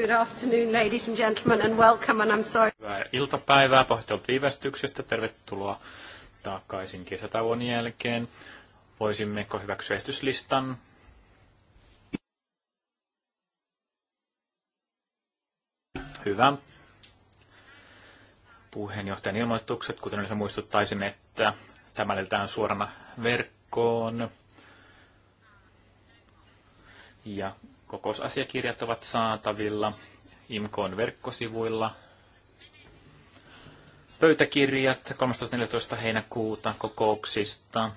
Good afternoon, ladies and gentlemen, and welcome, and I'm sorry. Hyvää iltapäivää, pahoittelut viivästyksestä. Tervetuloa takaisin kesätauon jälkeen. Voisimmeko hyväksyä esityslistan? Hyvä. Puheenjohtajan ilmoitukset, kuten yleensä muistuttaisin, että tämä on suorana verkkoon. Ja Kokousasiakirjat ovat saatavilla IMKOn verkkosivuilla. Pöytäkirjat 13.14. heinäkuuta kokouksista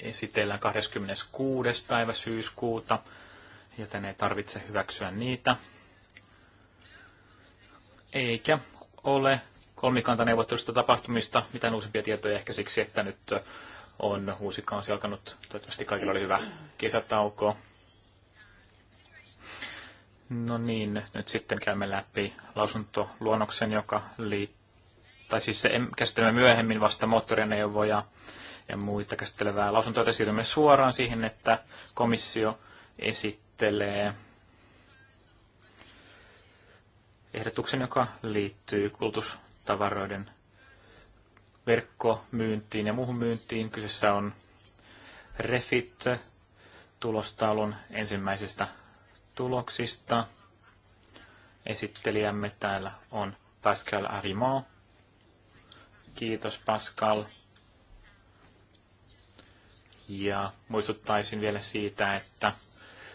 esitellään 26. päivä syyskuuta, joten ei tarvitse hyväksyä niitä. Eikä ole kolmikantaneuvottelusta tapahtumista mitään uusimpia tietoja ehkä siksi, että nyt on uusi kausi alkanut. Toivottavasti kaikilla oli hyvä kesätauko. No niin, nyt sitten käymme läpi lausuntoluonnoksen, joka liittyy, tai siis se käsittelemme myöhemmin vasta moottorineuvoja ja muita käsittelevää lausuntoa, ja siirrymme suoraan siihen, että komissio esittelee ehdotuksen, joka liittyy kulutustavaroiden verkkomyyntiin ja muuhun myyntiin. Kyseessä on Refit tulostaulun ensimmäisestä tuloksista. Esittelijämme täällä on Pascal Arimont. Kiitos Pascal. Ja muistuttaisin vielä siitä, että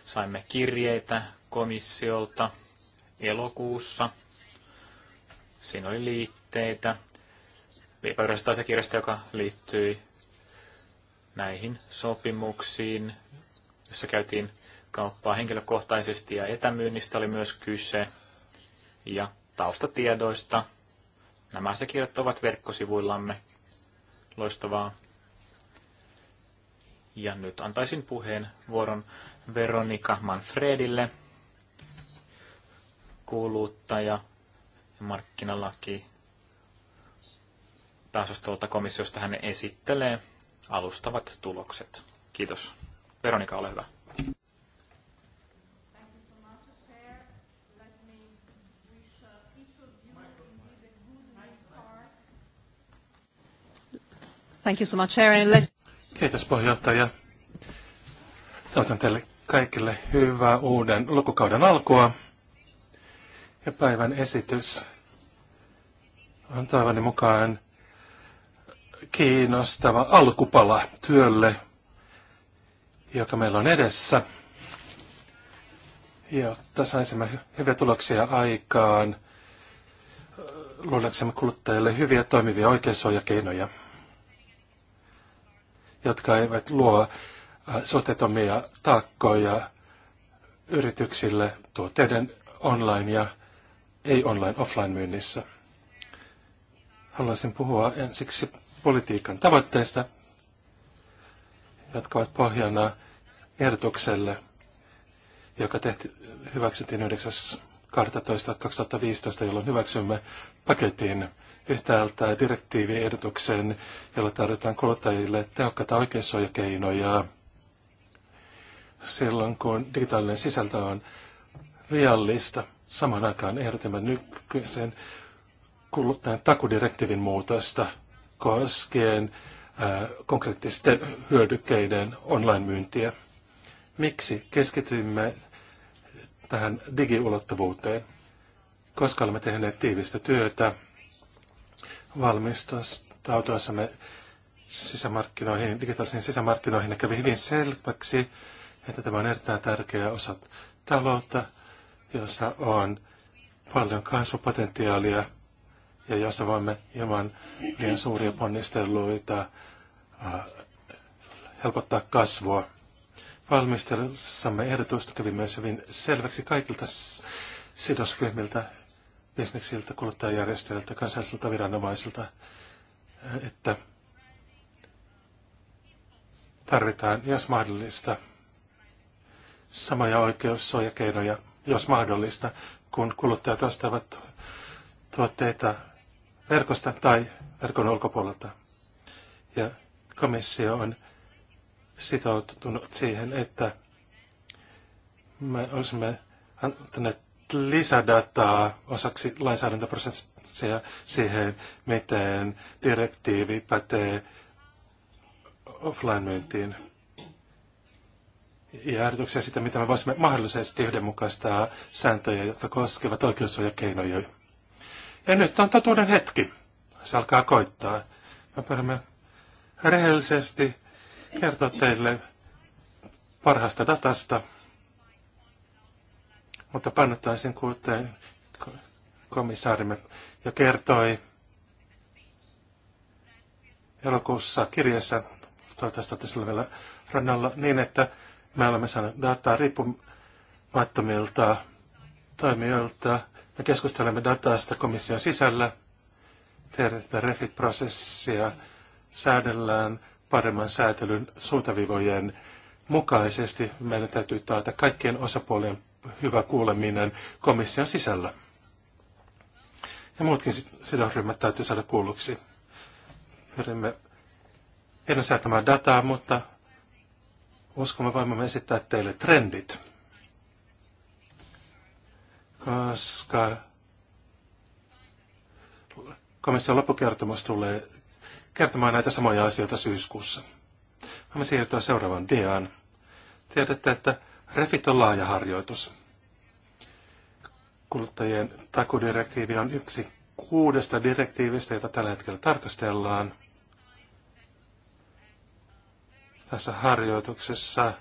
saimme kirjeitä komissiolta elokuussa. Siinä oli liitteitä pöydästä asiakirjasta, joka liittyi näihin sopimuksiin, jossa käytiin kauppaa henkilökohtaisesti ja etämyynnistä oli myös kyse ja taustatiedoista. Nämä asiakirjat ovat verkkosivuillamme. Loistavaa. Ja nyt antaisin puheen vuoron Veronika Manfredille, kuuluttaja ja markkinalaki pääsastolta komissiosta hän esittelee alustavat tulokset. Kiitos. Veronika, ole hyvä. Thank you so much, Kiitos puheenjohtaja. Toivotan teille kaikille hyvää uuden lukukauden alkua. Ja päivän esitys on toivoni mukaan kiinnostava alkupala työlle, joka meillä on edessä. Jotta saisimme hyviä tuloksia aikaan, luodaksemme kuluttajille hyviä toimivia oikeusohjakeinoja jotka eivät luo äh, sotetomia taakkoja yrityksille tuotteiden online ja ei-online offline-myynnissä. Haluaisin puhua ensiksi politiikan tavoitteista, jotka ovat pohjana ehdotukselle, joka tehti, hyväksyttiin 9.12.2015, jolloin hyväksymme paketin yhtäältä direktiiviehdotuksen, jolla tarjotaan kuluttajille tehokkaita oikeussuojakeinoja silloin, kun digitaalinen sisältö on reaalista. Samaan aikaan ehdotimme nykyisen kuluttajan takudirektiivin muutosta koskien ää, konkreettisten hyödykkeiden online-myyntiä. Miksi keskitymme tähän digiulottuvuuteen? Koska olemme tehneet tiivistä työtä valmistautuessamme sisämarkkinoihin, digitaalisiin sisämarkkinoihin, ja kävi hyvin selväksi, että tämä on erittäin tärkeä osa taloutta, jossa on paljon kasvupotentiaalia ja jossa voimme ilman liian suuria ponnisteluita helpottaa kasvua. Valmistelussamme ehdotusta kävi myös hyvin selväksi kaikilta sidosryhmiltä, bisneksiltä, kuluttajajärjestöiltä, kansallisilta viranomaisilta, että tarvitaan, jos mahdollista, samoja oikeussuojakeinoja, jos mahdollista, kun kuluttajat ostavat tuotteita verkosta tai verkon ulkopuolelta. Ja komissio on sitoutunut siihen, että me olisimme antaneet lisädataa osaksi lainsäädäntöprosessia siihen, miten direktiivi pätee offline-myyntiin. Ja ajatuksia siitä, mitä me voisimme mahdollisesti yhdenmukaistaa sääntöjä, jotka koskevat oikeussuojakeinoja. Ja nyt on totuuden hetki. Se alkaa koittaa. Me pyrimme rehellisesti kertoa teille parhaasta datasta – mutta painottaisin, kuten komissaarimme jo kertoi elokuussa kirjassa toivottavasti vielä rannalla niin, että me olemme saaneet dataa riippumattomilta toimijoilta. Me keskustelemme datasta komission sisällä. Tiedetään refit-prosessia säädellään paremman säätelyn suuntaviivojen mukaisesti. Meidän täytyy taata kaikkien osapuolien hyvä kuuleminen komission sisällä. Ja muutkin sidosryhmät täytyy saada kuulluksi. Pyrimme heidän säätämään dataa, mutta uskomme voimme esittää teille trendit. Koska komission loppukertomus tulee kertomaan näitä samoja asioita syyskuussa. Voimme siirtyä seuraavaan diaan. Tiedätte, että Refit on laaja harjoitus. Kuluttajien takudirektiivi on yksi kuudesta direktiivistä, jota tällä hetkellä tarkastellaan. Tässä harjoituksessa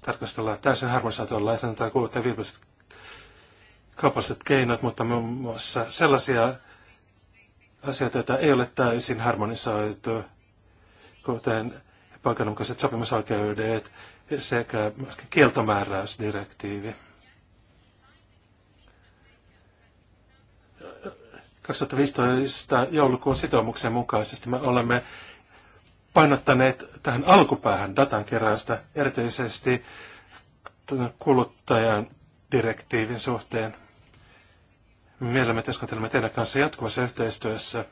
tarkastellaan täysin harmonisaation lainsäädäntöä kuutta viimeiset kaupalliset keinot, mutta muun muassa sellaisia asioita, joita ei ole täysin harmonisoitu, kuten oikeudenmukaiset sopimusoikeudet sekä kieltomääräysdirektiivi. 2015 joulukuun sitoumuksen mukaisesti me olemme painottaneet tähän alkupäähän datan keräystä, erityisesti kuluttajan direktiivin suhteen. Mielemme työskentelemme teidän kanssa jatkuvassa yhteistyössä,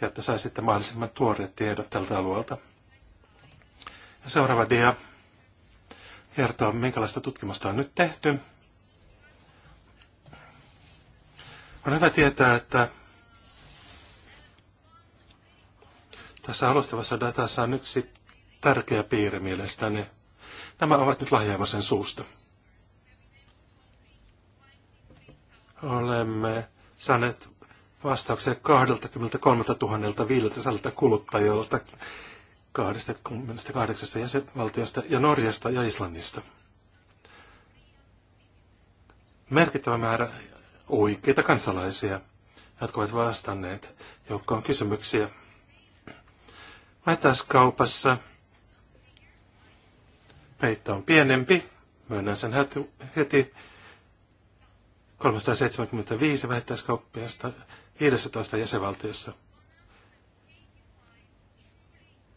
jotta saisitte mahdollisimman tuoreet tiedot tältä alueelta. Seuraava dia kertoo, minkälaista tutkimusta on nyt tehty. On hyvä tietää, että tässä alustavassa datassa on yksi tärkeä piirre mielestäni. Nämä ovat nyt lahjaamisen suusta. Olemme saaneet vastauksia 23 500 kuluttajalta 28 jäsenvaltiosta ja Norjasta ja Islannista. Merkittävä määrä oikeita kansalaisia, jotka ovat vastanneet joukkoon kysymyksiä. Vähittäiskaupassa peitto on pienempi, myönnän sen heti. 375 vähittäiskauppiasta 15 jäsenvaltiossa –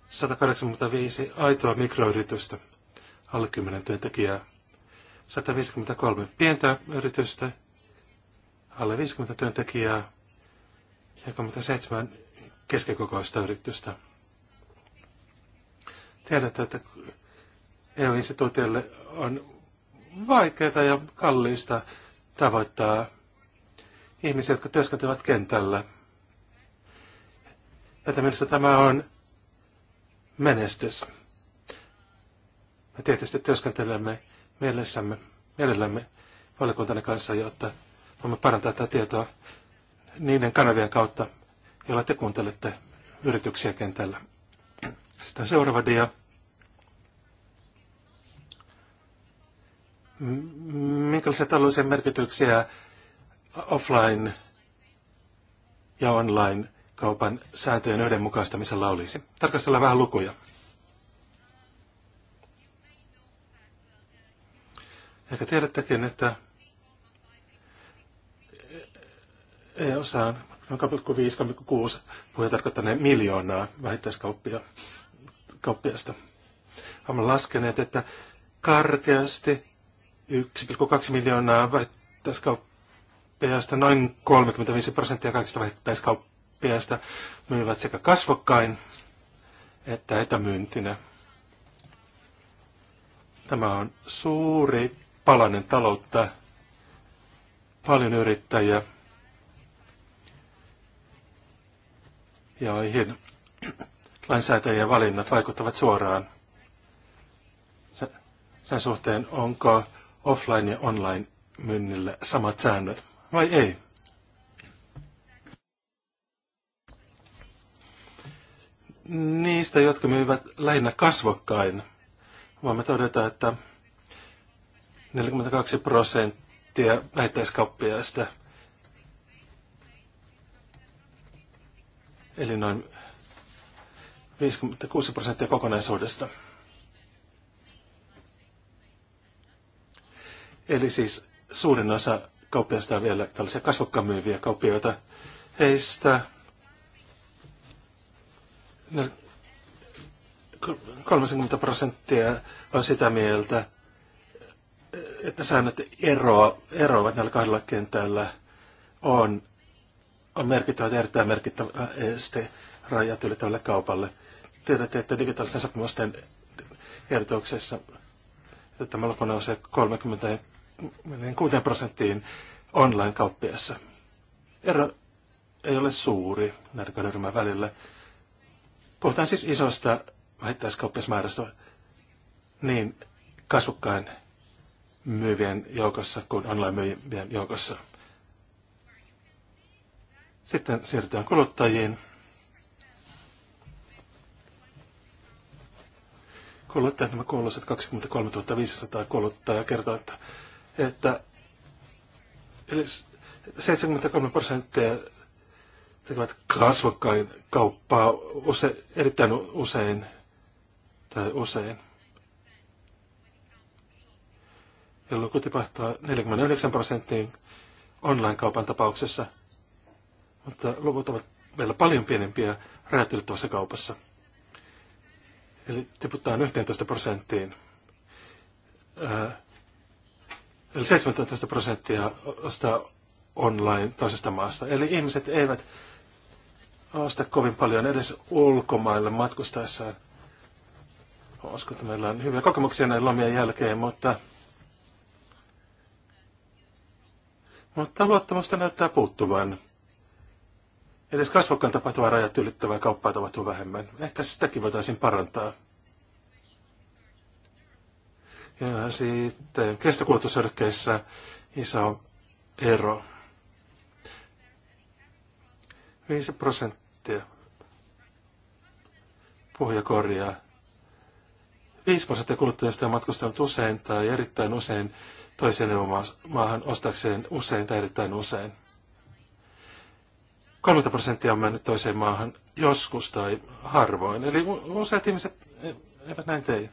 185 aitoa mikroyritystä, alle 10 työntekijää. 153 pientä yritystä, alle 50 työntekijää ja 37 keskikokoista yritystä. Tiedätte, että EU-instituutiolle on vaikeaa ja kalliista tavoittaa ihmisiä, jotka työskentelevät kentällä. Tätä mielestä tämä on menestys. Me tietysti työskentelemme mielessämme, mielellämme valiokuntana kanssa, jotta voimme parantaa tätä tietoa niiden kanavien kautta, joilla te kuuntelette yrityksiä kentällä. Sitten seuraava dia. Minkälaisia taloudellisia merkityksiä offline ja online kaupan sääntöjen yhdenmukaistamisella olisi. Tarkastellaan vähän lukuja. Ehkä tiedättekin, että EUssa on noin 25 26 puhuja tarkoittaneen miljoonaa vähittäiskauppiasta. Olemme laskeneet, että karkeasti 1,2 miljoonaa vähittäiskauppiasta, noin 35 prosenttia kaikista vähittäiskauppiasta kauppiaista myyvät sekä kasvokkain että etämyyntinä. Tämä on suuri palanen taloutta, paljon yrittäjiä ja oihin lainsäätäjien valinnat vaikuttavat suoraan sen suhteen, onko offline ja online myynnille samat säännöt vai ei. niistä, jotka myyvät lähinnä kasvokkain. Voimme todeta, että 42 prosenttia vähittäiskauppiaista, eli noin 56 prosenttia kokonaisuudesta. Eli siis suurin osa kauppiaista on vielä tällaisia myyviä kauppioita. Heistä 30 prosenttia on sitä mieltä, että säännöt eroa, eroavat näillä kahdella kentällä on, on merkittävä, erittäin merkittävä este rajat ylittävälle kaupalle. Tiedätte, että digitaalisten sopimusten ehdotuksessa että tämä luku nousee 36 prosenttiin online-kauppiassa. Ero ei ole suuri näiden kahden välillä Puhutaan siis isosta vähittäiskauppismäärästä niin kasvukkain myyvien joukossa kuin online myyvien joukossa. Sitten siirrytään kuluttajiin. Kuluttajat, nämä kuuluisat 23 500 kuluttajaa kertoo, että, että 73 prosenttia tekevät kasvokkain kauppaa use, erittäin usein tai usein. Ja luku tipahtaa 49 prosenttiin online-kaupan tapauksessa, mutta luvut ovat vielä paljon pienempiä rajat kaupassa. Eli tiputaan 11 prosenttiin. Ää, eli 17 prosenttia ostaa online toisesta maasta. Eli ihmiset eivät osta kovin paljon edes ulkomaille matkustaessaan. Uskon, että meillä on hyviä kokemuksia näin lomien jälkeen, mutta, mutta luottamusta näyttää puuttuvan. Edes kasvokkain tapahtuvaa rajat ylittävää kauppaa tapahtuu vähemmän. Ehkä sitäkin voitaisiin parantaa. Ja sitten kestokulutusyrkkeissä iso ero. 5 prosenttia. Puhuja korjaa. 5 prosenttia kuluttajista on matkustanut usein tai erittäin usein toiseen maahan ostakseen usein tai erittäin usein. 30 prosenttia on mennyt toiseen maahan joskus tai harvoin. Eli useat ihmiset e- eivät näin tee.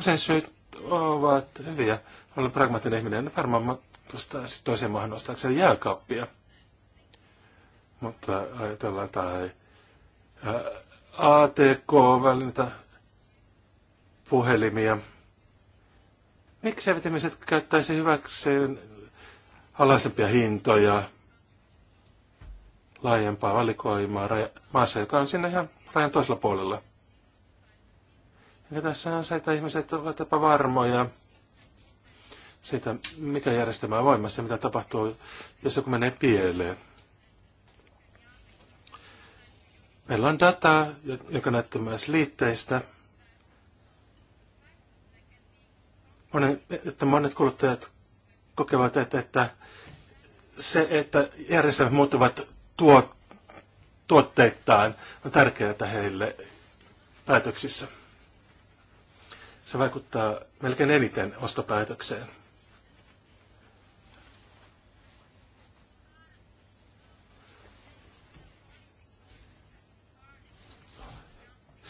Usein syyt ovat hyviä. Olen pragmaattinen ihminen, varmaan matkustaa toiseen maahan ostaakseen jääkaappia – mutta ajatellaan tai ATK-välineitä puhelimia. Miksi eivät ihmiset käyttäisi hyväkseen alaisempia hintoja, laajempaa valikoimaa raja, maassa, joka on sinne ihan rajan toisella puolella? Ja tässä on se, että ihmiset ovat epävarmoja siitä, mikä järjestelmä on voimassa ja mitä tapahtuu, jos joku menee pieleen. Meillä on dataa, joka näyttää myös liitteistä. Monet, että monet kuluttajat kokevat, että, että se, että järjestelmät muuttuvat tuot, tuotteittain, on tärkeää heille päätöksissä. Se vaikuttaa melkein eniten ostopäätökseen.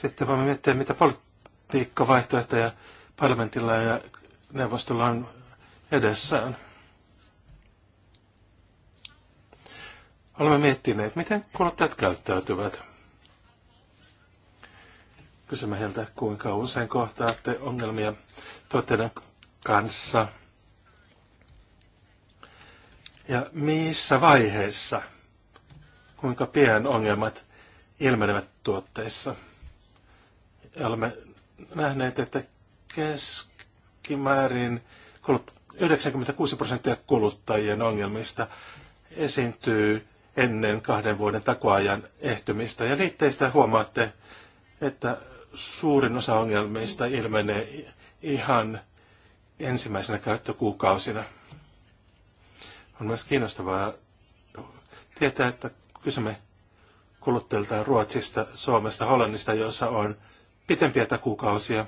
Sitten voimme miettiä, mitä politiikkavaihtoehtoja parlamentilla ja neuvostolla on edessään. Olemme miettineet, miten kuluttajat käyttäytyvät. Kysymme heiltä, kuinka usein kohtaatte ongelmia tuotteiden kanssa ja missä vaiheessa, kuinka pian ongelmat ilmenevät tuotteissa. Ja olemme nähneet, että keskimäärin 96 prosenttia kuluttajien ongelmista esiintyy ennen kahden vuoden takoajan ehtymistä. Ja liitteistä huomaatte, että suurin osa ongelmista ilmenee ihan ensimmäisenä käyttökuukausina. On myös kiinnostavaa tietää, että kysymme kuluttajilta Ruotsista, Suomesta, Hollannista, jossa on pitempiä takuukausia.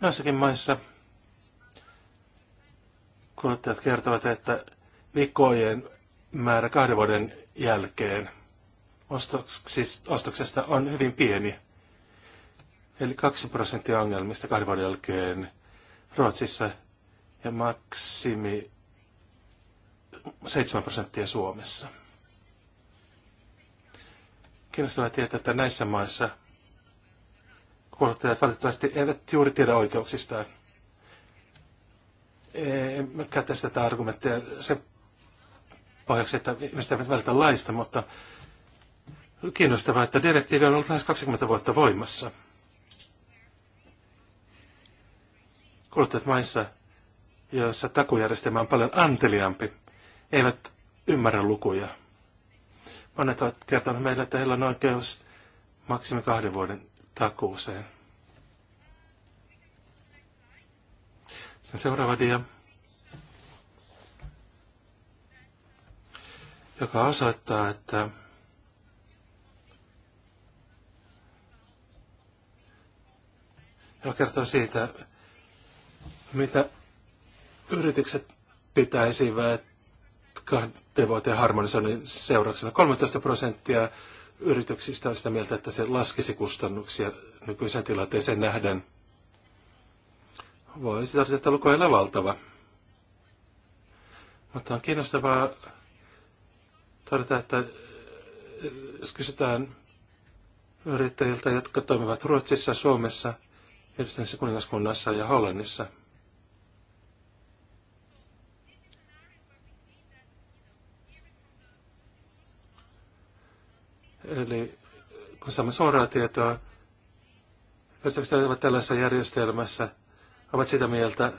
Noissakin maissa kuluttajat kertovat, että vikojen määrä kahden vuoden jälkeen ostoksesta on hyvin pieni. Eli 2 prosenttia ongelmista kahden vuoden jälkeen Ruotsissa ja maksimi 7 prosenttia Suomessa. Kiinnostavaa tietää, että näissä maissa kuluttajat valitettavasti eivät juuri tiedä oikeuksistaan. Emmekä tästä tätä argumenttia sen pohjaksi, että ihmiset eivät välitä laista, mutta kiinnostavaa, että direktiivi on ollut lähes 20 vuotta voimassa. Kuluttajat maissa, joissa takujärjestelmä on paljon anteliaampi, eivät ymmärrä lukuja. Monet ovat kertoneet meille, että heillä on oikeus maksimi kahden vuoden takuuseen. seuraava dia, joka osoittaa, että joka kertoo siitä, mitä yritykset pitäisivät Kahden vuoteen harmonisoinnin seurauksena 13 prosenttia yrityksistä on sitä mieltä, että se laskisi kustannuksia nykyisen tilanteeseen nähden. Voi tarkoittaa, että luku ei ole valtava. Mutta on kiinnostavaa todeta, että jos kysytään yrittäjiltä, jotka toimivat Ruotsissa, Suomessa, Yhdistyneessä kuningaskunnassa ja Hollannissa – Eli kun saamme suoraa tietoa, jotka ovat tällaisessa järjestelmässä, ovat sitä mieltä,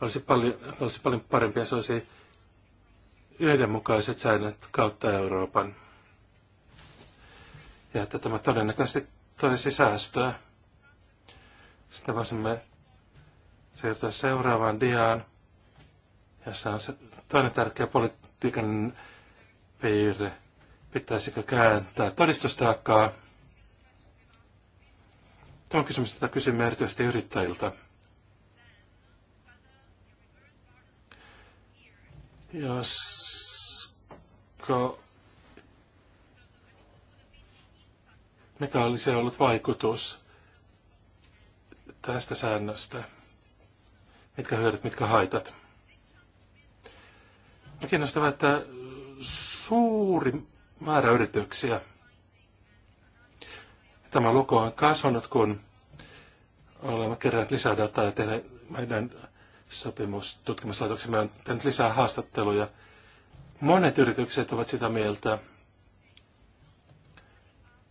olisi paljon, olisi paljon parempia olisi yhdenmukaiset säännöt kautta Euroopan. Ja että tämä todennäköisesti toisi säästöä. Sitten voisimme siirtyä seuraavaan diaan, jossa on se toinen tärkeä politiikan piirre – Pitäisikö kääntää todistustaakkaa? Tämä on kysymys, jota kysymme erityisesti yrittäjiltä. Josko mikä olisi ollut vaikutus tästä säännöstä? Mitkä hyödyt, mitkä haitat? Kiinnostavaa, että suuri määrä yrityksiä. Tämä luku on kasvanut, kun olemme kerranneet lisää dataa ja tehneet meidän sopimustutkimuslaitoksemme on tehnyt lisää haastatteluja. Monet yritykset ovat sitä mieltä,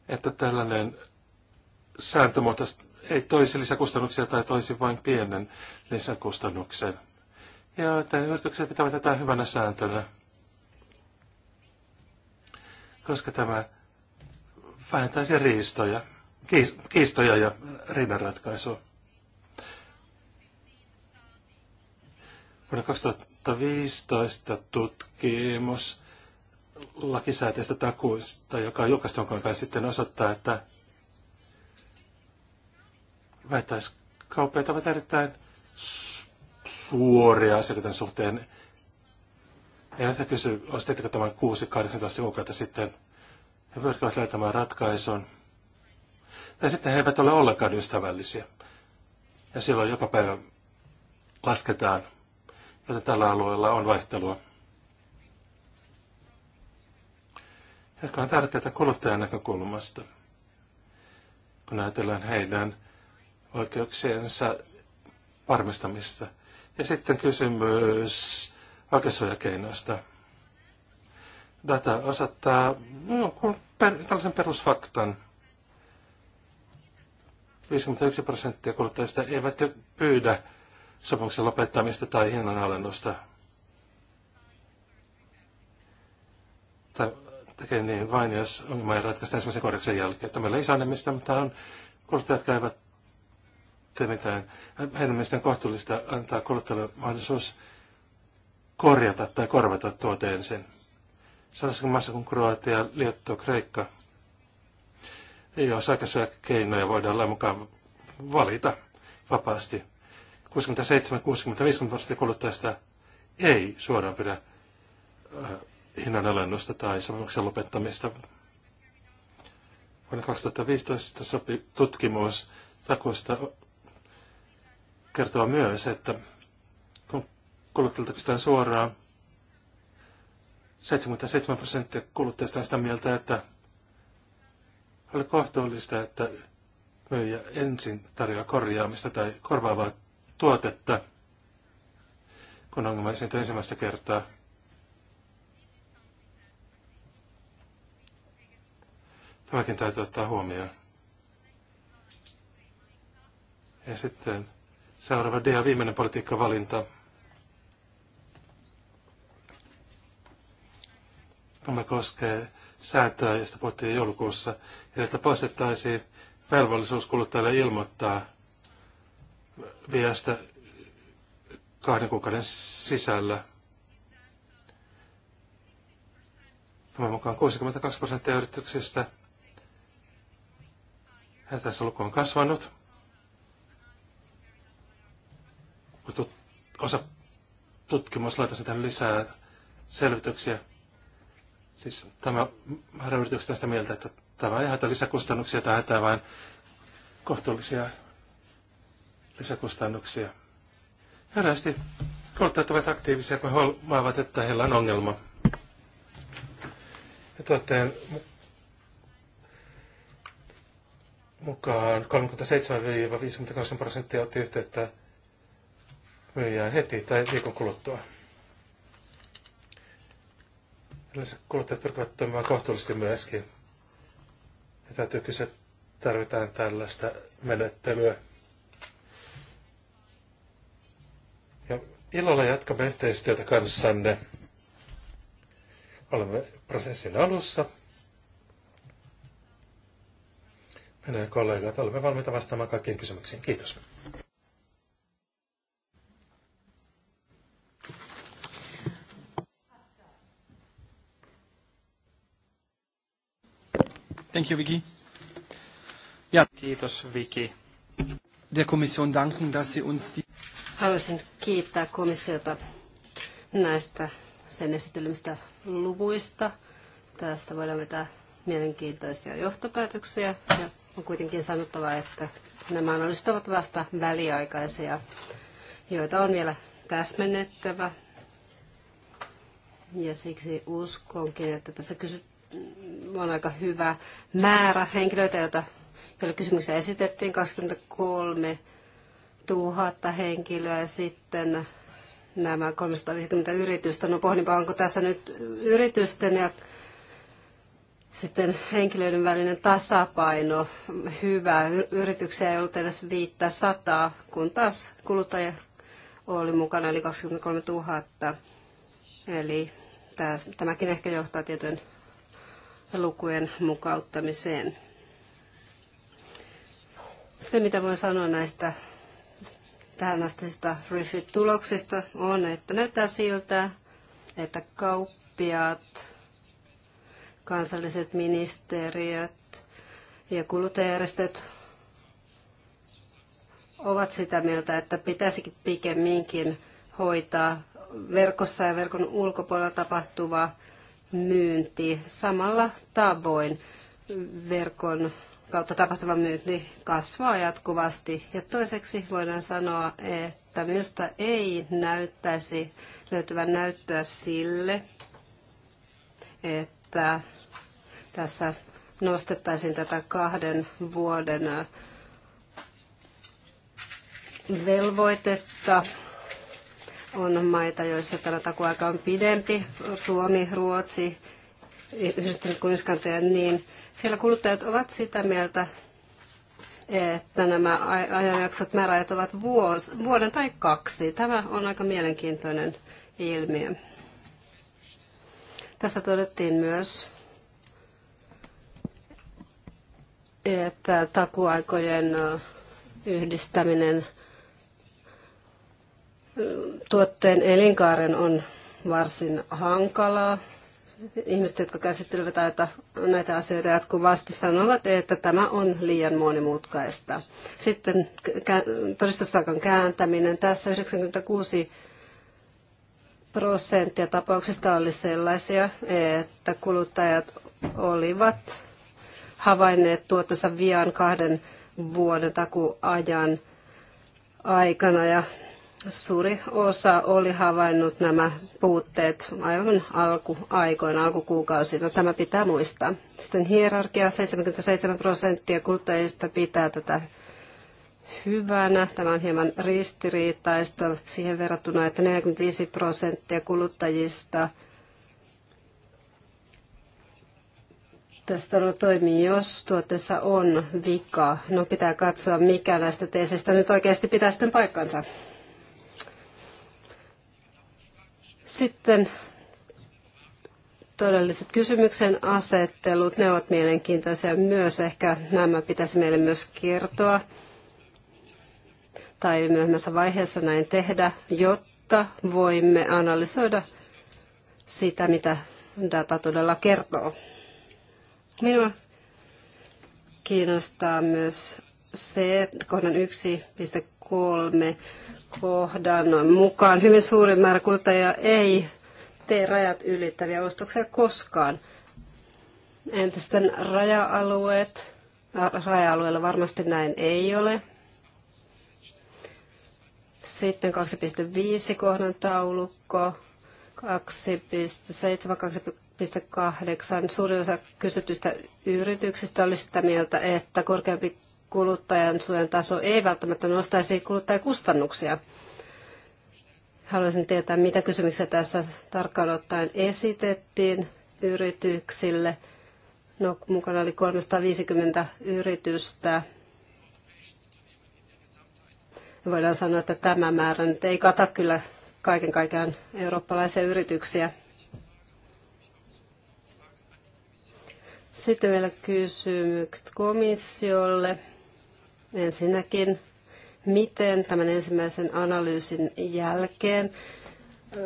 että tällainen sääntömuutos ei toisi lisäkustannuksia tai toisi vain pienen lisäkustannuksen. Ja yritykset pitävät tätä hyvänä sääntönä koska tämä vähentäisi riistoja, kiistoja ja riidanratkaisua. Vuonna 2015 tutkimus lakisääteistä takuista, joka on julkaistu kai sitten osoittaa, että väittäiskauppiaat ovat erittäin suoria asiakkaiden suhteen ja se kysy, ostitteko tämän 6-18 kuukautta sitten. He pyrkivät löytämään ratkaisun. Tai sitten he eivät ole ollenkaan ystävällisiä. Ja silloin joka päivä lasketaan, joten tällä alueella on vaihtelua. Ehkä on tärkeää kuluttajan näkökulmasta, kun ajatellaan heidän oikeuksiensa varmistamista. Ja sitten kysymys oikeussuojakeinoista. Data osoittaa jonkun per, tällaisen perusfaktan. 51 prosenttia kuluttajista eivät pyydä sopimuksen lopettamista tai hinnanalennusta. Tai tekee niin vain, jos ongelma ei ratkaista ensimmäisen korjauksen jälkeen. Tämä ei sanemista, mutta on kuluttajat, jotka eivät tee mitään. Heidän mielestään kohtuullista antaa kuluttajalle mahdollisuus korjata tai korvata tuote ensin. Sellaisessa maassa kuin Kroatia, Liettua, Kreikka ei ole säkäisiä keinoja voidaan olla mukaan valita vapaasti. 67, 65 50 prosenttia kuluttajista ei suoraan pidä äh, alennusta tai sopimuksen lopettamista. Vuonna 2015 sopi tutkimus takuista kertoo myös, että kuluttajilta suoraan. 77 prosenttia kuluttajista on sitä mieltä, että oli kohtuullista, että myyjä ensin tarjoaa korjaamista tai korvaavaa tuotetta, kun ongelma esiintyy ensimmäistä kertaa. Tämäkin täytyy ottaa huomioon. Ja sitten seuraava D ja viimeinen politiikkavalinta. valinta. Tämä koskee sääntöä, josta puhuttiin joulukuussa, että poistettaisiin velvollisuus kuluttajalle ilmoittaa viestä kahden kuukauden sisällä. Tämän mukaan 62 prosenttia yrityksistä ja tässä luku on kasvanut. Osa tutkimuslaitosta lisää selvityksiä. Siis tämä määrä tästä mieltä, että tämä ei haeta lisäkustannuksia, tämä haetaan vain kohtuullisia lisäkustannuksia. Herästi kuluttajat ovat aktiivisia, kun huomaavat, että heillä on ongelma. Ja tuotteen mukaan 37-58 prosenttia otti yhteyttä myyjään heti tai viikon kuluttua. Yleensä kuluttajat pyrkivät toimimaan kohtuullisesti myöskin. Ja täytyy kysyä, tarvitaan tällaista menettelyä. Ja ilolla jatkamme yhteistyötä kanssanne. Olemme prosessin alussa. Minä ja kollegat olemme valmiita vastaamaan kaikkiin kysymyksiin. Kiitos. Thank you, Vicky. Ja. Kiitos, Vicky. Der Kommission danken, dass sie uns die... Haluaisin kiittää komissiota näistä sen esittelemistä luvuista. Tästä voidaan vetää mielenkiintoisia johtopäätöksiä. Ja on kuitenkin sanottava, että nämä analyysit ovat vasta väliaikaisia, joita on vielä täsmennettävä. Ja siksi uskonkin, että tässä kysy- on aika hyvä määrä henkilöitä, joita, joille kysymyksiä esitettiin, 23 000 henkilöä ja sitten nämä 350 yritystä. No pohdinpa, onko tässä nyt yritysten ja sitten henkilöiden välinen tasapaino hyvä. Yrityksiä ei ollut edes 500, kun taas kuluttaja oli mukana, eli 23 000. Eli tämäkin ehkä johtaa tietyn lukujen mukauttamiseen. Se, mitä voin sanoa näistä tähänastisista Refit-tuloksista, on, että näyttää siltä, että kauppiaat, kansalliset ministeriöt ja kuluttajärjestöt ovat sitä mieltä, että pitäisikin pikemminkin hoitaa verkossa ja verkon ulkopuolella tapahtuvaa myynti samalla tavoin. Verkon kautta tapahtuva myynti kasvaa jatkuvasti. Ja toiseksi voidaan sanoa, että minusta ei näyttäisi löytyvän näyttöä sille, että tässä nostettaisiin tätä kahden vuoden velvoitetta on maita, joissa tämä takuaika on pidempi, Suomi, Ruotsi, yhdistynyt kuningaskunta ja niin. Siellä kuluttajat ovat sitä mieltä, että nämä ajanjaksot, määräajat ovat vuos, vuoden tai kaksi. Tämä on aika mielenkiintoinen ilmiö. Tässä todettiin myös, että takuaikojen yhdistäminen tuotteen elinkaaren on varsin hankalaa. Ihmiset, jotka käsittelevät näitä asioita jatkuvasti, sanovat, että tämä on liian monimutkaista. Sitten todistustaakan kääntäminen. Tässä 96 prosenttia tapauksista oli sellaisia, että kuluttajat olivat havainneet tuotessa vian kahden vuoden takuajan aikana ja suuri osa oli havainnut nämä puutteet aivan alkuaikoina, alkukuukausina. Tämä pitää muistaa. Sitten hierarkia, 77 prosenttia kuluttajista pitää tätä hyvänä. Tämä on hieman ristiriitaista siihen verrattuna, että 45 prosenttia kuluttajista tästä toimii, jos tuotteessa on vika. No pitää katsoa, mikä näistä teeseistä nyt oikeasti pitää sitten paikkansa. Sitten todelliset kysymyksen asettelut, ne ovat mielenkiintoisia myös. Ehkä nämä pitäisi meille myös kertoa tai myöhemmässä vaiheessa näin tehdä, jotta voimme analysoida sitä, mitä data todella kertoo. Minua kiinnostaa myös se, että kohdan 1.3 kohdan mukaan hyvin suuri määrä kuluttajia ei tee rajat ylittäviä ostoksia koskaan. Entä sitten raja-alueet? Äh, Raja-alueella varmasti näin ei ole. Sitten 2.5 kohdan taulukko, 2.7, 2.8. Suurin osa kysytystä yrityksistä oli sitä mieltä, että korkeampi kuluttajan suojan taso ei välttämättä nostaisi kuluttajakustannuksia. Haluaisin tietää, mitä kysymyksiä tässä tarkkaan ottaen esitettiin yrityksille. No, mukana oli 350 yritystä. Voidaan sanoa, että tämä määrä nyt ei kata kyllä kaiken kaikkiaan eurooppalaisia yrityksiä. Sitten vielä kysymykset komissiolle. Ensinnäkin, miten tämän ensimmäisen analyysin jälkeen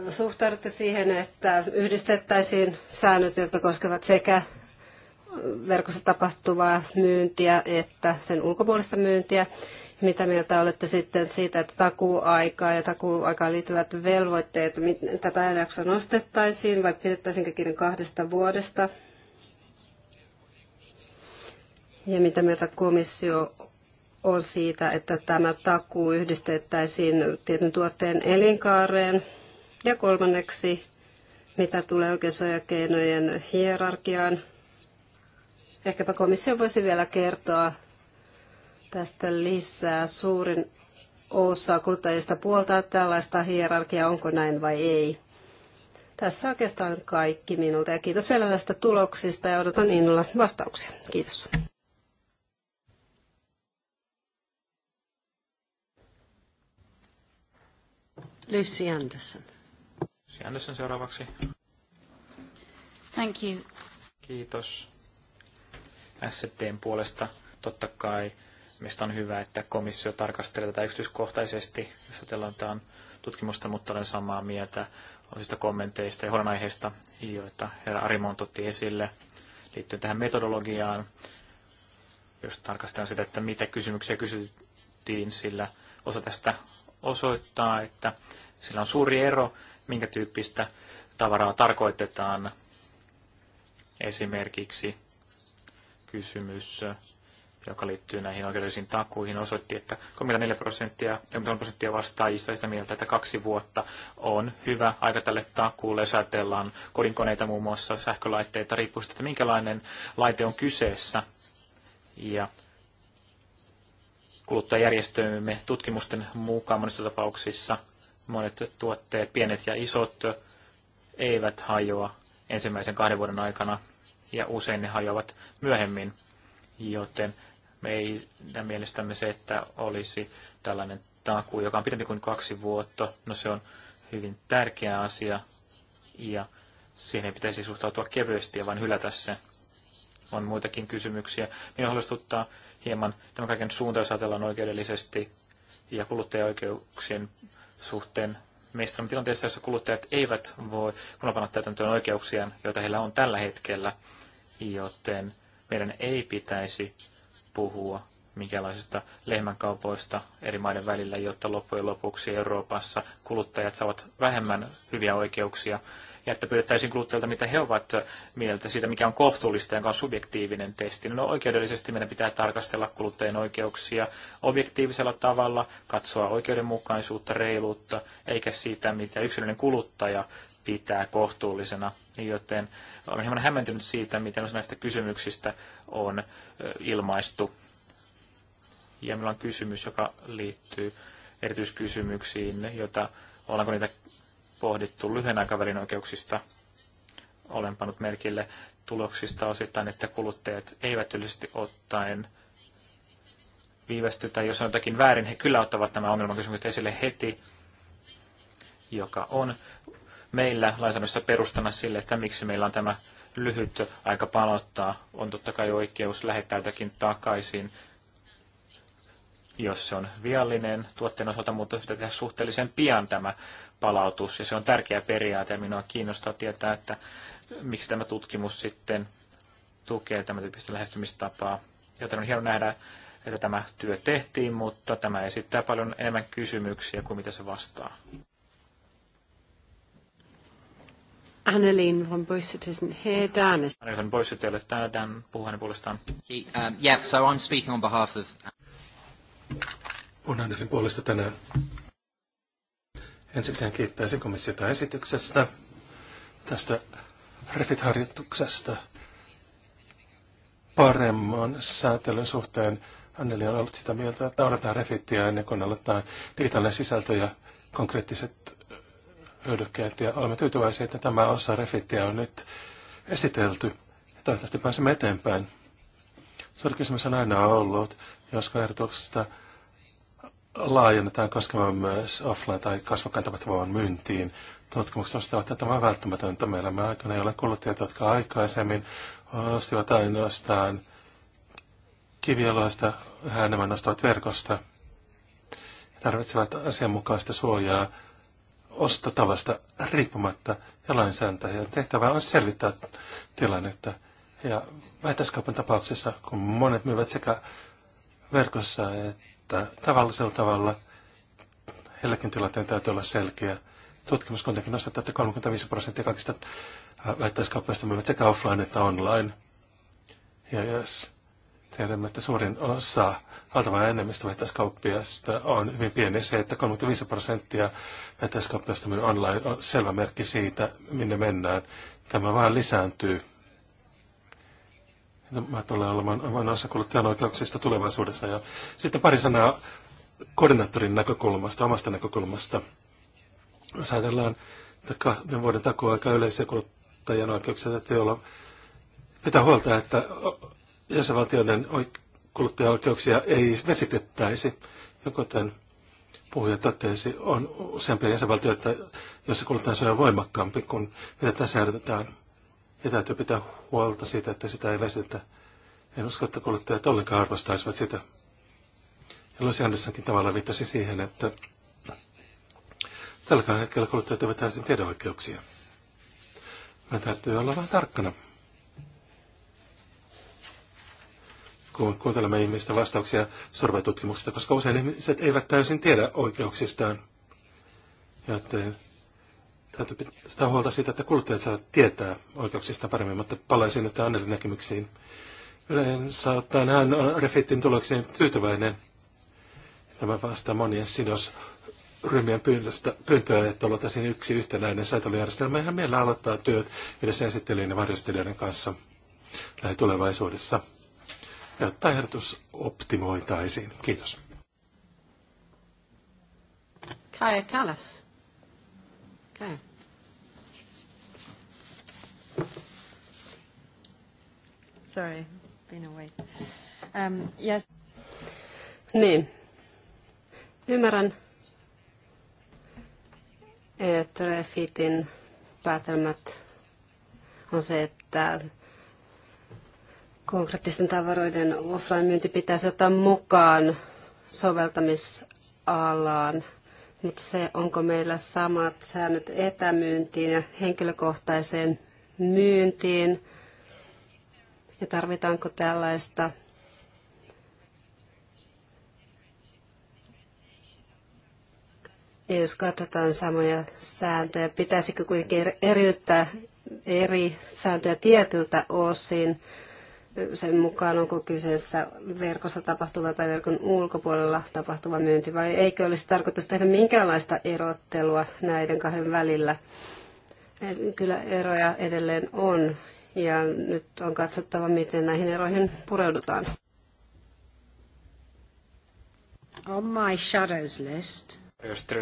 suhtaudutte siihen, että yhdistettäisiin säännöt, jotka koskevat sekä verkossa tapahtuvaa myyntiä että sen ulkopuolista myyntiä. Mitä mieltä olette sitten siitä, että takuaikaa ja takuaikaan liittyvät velvoitteet, tätä ajanjaksoa nostettaisiin vai pidettäisiinkö kiinni kahdesta vuodesta? Ja mitä mieltä komissio on siitä, että tämä takuu yhdistettäisiin tietyn tuotteen elinkaareen. Ja kolmanneksi, mitä tulee oikeussuojakeinojen hierarkiaan. Ehkäpä komissio voisi vielä kertoa tästä lisää. Suurin osa kuluttajista puoltaa tällaista hierarkiaa, onko näin vai ei. Tässä oikeastaan kaikki minulta ja kiitos vielä näistä tuloksista ja odotan innolla vastauksia. Kiitos. Lucy Anderson. Lucy Anderson seuraavaksi. Thank you. Kiitos. STn puolesta totta kai Mielestäni on hyvä, että komissio tarkastelee tätä yksityiskohtaisesti, jos ajatellaan tämän tutkimusta, mutta olen samaa mieltä osista kommenteista ja huolenaiheista, joita herra Arimon otti esille liittyen tähän metodologiaan, jos tarkastellaan sitä, että mitä kysymyksiä kysyttiin, sillä osa tästä osoittaa, että sillä on suuri ero, minkä tyyppistä tavaraa tarkoitetaan. Esimerkiksi kysymys, joka liittyy näihin oikeudellisiin takuihin, osoitti, että 34 prosenttia, 43 prosenttia vastaajista sitä mieltä, että kaksi vuotta on hyvä aika tälle takuulle. Jos ajatellaan kodinkoneita muun muassa, sähkölaitteita, riippuu siitä, että minkälainen laite on kyseessä. Ja kuluttajajärjestöimme tutkimusten mukaan monissa tapauksissa monet tuotteet, pienet ja isot, eivät hajoa ensimmäisen kahden vuoden aikana ja usein ne hajoavat myöhemmin, joten meidän mielestämme se, että olisi tällainen takuu, joka on pidempi kuin kaksi vuotta, no se on hyvin tärkeä asia ja siihen ei pitäisi suhtautua kevyesti ja vain hylätä se. On muitakin kysymyksiä. haluaisin huolestuttaa hieman tämän kaiken suunta, jos ajatellaan oikeudellisesti ja kuluttajaoikeuksien suhteen. Meistä on tilanteessa, jossa kuluttajat eivät voi kunnopana täytäntöön oikeuksiaan, joita heillä on tällä hetkellä, joten meidän ei pitäisi puhua minkälaisista lehmänkaupoista eri maiden välillä, jotta loppujen lopuksi Euroopassa kuluttajat saavat vähemmän hyviä oikeuksia ja että pyydettäisiin kuluttajilta, mitä he ovat mieltä siitä, mikä on kohtuullista, ja on subjektiivinen testi. No oikeudellisesti meidän pitää tarkastella kuluttajien oikeuksia objektiivisella tavalla, katsoa oikeudenmukaisuutta, reiluutta, eikä siitä, mitä yksilöllinen kuluttaja pitää kohtuullisena, joten olen hieman hämmentynyt siitä, miten näistä kysymyksistä on ilmaistu. Ja meillä on kysymys, joka liittyy erityiskysymyksiin, jota ollaanko niitä pohdittu lyhyen aikavälin oikeuksista. Olen pannut merkille tuloksista osittain, että kuluttajat eivät yleisesti ottaen viivästy tai jos on jotakin väärin, he kyllä ottavat nämä ongelmakysymykset esille heti, joka on meillä lainsäädännössä perustana sille, että miksi meillä on tämä lyhyt aika palauttaa. On totta kai oikeus lähettää jotakin takaisin, jos se on viallinen tuotteen osalta, mutta pitää tehdä suhteellisen pian tämä palautus. Ja se on tärkeä periaate ja minua kiinnostaa tietää, että miksi tämä tutkimus sitten tukee tämän tyyppistä lähestymistapaa. Joten on hieno nähdä, että tämä työ tehtiin, mutta tämä esittää paljon enemmän kysymyksiä kuin mitä se vastaa. Annelien von Boisset isn't here. Dan is... Annelien Boisset ei ole täällä. Dan puhuu hänen puolestaan. He, um, yeah, so I'm speaking on behalf of... On Annelien puolesta tänään. Ensiksi kiittäisi komissiota esityksestä, tästä refit-harjoituksesta paremman säätelyn suhteen. Anneli on ollut sitä mieltä, että odotetaan refittiä ennen kuin aloittaa digitaalinen sisältö ja konkreettiset hyödykkeet. Ja olemme tyytyväisiä, että tämä osa refittiä on nyt esitelty. Ja toivottavasti pääsemme eteenpäin. Suuri kysymys on aina ollut, josko ehdotuksesta laajennetaan koskemaan myös offline- tai kasvokkain tapahtuvaan myyntiin. Tutkimukset ostavat, että tämä on välttämätöntä. Meillä me aikana ei ole kuluttajat, jotka aikaisemmin ostivat ainoastaan kivialoista, vähän enemmän ostavat verkosta ja tarvitsevat asianmukaista suojaa ostotavasta riippumatta ja lainsääntäjän tehtävä on selvittää tilannetta. Ja vähittäiskaupan tapauksessa, kun monet myyvät sekä verkossa että että tavallisella tavalla heilläkin tilanteen täytyy olla selkeä. Tutkimus kuitenkin osoittaa, että 35 prosenttia kaikista väittäiskauppaista myyvät sekä offline että online. Ja jos tiedämme, että suurin osa valtava enemmistö väittäiskauppiasta on hyvin pieni. Se, että 35 prosenttia väittäiskauppiasta myy online on selvä merkki siitä, minne mennään. Tämä vaan lisääntyy mä tulen olemaan avainassa kuluttajan oikeuksista tulevaisuudessa. Ja sitten pari sanaa koordinaattorin näkökulmasta, omasta näkökulmasta. Jos ajatellaan, että kahden vuoden aika yleisiä kuluttajan oikeuksia täytyy olla, pitää huolta, että jäsenvaltioiden kuluttajaoikeuksia ei vesitettäisi. Joku tämän puhuja totesi, on useampia jäsenvaltioita, joissa kuluttajansuoja on voimakkaampi kuin mitä tässä ehdotetaan. Ja täytyy pitää huolta siitä, että sitä ei väsytä. En usko, että kuluttajat ollenkaan arvostaisivat sitä. Ja Losiannessakin tavallaan viittasi siihen, että tällä hetkellä kuluttajat eivät täysin tiedä oikeuksia. Meidän täytyy olla vähän tarkkana. Kun kuuntelemme ihmisten vastauksia sorvetutkimuksista, koska usein ihmiset eivät täysin tiedä oikeuksistaan. ja että täytyy pitää huolta siitä, että kuluttajat saavat tietää oikeuksista paremmin, mutta palaisin nyt Annelin näkemyksiin. Yleensä ottaen hän on Refitin tuloksiin tyytyväinen. Tämä vastaa monien sidosryhmien ryhmien pyyntöä, että oltaisiin yksi yhtenäinen säätelyjärjestelmä. Hän meillä aloittaa työt yhdessä esittelijän ja varjostelijoiden kanssa lähitulevaisuudessa, jotta ehdotus optimoitaisiin. Kiitos. Kaja Kallas. Mm. Sorry, been away. Um, yes. Niin. Ymmärrän, että Refitin päätelmät on se, että konkreettisten tavaroiden offline-myynti pitäisi ottaa mukaan soveltamisalaan – nyt se, onko meillä samat säännöt etämyyntiin ja henkilökohtaiseen myyntiin, ja tarvitaanko tällaista Ja jos katsotaan samoja sääntöjä, pitäisikö kuitenkin eriyttää eri sääntöjä tietyltä osin, sen mukaan, onko kyseessä verkossa tapahtuva tai verkon ulkopuolella tapahtuva myynti, vai eikö olisi tarkoitus tehdä minkäänlaista erottelua näiden kahden välillä. Eh, kyllä eroja edelleen on, ja nyt on katsottava, miten näihin eroihin pureudutaan. On my shadows list.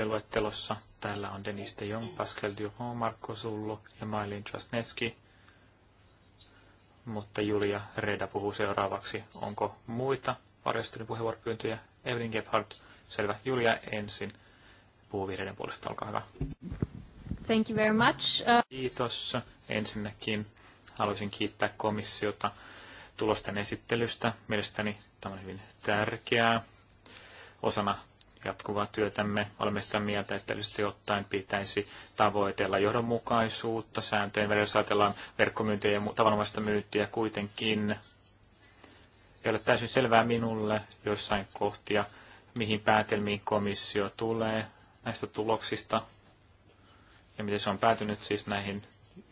luettelossa täällä on Denis de Jong, Pascal Durand, Marko Sullo ja Mailin Trasneski mutta Julia Reda puhuu seuraavaksi. Onko muita varjostelun puheenvuoropyyntöjä? Evelyn Gebhardt, selvä. Julia ensin puhuu vihreiden puolesta, olkaa hyvä. Thank you very much. Uh... Kiitos. Ensinnäkin haluaisin kiittää komissiota tulosten esittelystä. Mielestäni tämä on hyvin tärkeää osana jatkuvaa työtämme. Olemme sitä mieltä, että yleisesti ottaen pitäisi tavoitella johdonmukaisuutta sääntöjen välillä, jos ajatellaan verkkomyyntiä ja tavanomaista myyntiä kuitenkin. Ei ole täysin selvää minulle joissain kohtia, mihin päätelmiin komissio tulee näistä tuloksista ja miten se on päätynyt siis näihin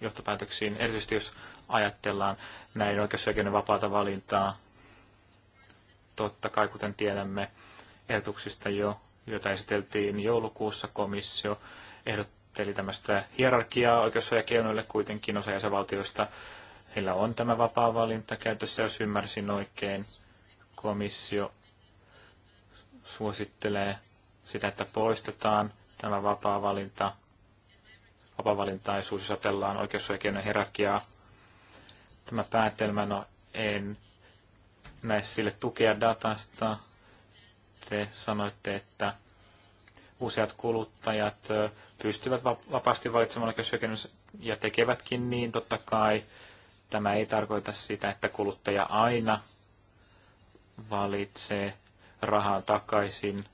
johtopäätöksiin, erityisesti jos ajatellaan näin oikeusoikeuden vapaata valintaa. Totta kai, kuten tiedämme, ehdotuksista jo, joita esiteltiin joulukuussa komissio ehdotteli tämmöistä hierarkiaa oikeussuojakeinoille kuitenkin osa jäsenvaltioista. Heillä on tämä vapaa valinta käytössä, jos ymmärsin oikein. Komissio suosittelee sitä, että poistetaan tämä vapaa valinta, vapaa valintaisuus, jos ajatellaan oikeussuojakeinojen hierarkiaa. Tämä päätelmä, no en näe sille tukea datasta, te sanoitte, että useat kuluttajat pystyvät vapaasti valitsemaan oikeushyökennys ja tekevätkin niin totta kai. Tämä ei tarkoita sitä, että kuluttaja aina valitsee rahaa takaisin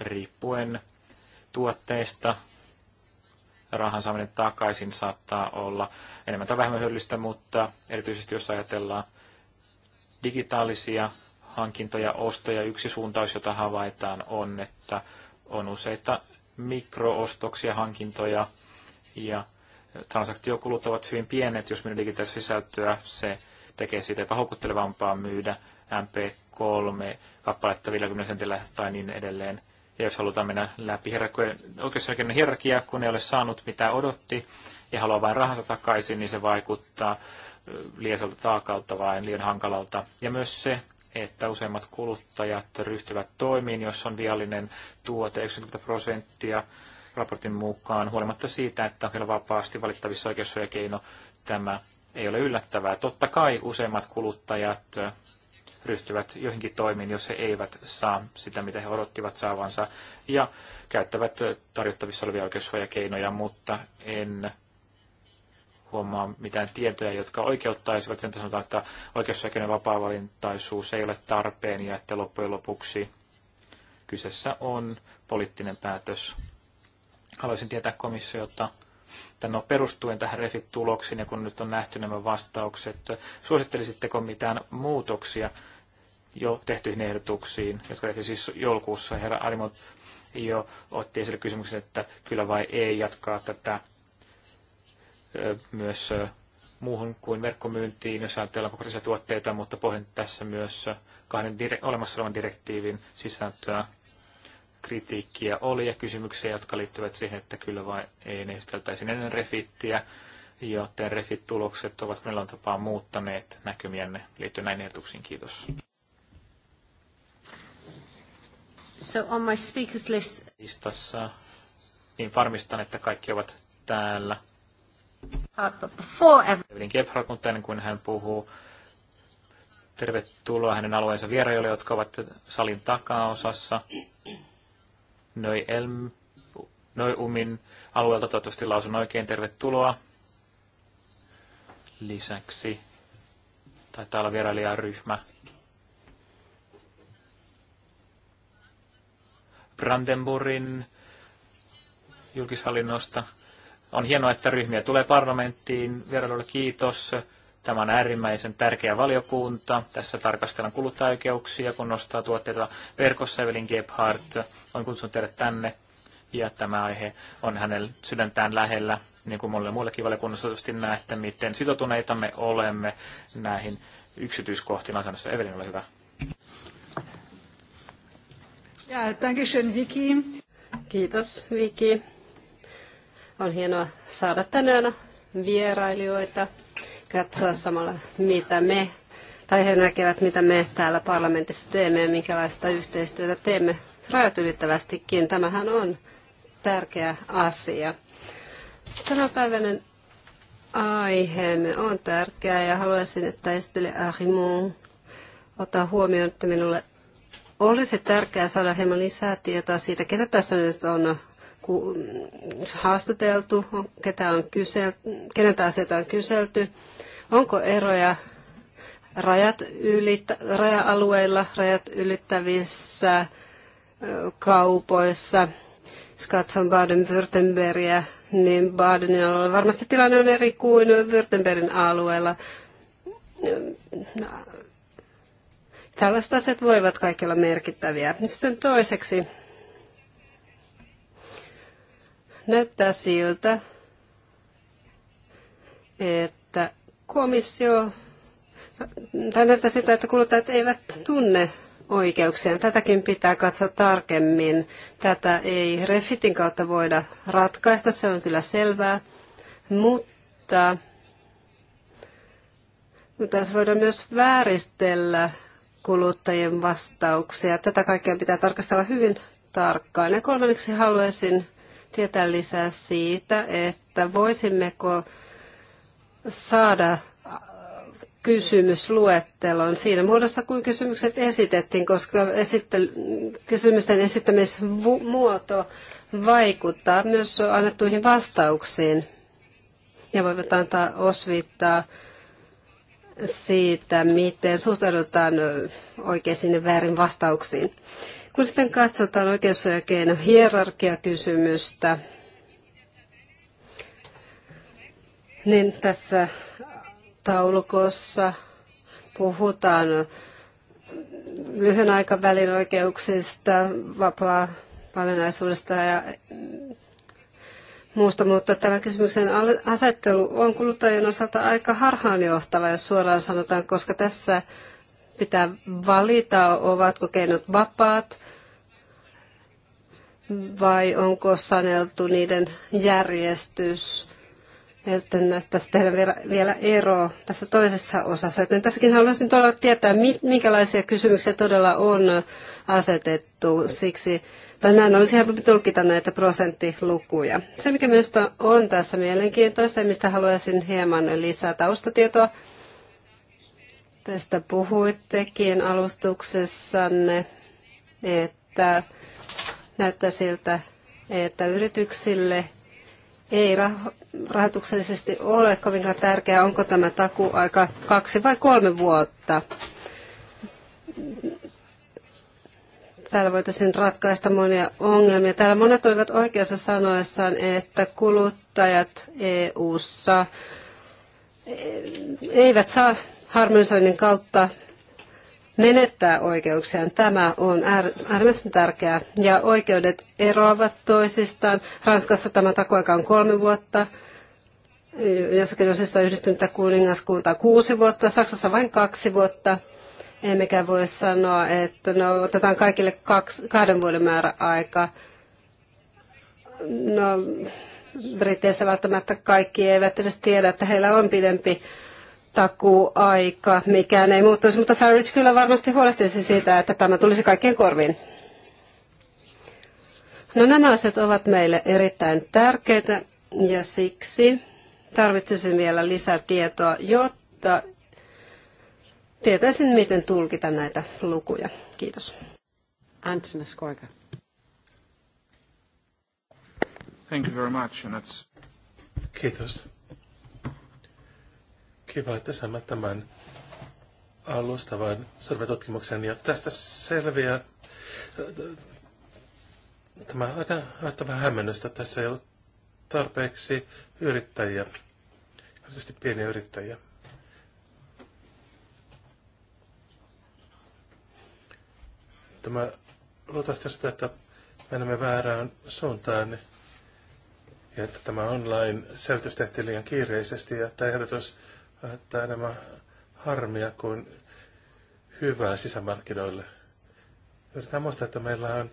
riippuen tuotteesta. Rahan saaminen takaisin saattaa olla enemmän tai vähemmän hyödyllistä, mutta erityisesti jos ajatellaan digitaalisia hankintoja, ostoja. Yksi suuntaus, jota havaitaan, on, että on useita mikroostoksia, hankintoja ja transaktiokulut ovat hyvin pienet, jos minä digitaalista sisältöä, se tekee siitä jopa houkuttelevampaa myydä MP3 kappaletta 50 sentillä tai niin edelleen. Ja jos halutaan mennä läpi oikeusoikeuden hierarkia, kun ei ole saanut mitä odotti ja haluaa vain rahansa takaisin, niin se vaikuttaa liian taakalta vain liian hankalalta. Ja myös se, että useimmat kuluttajat ryhtyvät toimiin, jos on viallinen tuote 90 prosenttia raportin mukaan, huolimatta siitä, että on vapaasti valittavissa oikeussuojakeino. Tämä ei ole yllättävää. Totta kai useimmat kuluttajat ryhtyvät joihinkin toimiin, jos he eivät saa sitä, mitä he odottivat saavansa, ja käyttävät tarjottavissa olevia oikeussuojakeinoja, mutta en huomaa mitään tietoja, jotka oikeuttaisivat sen, että sanotaan, että oikeusoikeuden vapaa-valintaisuus ei ole tarpeen ja että loppujen lopuksi kyseessä on poliittinen päätös. Haluaisin tietää komissiota, että no perustuen tähän refit-tuloksiin ja kun nyt on nähty nämä vastaukset, suosittelisitteko mitään muutoksia jo tehtyihin ehdotuksiin, jotka tehtiin siis joulukuussa. Herra Arimo jo otti esille kysymyksen, että kyllä vai ei jatkaa tätä myös muuhun kuin verkkomyyntiin, jos ajatellaan kokonaisia tuotteita, mutta pohdin tässä myös kahden dire- olemassa olevan direktiivin sisältöä kritiikkiä oli ja kysymyksiä, jotka liittyvät siihen, että kyllä vai ei ne esiteltäisiin ennen refittiä, joten refit-tulokset ovat millään tapaa muuttaneet näkymienne liittyen näihin ehdotuksiin. Kiitos. So on my speakers list. Listassa, niin varmistan, että kaikki ovat täällä. Evelyn Gebhardt, mutta ennen kuin hän puhuu, tervetuloa hänen alueensa vieraille, jotka ovat salin takaosassa. Noi Elm, Noi Umin alueelta toivottavasti lausun oikein tervetuloa. Lisäksi taitaa olla vierailijaryhmä. Brandenburgin julkishallinnosta on hienoa, että ryhmiä tulee parlamenttiin. Vierailulle kiitos. Tämä on äärimmäisen tärkeä valiokunta. Tässä tarkastellaan kuluttajaoikeuksia, kun nostaa tuotteita verkossa. Evelin Gebhardt on kutsunut teidät tänne ja tämä aihe on hänellä sydäntään lähellä. Niin kuin monelle muullekin valiokunnassa tietysti näette, miten sitoutuneita me olemme näihin yksityiskohtiin lainsäädännössä. Evelin, ole hyvä. Ja, Kiitos, Viki. On hienoa saada tänään vierailijoita, katsoa samalla mitä me, tai he näkevät mitä me täällä parlamentissa teemme ja minkälaista yhteistyötä teemme rajat ylittävästikin. Tämähän on tärkeä asia. Tämänpäiväinen aiheemme on tärkeä ja haluaisin, että esitteli Arimon ottaa huomioon, että minulle olisi tärkeää saada hieman lisää tietoa siitä, ketä tässä nyt on haastateltu, ketä on kysel, keneltä asioita on kyselty, onko eroja rajat ylittä, raja-alueilla, rajat ylittävissä kaupoissa, jos katson Baden-Württembergia, niin Badenin alueella varmasti tilanne on eri kuin Württembergin alueella. Tällaiset asiat voivat kaikilla merkittäviä. Sitten toiseksi Näyttää siltä, että komissio, tai näyttää siltä, että kuluttajat eivät tunne oikeuksiaan. Tätäkin pitää katsoa tarkemmin. Tätä ei refitin kautta voida ratkaista, se on kyllä selvää. Mutta tässä voidaan myös vääristellä kuluttajien vastauksia. Tätä kaikkea pitää tarkastella hyvin tarkkaan. Ja kolmanneksi haluaisin tietää lisää siitä, että voisimmeko saada äh, kysymysluettelon siinä muodossa, kuin kysymykset esitettiin, koska esittel- kysymysten esittämismuoto vaikuttaa myös annettuihin vastauksiin. Ja voivat antaa osviittaa siitä, miten suhtaudutaan oikeisiin ja väärin vastauksiin. Kun sitten katsotaan oikeussuojakeino hierarkiakysymystä, niin tässä taulukossa puhutaan lyhyen aikavälin oikeuksista, vapaa valinnaisuudesta ja muusta, mutta tämä kysymyksen asettelu on kuluttajien osalta aika harhaanjohtava, jos suoraan sanotaan, koska tässä pitää valita, ovatko keinot vapaat vai onko saneltu niiden järjestys. Ja sitten tässä tehdään vielä ero tässä toisessa osassa. Joten tässäkin haluaisin todella tietää, minkälaisia kysymyksiä todella on asetettu. Siksi tai näin olisi helpompi tulkita näitä prosenttilukuja. Se, mikä minusta on tässä mielenkiintoista ja mistä haluaisin hieman lisää taustatietoa, Tästä puhuittekin alustuksessanne, että näyttää siltä, että yrityksille ei rahoituksellisesti ole kovinkaan tärkeää, onko tämä aika kaksi vai kolme vuotta. Täällä voitaisiin ratkaista monia ongelmia. Täällä monet olivat oikeassa sanoessaan, että kuluttajat EU-ssa eivät saa harmonisoinnin kautta menettää oikeuksiaan. Tämä on äärimmäisen tärkeää. Ja oikeudet eroavat toisistaan. Ranskassa tämä takoaika on kolme vuotta, jossakin osissa yhdistynyttä kuningaskunta kuusi vuotta, Saksassa vain kaksi vuotta. Emmekä voi sanoa, että no, otetaan kaikille kaksi, kahden vuoden määrä aika. No, Briteissä välttämättä kaikki eivät edes tiedä, että heillä on pidempi takuaika, mikään ei muuttuisi, mutta Farage kyllä varmasti huolehtisi siitä, että tämä tulisi kaikkien korviin. No nämä asiat ovat meille erittäin tärkeitä ja siksi tarvitsisin vielä lisää tietoa, jotta tietäisin, miten tulkita näitä lukuja. Kiitos. Antonis Skorga. Thank you very much. And that's... Kiitos. Kiva, että saamme tämän alustavan sorvetutkimuksen. Ja tästä selviää, tämä aina aiheuttaa vähän hämmennystä, tässä ei ollut tarpeeksi yrittäjiä, erityisesti pieniä yrittäjiä. Tämä luultavasti sitä, että menemme väärään suuntaan ja että tämä online selitys tehtiin liian kiireisesti ja että ehdotus aiheuttaa enemmän harmia kuin hyvää sisämarkkinoille. Yritetään muistaa, että meillä on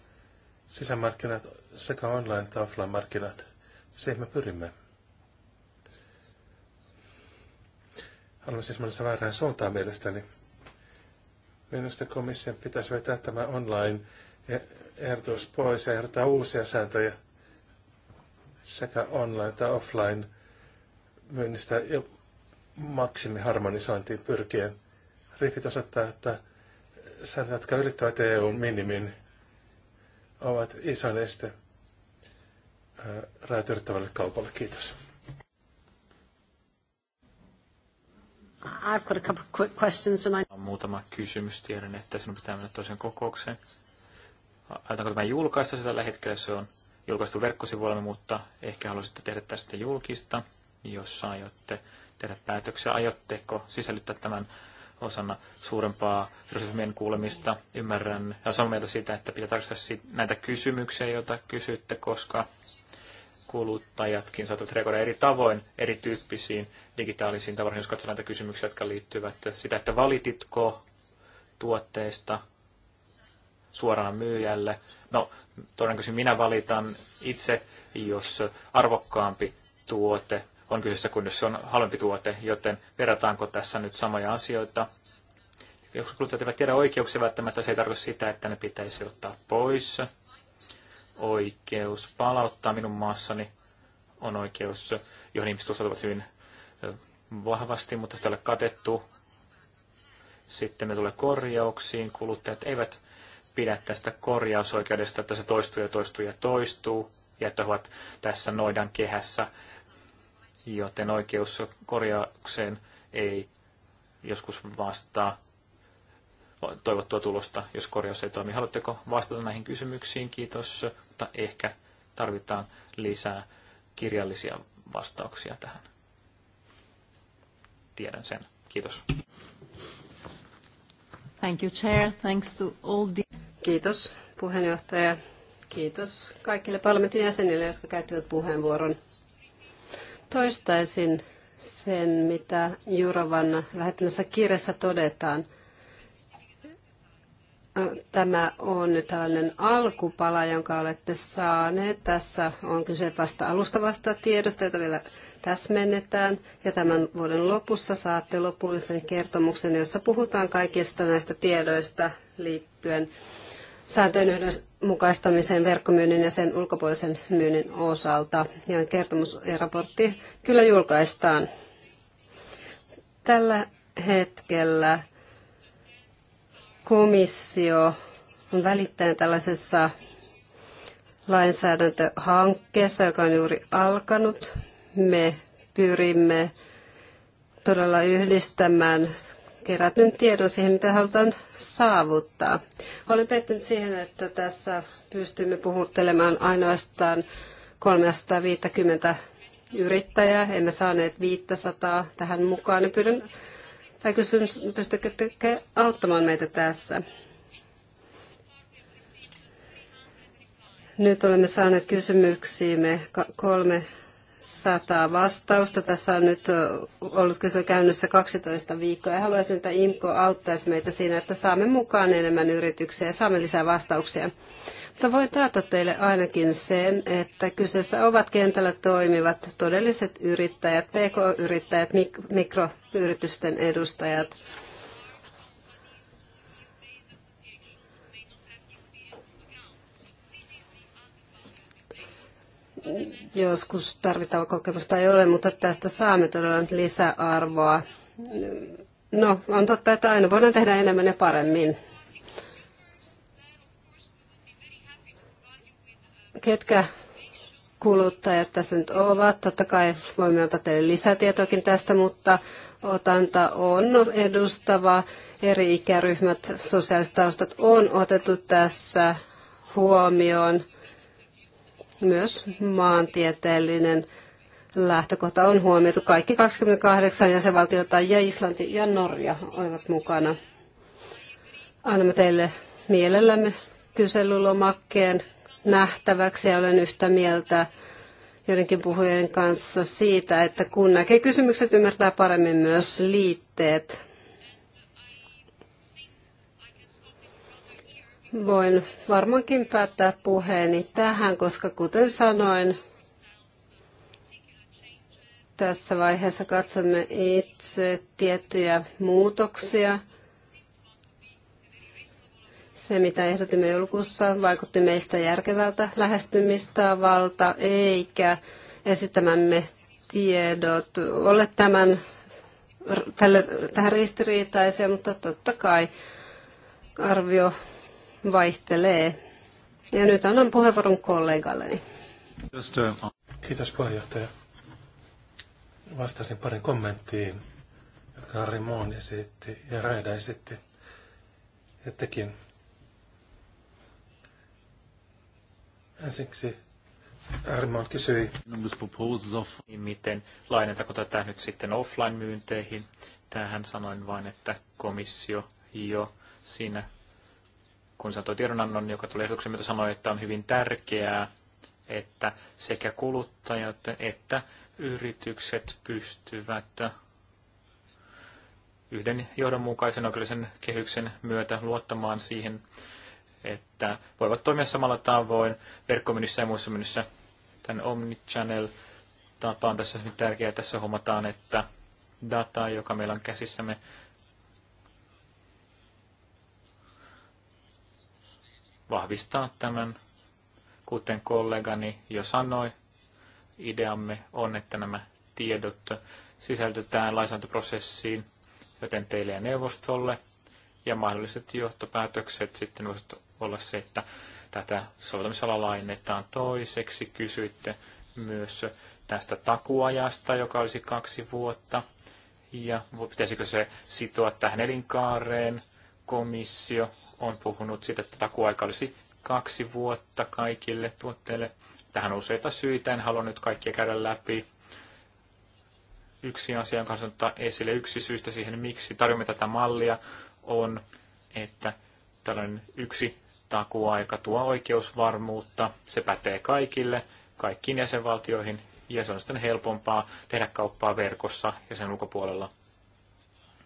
sisämarkkinat sekä online- että offline-markkinat. Siihen me pyrimme. Haluan siis mennä väärään suuntaan mielestäni. Minusta komission pitäisi vetää tämä online e- ehdotus pois ja ehdottaa uusia sääntöjä sekä online- että offline-myynnistä maksimiharmonisointiin pyrkien Riffit osoittaa, että säännöt, jotka ylittävät EU-minimin, ovat iso este räätyrittävälle kaupalle. Kiitos. I've got a couple of quick questions and I... Muutama kysymys. Tiedän, että sinun pitää mennä toisen kokoukseen. Aiotaanko tämä julkaista? Se tällä hetkellä se on julkaistu verkkosivuillamme, mutta ehkä haluaisitte tehdä tästä julkista, jossa, aiotte tehdä päätöksiä. Aiotteko sisällyttää tämän osana suurempaa filosofien kuulemista? Ymmärrän ja samaa mieltä siitä, että pitää tarkastaa näitä kysymyksiä, joita kysytte, koska kuluttajatkin saattavat reagoida eri tavoin erityyppisiin digitaalisiin tavaroihin, jos katsotaan näitä kysymyksiä, jotka liittyvät sitä, että valititko tuotteista suoraan myyjälle. No, todennäköisesti minä valitan itse, jos arvokkaampi tuote on kyseessä, kun se on halvempi tuote, joten verrataanko tässä nyt samoja asioita. Jos kuluttajat eivät tiedä oikeuksia välttämättä, se ei tarkoita sitä, että ne pitäisi ottaa pois. Oikeus palauttaa minun maassani on oikeus, johon ihmiset suhtautuvat hyvin vahvasti, mutta sitä ei ole katettu. Sitten me tulee korjauksiin. Kuluttajat eivät pidä tästä korjausoikeudesta, että se toistuu ja toistuu ja toistuu, ja että ovat tässä noidan kehässä joten oikeus korjaukseen ei joskus vastaa toivottua tulosta, jos korjaus ei toimi. Haluatteko vastata näihin kysymyksiin? Kiitos, mutta ehkä tarvitaan lisää kirjallisia vastauksia tähän. Tiedän sen. Kiitos. Thank you, Chair. Thanks to all the... Kiitos puheenjohtaja. Kiitos kaikille parlamentin jäsenille, jotka käyttivät puheenvuoron. Toistaisin sen, mitä Jurovan lähettämässä kirjassa todetaan. Tämä on nyt tällainen alkupala, jonka olette saaneet. Tässä on kyse vasta alustavasta tiedosta, jota vielä täsmennetään. Ja tämän vuoden lopussa saatte lopullisen kertomuksen, jossa puhutaan kaikista näistä tiedoista liittyen sääntöjen yhdenmukaistamiseen verkkomyynnin ja sen ulkopuolisen myynnin osalta. Ja kertomus ja raportti kyllä julkaistaan. Tällä hetkellä komissio on välittäjän tällaisessa lainsäädäntöhankkeessa, joka on juuri alkanut. Me pyrimme todella yhdistämään kerätyn tiedon siihen, mitä halutaan saavuttaa. Olen pettynyt siihen, että tässä pystymme puhuttelemaan ainoastaan 350 yrittäjää. Emme saaneet 500 tähän mukaan. Niin pyydän, tai kysymys, pystykö auttamaan meitä tässä? Nyt olemme saaneet kysymyksiimme kolme sata vastausta. Tässä on nyt ollut kysely käynnissä 12 viikkoa ja haluaisin, että IMKO auttaisi meitä siinä, että saamme mukaan enemmän yrityksiä ja saamme lisää vastauksia. Mutta voin taata teille ainakin sen, että kyseessä ovat kentällä toimivat todelliset yrittäjät, pk-yrittäjät, mikroyritysten edustajat – Joskus tarvitaan kokemusta ei ole, mutta tästä saamme todella lisäarvoa. No, on totta, että aina voidaan tehdä enemmän ja paremmin. Ketkä kuluttajat tässä nyt ovat? Totta kai voimme antaa teille lisätietoakin tästä, mutta otanta on edustava. Eri ikäryhmät, sosiaaliset taustat on otettu tässä huomioon. Myös maantieteellinen lähtökohta on huomioitu. Kaikki 28 jäsenvaltiota ja Islanti ja Norja olivat mukana. Annamme teille mielellämme kyselylomakkeen nähtäväksi ja olen yhtä mieltä joidenkin puhujien kanssa siitä, että kun näkee kysymykset, ymmärtää paremmin myös liitteet. voin varmaankin päättää puheeni tähän, koska kuten sanoin, tässä vaiheessa katsomme itse tiettyjä muutoksia. Se, mitä ehdotimme joulukuussa, vaikutti meistä järkevältä lähestymistavalta, eikä esittämämme tiedot ole tämän, tälle, tähän ristiriitaisia, mutta totta kai arvio vaihtelee. Ja nyt annan puheenvuoron kollegalleni. Kiitos puheenjohtaja. Vastasin parin kommenttiin, jotka Harri Moon esitti ja Raida esitti. Ja tekin. Ensiksi Armand kysyi, niin miten lainatako tätä nyt sitten offline-myynteihin. Tähän sanoin vain, että komissio jo siinä kun saatoi tiedonannon, joka tuli ehdotuksen myötä sanoi, että on hyvin tärkeää, että sekä kuluttajat että yritykset pystyvät yhden johdonmukaisen oikeudellisen kehyksen myötä luottamaan siihen, että voivat toimia samalla tavoin verkkomyynnissä ja muissa myynnissä. Tämän Omnichannel-tapa on tässä hyvin tärkeää. Tässä huomataan, että data, joka meillä on käsissämme, vahvistaa tämän. Kuten kollegani jo sanoi, ideamme on, että nämä tiedot sisältetään lainsäädäntöprosessiin, joten teille ja neuvostolle. Ja mahdolliset johtopäätökset sitten voisivat olla se, että tätä soveltamisala laajennetaan toiseksi. Kysyitte myös tästä takuajasta, joka olisi kaksi vuotta. Ja pitäisikö se sitoa tähän elinkaareen? Komissio on puhunut siitä, että takuaika olisi kaksi vuotta kaikille tuotteille. Tähän on useita syitä, en halua nyt kaikkia käydä läpi. Yksi asia, jonka ottaa esille, yksi syystä siihen, miksi tarjomme tätä mallia, on, että tällainen yksi takuaika tuo oikeusvarmuutta. Se pätee kaikille, kaikkiin jäsenvaltioihin, ja se on sitten helpompaa tehdä kauppaa verkossa ja sen ulkopuolella.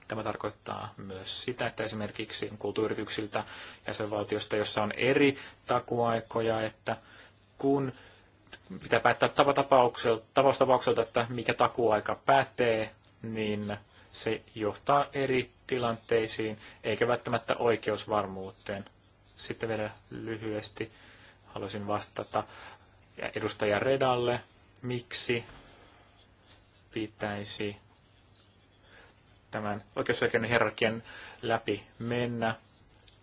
Tämä tarkoittaa myös sitä, että esimerkiksi kulttuurityksiltä jäsenvaltiosta, jossa on eri takuaikoja, että kun pitää päättää tapaustapaukselta, että mikä takuaika pätee, niin se johtaa eri tilanteisiin, eikä välttämättä oikeusvarmuuteen. Sitten vielä lyhyesti haluaisin vastata edustaja Redalle, miksi pitäisi tämän oikeusoikeuden hierarkian läpi mennä.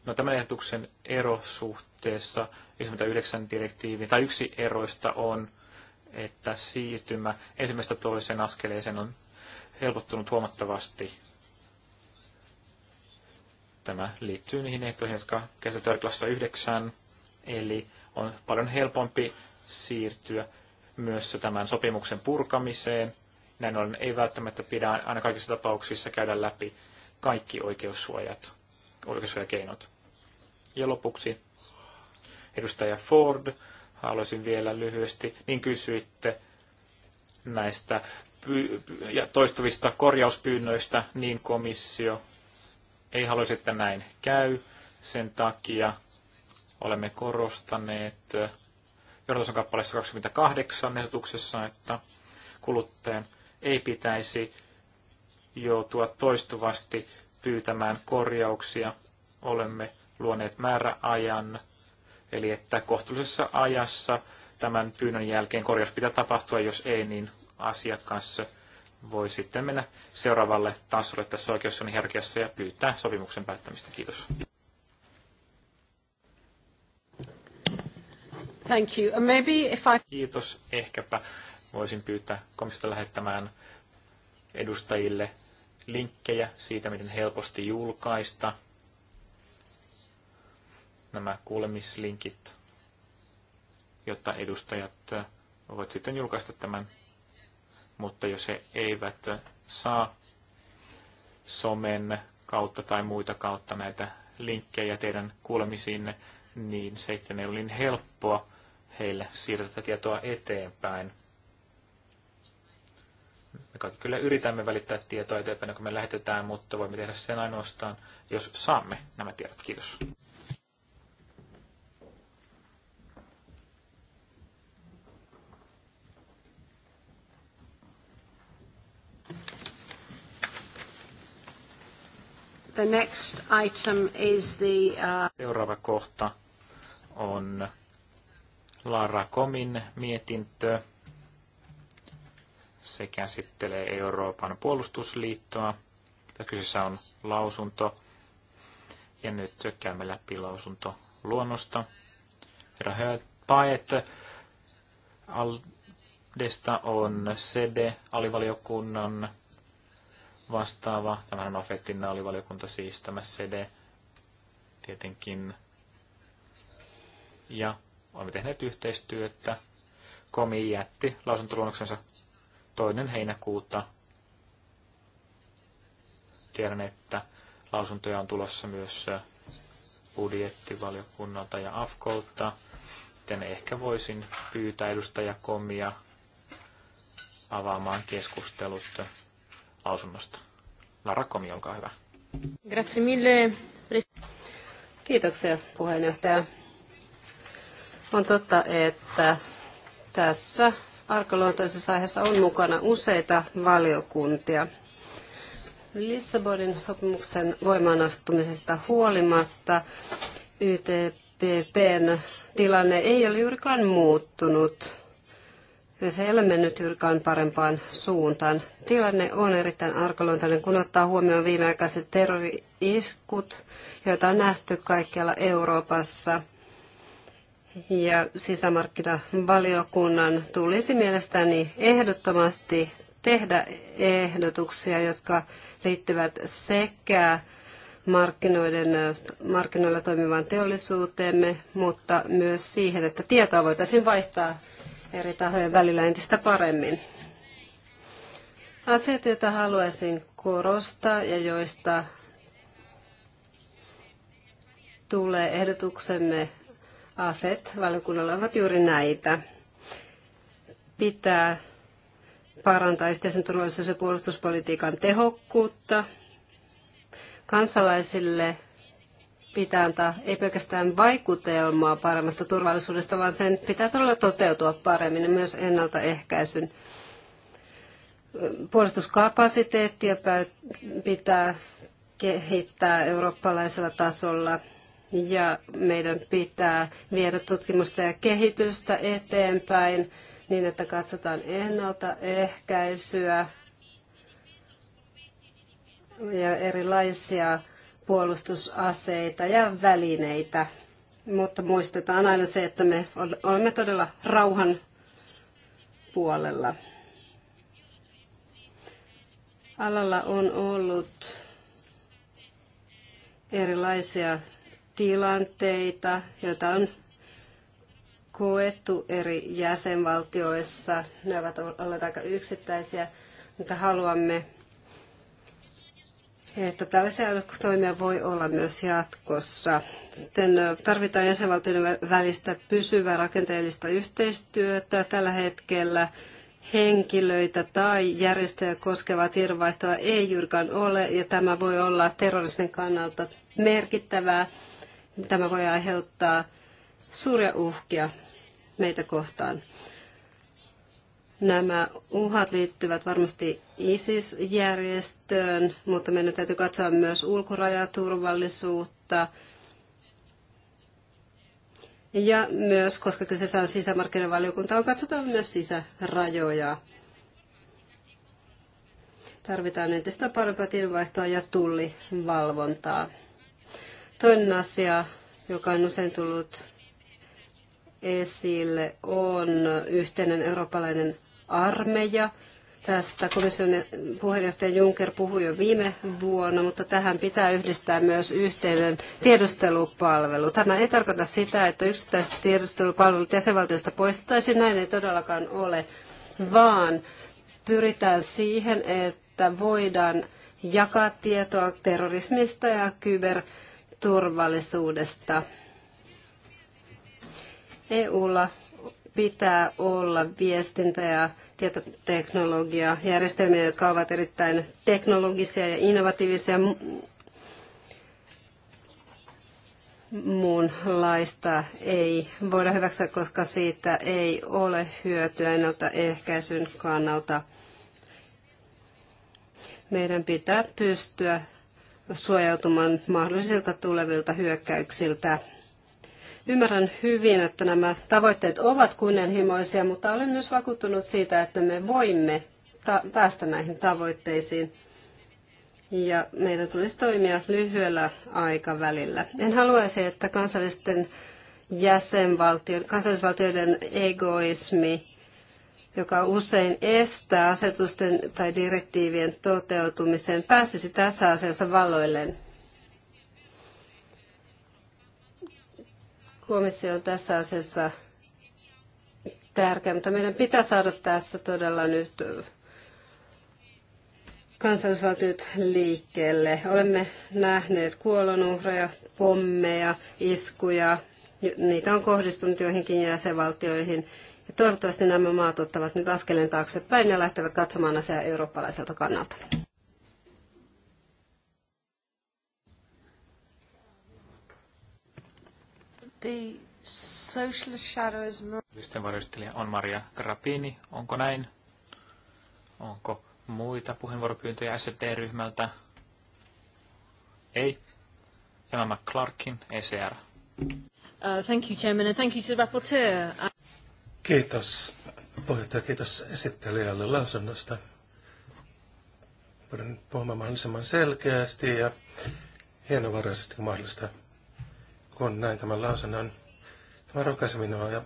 No tämän ehdotuksen ero suhteessa 59 direktiiviin, tai yksi eroista on, että siirtymä ensimmäistä toiseen askeleeseen on helpottunut huomattavasti. Tämä liittyy niihin ehtoihin, jotka käsitellään klassa 9, eli on paljon helpompi siirtyä myös tämän sopimuksen purkamiseen näin ollen ei välttämättä pidä aina kaikissa tapauksissa käydä läpi kaikki oikeussuojat, oikeussuojakeinot. Ja lopuksi edustaja Ford, haluaisin vielä lyhyesti, niin kysyitte näistä ja toistuvista korjauspyynnöistä, niin komissio ei haluaisi, että näin käy. Sen takia olemme korostaneet Jordason kappaleessa 28 ehdotuksessa, että kuluttajan ei pitäisi joutua toistuvasti pyytämään korjauksia. Olemme luoneet määräajan, eli että kohtuullisessa ajassa tämän pyynnön jälkeen korjaus pitää tapahtua, jos ei, niin asiakas voi sitten mennä seuraavalle tasolle tässä oikeussuunnin hierarkiassa ja pyytää sopimuksen päättämistä. Kiitos. Thank you. Maybe if I... Kiitos. Ehkäpä voisin pyytää komissiota lähettämään edustajille linkkejä siitä, miten helposti julkaista nämä kuulemislinkit, jotta edustajat voivat sitten julkaista tämän. Mutta jos he eivät saa somen kautta tai muita kautta näitä linkkejä teidän kuulemisiinne, niin se ei ole niin helppoa heille siirtää tietoa eteenpäin. Me kaikki kyllä yritämme välittää tietoa eteenpäin, kun me lähetetään, mutta voimme tehdä sen ainoastaan, jos saamme nämä tiedot. Kiitos. The next item is the, uh... Seuraava kohta on Lara Komin mietintö. Se käsittelee Euroopan puolustusliittoa. Kyseessä on lausunto. Ja nyt käymme läpi lausunto luonnosta. Herra Paet Aldesta on sede alivaliokunnan vastaava. tämä on Afetin alivaliokunta siis tämä sede tietenkin. Ja olemme tehneet yhteistyötä. Komi jätti lausuntoluonnoksensa toinen heinäkuuta. Tiedän, että lausuntoja on tulossa myös budjettivaliokunnalta ja AFKolta. Joten ehkä voisin pyytää edustajakomia avaamaan keskustelut lausunnosta. Lara Komi, olkaa hyvä. Grazie mille. Kiitoksia puheenjohtaja. On totta, että tässä arkaluontoisessa aiheessa on mukana useita valiokuntia. Lissabonin sopimuksen voimaanastumisesta huolimatta YTPPn tilanne ei ole juurikaan muuttunut. Ja se ei ole mennyt juurikaan parempaan suuntaan. Tilanne on erittäin arkaluontainen, kun ottaa huomioon viimeaikaiset terrori-iskut, joita on nähty kaikkialla Euroopassa – ja sisämarkkinavaliokunnan tulisi mielestäni ehdottomasti tehdä ehdotuksia, jotka liittyvät sekä markkinoiden, markkinoilla toimivaan teollisuuteemme, mutta myös siihen, että tietoa voitaisiin vaihtaa eri tahojen välillä entistä paremmin. Asiat, joita haluaisin korostaa ja joista tulee ehdotuksemme AFET-valiokunnalla ovat juuri näitä. Pitää parantaa yhteisen turvallisuus- ja puolustuspolitiikan tehokkuutta. Kansalaisille pitää antaa ei pelkästään vaikutelmaa paremmasta turvallisuudesta, vaan sen pitää todella toteutua paremmin ja myös ennaltaehkäisyn puolustuskapasiteettia pitää kehittää eurooppalaisella tasolla ja meidän pitää viedä tutkimusta ja kehitystä eteenpäin niin, että katsotaan ennaltaehkäisyä ja erilaisia puolustusaseita ja välineitä. Mutta muistetaan aina se, että me olemme todella rauhan puolella. Alalla on ollut erilaisia tilanteita, joita on koettu eri jäsenvaltioissa. Ne ovat olleet aika yksittäisiä, mutta haluamme, että tällaisia toimia voi olla myös jatkossa. Sitten tarvitaan jäsenvaltioiden välistä pysyvää rakenteellista yhteistyötä. Tällä hetkellä henkilöitä tai järjestöjä koskevaa tiedonvaihtoa ei juurikaan ole, ja tämä voi olla terrorismin kannalta merkittävää Tämä voi aiheuttaa suuria uhkia meitä kohtaan. Nämä uhat liittyvät varmasti ISIS-järjestöön, mutta meidän täytyy katsoa myös ulkorajaturvallisuutta ja myös, koska kyseessä on sisämarkkinavaliokunta, on katsotaan myös sisärajoja. Tarvitaan entistä parempaa tiedonvaihtoa ja tullivalvontaa. Toinen asia, joka on usein tullut esille, on yhteinen eurooppalainen armeija. Tästä komission puheenjohtaja Juncker puhui jo viime vuonna, mutta tähän pitää yhdistää myös yhteinen tiedustelupalvelu. Tämä ei tarkoita sitä, että yksittäiset tiedustelupalvelut jäsenvaltioista poistettaisiin, näin ei todellakaan ole, vaan pyritään siihen, että voidaan jakaa tietoa terrorismista ja kyber- turvallisuudesta. EUlla pitää olla viestintä- ja tietoteknologia järjestelmiä, jotka ovat erittäin teknologisia ja innovatiivisia muunlaista ei voida hyväksyä, koska siitä ei ole hyötyä ennaltaehkäisyn kannalta. Meidän pitää pystyä suojautumaan mahdollisilta tulevilta hyökkäyksiltä. Ymmärrän hyvin, että nämä tavoitteet ovat kunnianhimoisia, mutta olen myös vakuuttunut siitä, että me voimme päästä näihin tavoitteisiin. Ja meidän tulisi toimia lyhyellä aikavälillä. En haluaisi, että kansallisten jäsenvaltioiden, kansallisvaltioiden egoismi joka usein estää asetusten tai direktiivien toteutumisen, pääsisi tässä asiassa valoilleen. Komissio on tässä asiassa tärkeä, mutta meidän pitää saada tässä todella nyt kansallisvaltiot liikkeelle. Olemme nähneet kuolonuhreja, pommeja, iskuja. Niitä on kohdistunut joihinkin jäsenvaltioihin ja toivottavasti nämä maat ottavat nyt askeleen taaksepäin ja lähtevät katsomaan asiaa eurooppalaiselta kannalta. The socialist shadow is... varjostelija on Maria Grappini. Onko näin? Onko muita puheenvuoropyyntöjä SD-ryhmältä? Ei. Emma McClarkin, ECR. Uh, thank you, Chairman, and thank you to the rapporteur. Uh, Kiitos puheenjohtaja, kiitos esittelijälle lausunnosta. Pyrin puhumaan mahdollisimman selkeästi ja hienovaraisesti kuin mahdollista, kun näin tämän lausunnon. Tämä rohkaisi minua ja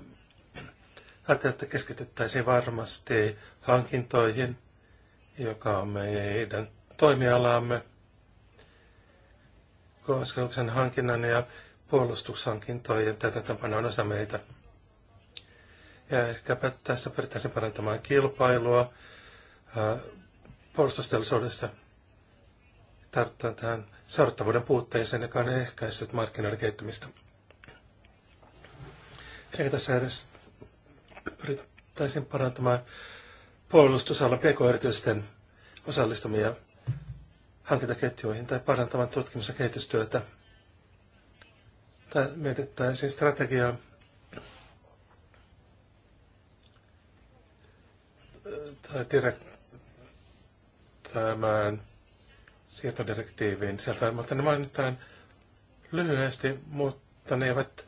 ajattelin, että keskityttäisiin varmasti hankintoihin, joka on meidän toimialaamme, koskemuksen hankinnan ja puolustushankintojen tapana on osa meitä – ja ehkäpä tässä pyrittäisiin parantamaan kilpailua puolustusteollisuudesta. tarttua tähän seurattavuuden puutteeseen, joka on ehkäissyt markkinoiden kehittymistä. Eikä tässä edes pyrittäisiin parantamaan puolustusalan pk-yritysten osallistumia hankintaketjuihin tai parantamaan tutkimus- ja kehitystyötä. Tai mietittäisiin strategiaa tämän sietodirektiivin sieltä, mutta ne mainitaan lyhyesti, mutta ne eivät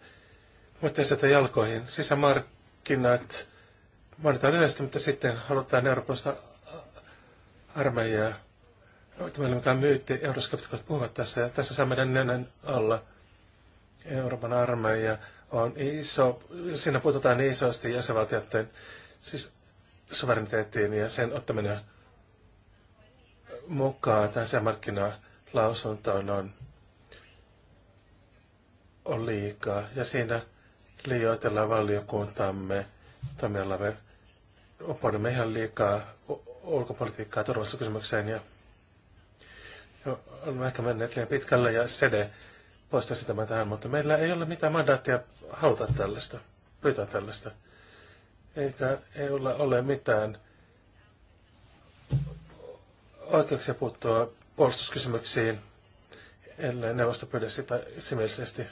muuten sieltä jalkoihin. Sisämarkkinat mainitaan lyhyesti, mutta sitten halutaan Euroopasta armeijaa. Tämä ei mikään myytti, euroskeptikot puhuvat tässä, ja tässä saa meidän nenän alla. Euroopan armeija on iso, siinä puututaan niin isosti jäsenvaltioiden, siis suvereniteettiin ja sen ottaminen mukaan tähän sisämarkkinalausuntoon on, on liikaa. Ja siinä liioitellaan valiokuntamme Me Opoidumme ihan liikaa ulkopolitiikkaa turvallisuuskysymykseen ja, ja olemme ehkä menneet liian pitkälle ja sede poistaisi tämän tähän, mutta meillä ei ole mitään mandaattia haluta tällaista, pyytää tällaista. Eikä ei ole ole mitään oikeuksia puuttua puolustuskysymyksiin, ellei neuvosto pyydä sitä yksimielisesti.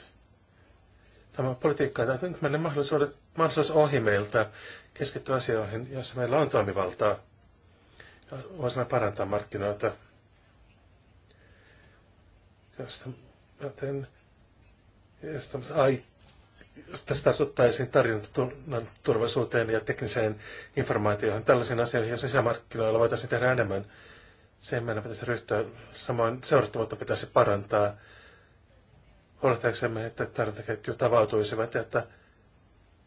Tämä politiikka on nyt meille mahdollisuudet, mahdollisuus ohi meiltä keskittyä asioihin, joissa meillä on toimivaltaa. Voisimme parantaa markkinoita. Josta, joten, josta, ai, tästä asuttaisiin tarjonnan turvallisuuteen ja tekniseen informaatioon, tällaisiin asioihin, ja sisämarkkinoilla voitaisiin tehdä enemmän. Sen meidän pitäisi ryhtyä. Samoin seurattavuutta pitäisi parantaa. Huolehtiaksemme, että tarjontaketjut avautuisivat ja että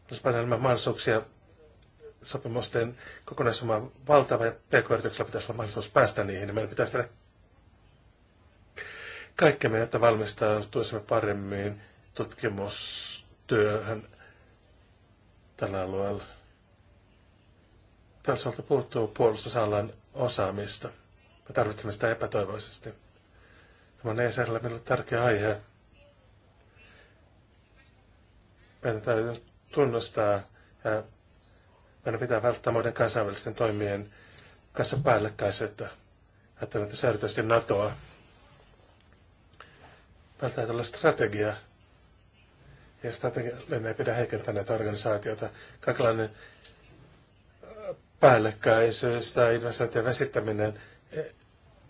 olisi paljon enemmän mahdollisuuksia sopimusten kokonaisumma valtava ja pk-yrityksellä pitäisi olla mahdollisuus päästä niihin. Niin meidän pitäisi tehdä kaikkemme, jotta valmistautuisimme paremmin tutkimus työhön tällä alueella. Toisaalta puuttuu puolustusalan osaamista. Me tarvitsemme sitä epätoivoisesti. Tämä on ESRlle minulle tärkeä aihe. Meidän täytyy tunnustaa ja meidän pitää välttää muiden kansainvälisten toimien kanssa päällekkäisyyttä. Ajattelen se erityisesti NATOa. Meillä täytyy olla strategia ja strategian ei pidä heikentää näitä organisaatioita. Kaikenlainen äh, päällekkäisyys tai investointien vesittäminen eh,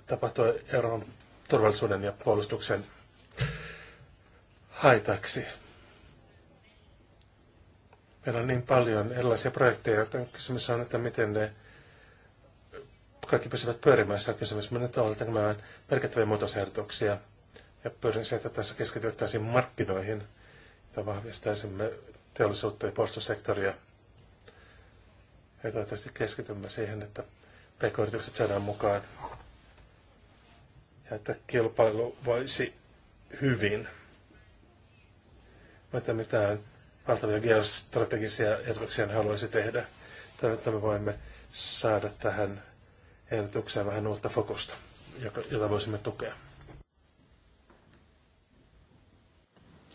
tapahtuu Euroopan turvallisuuden ja puolustuksen haitaksi. Meillä on niin paljon erilaisia projekteja, että kysymys on, että miten ne kaikki pysyvät pyörimässä. Kysymys on, että oletanko merkittäviä muutosehdotuksia. Ja pyrin se, että tässä keskityttäisiin markkinoihin – että vahvistaisimme teollisuutta ja puolustussektoria. Ja toivottavasti keskitymme siihen, että pk-yritykset saadaan mukaan ja että kilpailu voisi hyvin. Mutta mitään valtavia geostrategisia ehdotuksia en haluaisi tehdä. Toivottavasti me voimme saada tähän ehdotukseen vähän uutta fokusta, jota voisimme tukea.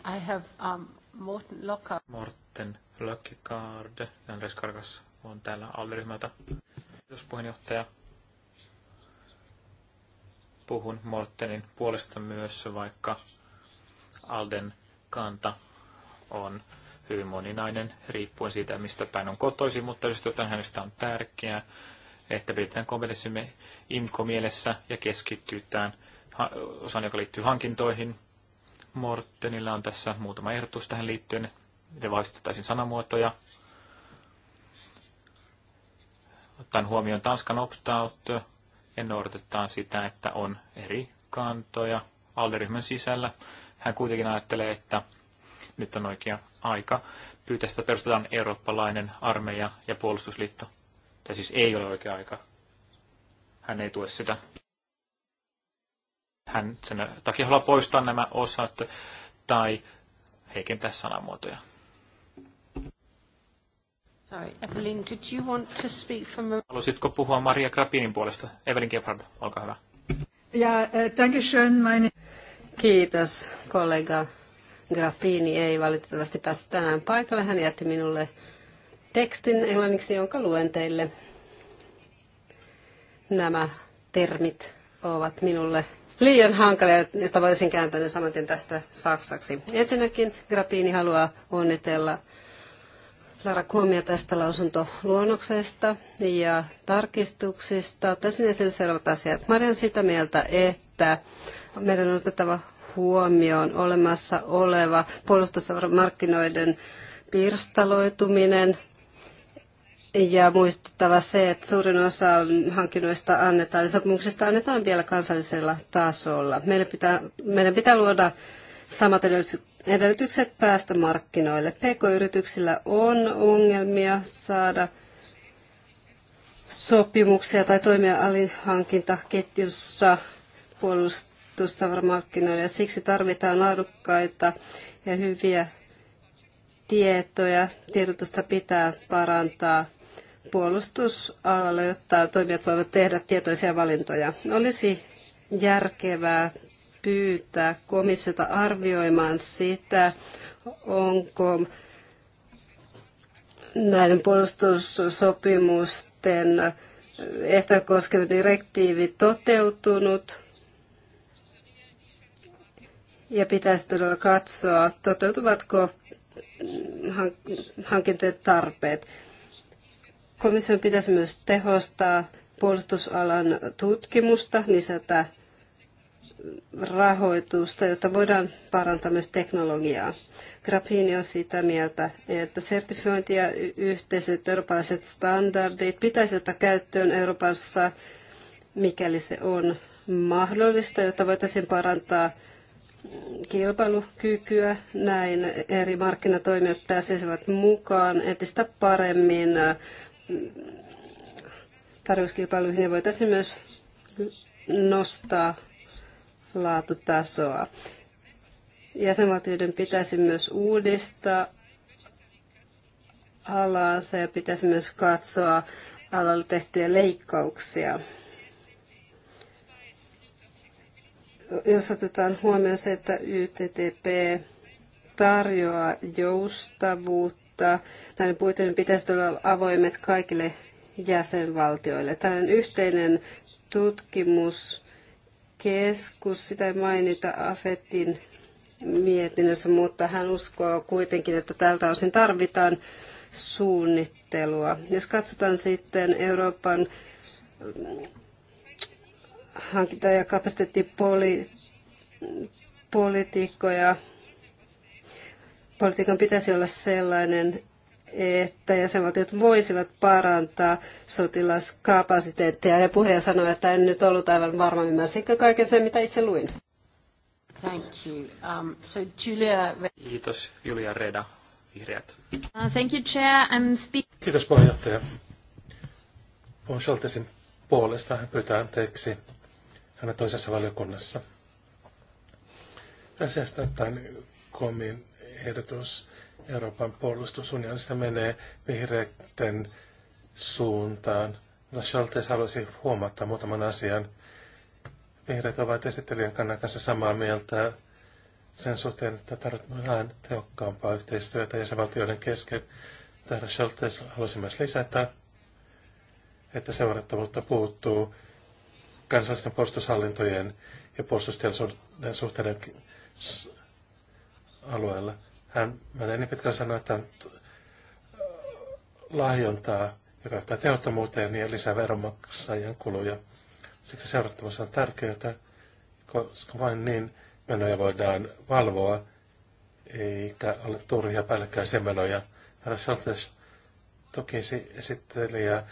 I have um, Morten Lockard. Morten Lockard, ja Andres Karkas on täällä alderyhmältä. Kiitos puheenjohtaja. Puhun Mortenin puolesta myös, vaikka Alden kanta on hyvin moninainen, riippuen siitä, mistä päin on kotoisin, mutta jotain hänestä on tärkeää, että pidetään kompetenssimme IMCO mielessä ja keskittytään osaan, joka liittyy hankintoihin, Mortenilla on tässä muutama ehdotus tähän liittyen, miten vaistettaisiin sanamuotoja. Ottaen huomioon Tanskan opt-out ja noudatetaan sitä, että on eri kantoja alderyhmän sisällä. Hän kuitenkin ajattelee, että nyt on oikea aika pyytää sitä perustetaan eurooppalainen armeija ja puolustusliitto. Tämä siis ei ole oikea aika. Hän ei tue sitä hän sen takia haluaa poistaa nämä osat tai heikentää sanamuotoja. Sorry, Evelyn, did you want to speak from... Halusitko puhua Maria Krapinin puolesta? Evelyn Gebhard, olkaa hyvä. Ja, eh, you schön, meine... Kiitos, kollega Grappini ei valitettavasti päässyt tänään paikalle. Hän jätti minulle tekstin englanniksi, jonka luen teille. Nämä termit ovat minulle liian hankala, jotta voisin kääntää ne samantien tästä saksaksi. Ensinnäkin Grappini haluaa onnitella Lara Kuomia tästä lausuntoluonnoksesta ja tarkistuksista. Tässä on seuraavat asiat. Mari on sitä mieltä, että meidän on otettava huomioon olemassa oleva puolustusmarkkinoiden pirstaloituminen ja muistuttava se, että suurin osa hankinnoista annetaan ja sopimuksista annetaan vielä kansallisella tasolla. Meidän pitää, meidän pitää luoda samat edellytykset päästä markkinoille. PK-yrityksillä on ongelmia saada sopimuksia tai toimia alihankintaketjussa puolustustavaramarkkinoilla ja siksi tarvitaan laadukkaita ja hyviä tietoja. Tiedotusta pitää parantaa puolustusalalla, jotta toimijat voivat tehdä tietoisia valintoja. Olisi järkevää pyytää komissiota arvioimaan sitä, onko näiden puolustussopimusten ehtoja koskeva direktiivi toteutunut ja pitäisi todella katsoa, toteutuvatko hankintojen tarpeet. Komission pitäisi myös tehostaa puolustusalan tutkimusta, lisätä rahoitusta, jotta voidaan parantaa myös teknologiaa. Grappini on sitä mieltä, että sertifiointi ja yhteiset eurooppalaiset standardit pitäisi ottaa käyttöön Euroopassa, mikäli se on mahdollista, jotta voitaisiin parantaa kilpailukykyä. Näin eri markkinatoimijat pääsisivät mukaan entistä paremmin tarjouskilpailuihin ja voitaisiin myös nostaa laatutasoa. Jäsenvaltioiden pitäisi myös uudistaa alaansa ja pitäisi myös katsoa alalla tehtyjä leikkauksia. Jos otetaan huomioon se, että YTTP tarjoaa joustavuutta, mutta näiden puitteiden pitäisi olla avoimet kaikille jäsenvaltioille. Tällainen yhteinen tutkimuskeskus, sitä ei mainita AFETin mietinnössä, mutta hän uskoo kuitenkin, että tältä osin tarvitaan suunnittelua. Jos katsotaan sitten Euroopan mm, hankinta- ja kapasiteettipolitiikkoja, politiikan pitäisi olla sellainen, että jäsenvaltiot voisivat parantaa sotilaskapasiteettia. Ja puheen sanoi, että en nyt ollut aivan varma, ymmärsinkö kaiken sen, mitä itse luin. Thank you. Um, so Julia... Kiitos, Julia Reda, Vihreät. Uh, thank you, Chair. I'm speak... Kiitos, puheenjohtaja. Puhun Scholtesin puolesta. Hän pyytää anteeksi hänen toisessa valiokunnassa. Asiasta ottaen komin ehdotus Euroopan puolustusunionista menee vihreiden suuntaan. No Scholtes halusi huomata muutaman asian. Vihreät ovat esittelijän kannan kanssa samaa mieltä sen suhteen, että tarvitaan tehokkaampaa yhteistyötä jäsenvaltioiden kesken. Tähän Scholtes halusi myös lisätä, että seurattavuutta puuttuu kansallisten puolustushallintojen ja puolustusteollisuuden suhteiden alueella. Hän menee niin pitkään sanoa, että lahjontaa, joka johtaa tehottomuuteen ja lisää veronmaksajien kuluja. Siksi seurattavuus on tärkeää, koska vain niin menoja voidaan valvoa, eikä ole turhia päällekkäisiä menoja. Herra Scholtes toki esittelijä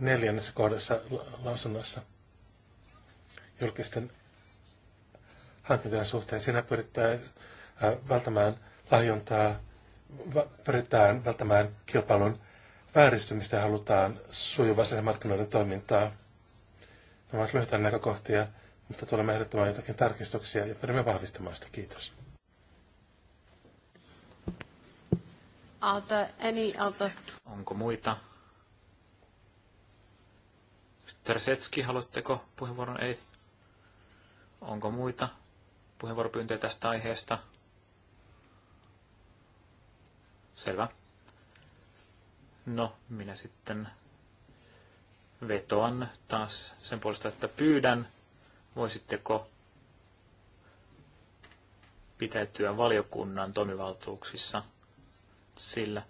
neljännessä kohdassa lausunnossa julkisten hankintojen suhteen. Siinä pyritään välttämään lahjontaa, pyritään välttämään kilpailun vääristymistä ja halutaan sujuvaa markkinoiden toimintaa. Nämä ovat lyhyitä näkökohtia, mutta tulemme ehdottamaan jotakin tarkistuksia ja pyrimme vahvistamaan sitä. Kiitos. any Onko muita? Tersetski, haluatteko puheenvuoron? Ei. Onko muita puheenvuoropyyntöjä tästä aiheesta? Selvä. No, minä sitten vetoan taas sen puolesta, että pyydän, voisitteko pitäytyä valiokunnan toimivaltuuksissa, sillä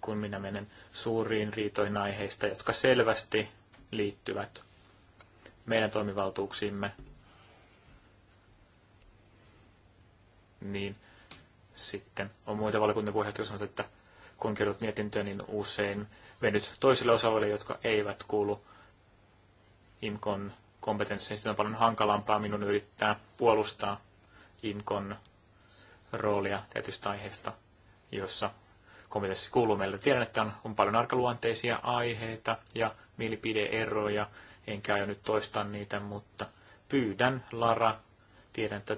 kun minä menen suuriin riitoihin aiheista, jotka selvästi liittyvät meidän toimivaltuuksiimme, niin sitten on muita valiokunnan puheenjohtaja sanonut, että kun kerrot mietintöä, niin usein venyt toisille osaaville, jotka eivät kuulu IMKon kompetenssiin. Sitten on paljon hankalampaa minun yrittää puolustaa IMKon roolia tietystä aiheesta, jossa komiteassa kuuluu meille. Tiedän, että on, on paljon arkaluonteisia aiheita ja mielipideeroja, enkä aio nyt toistaa niitä, mutta pyydän Lara, tiedän, että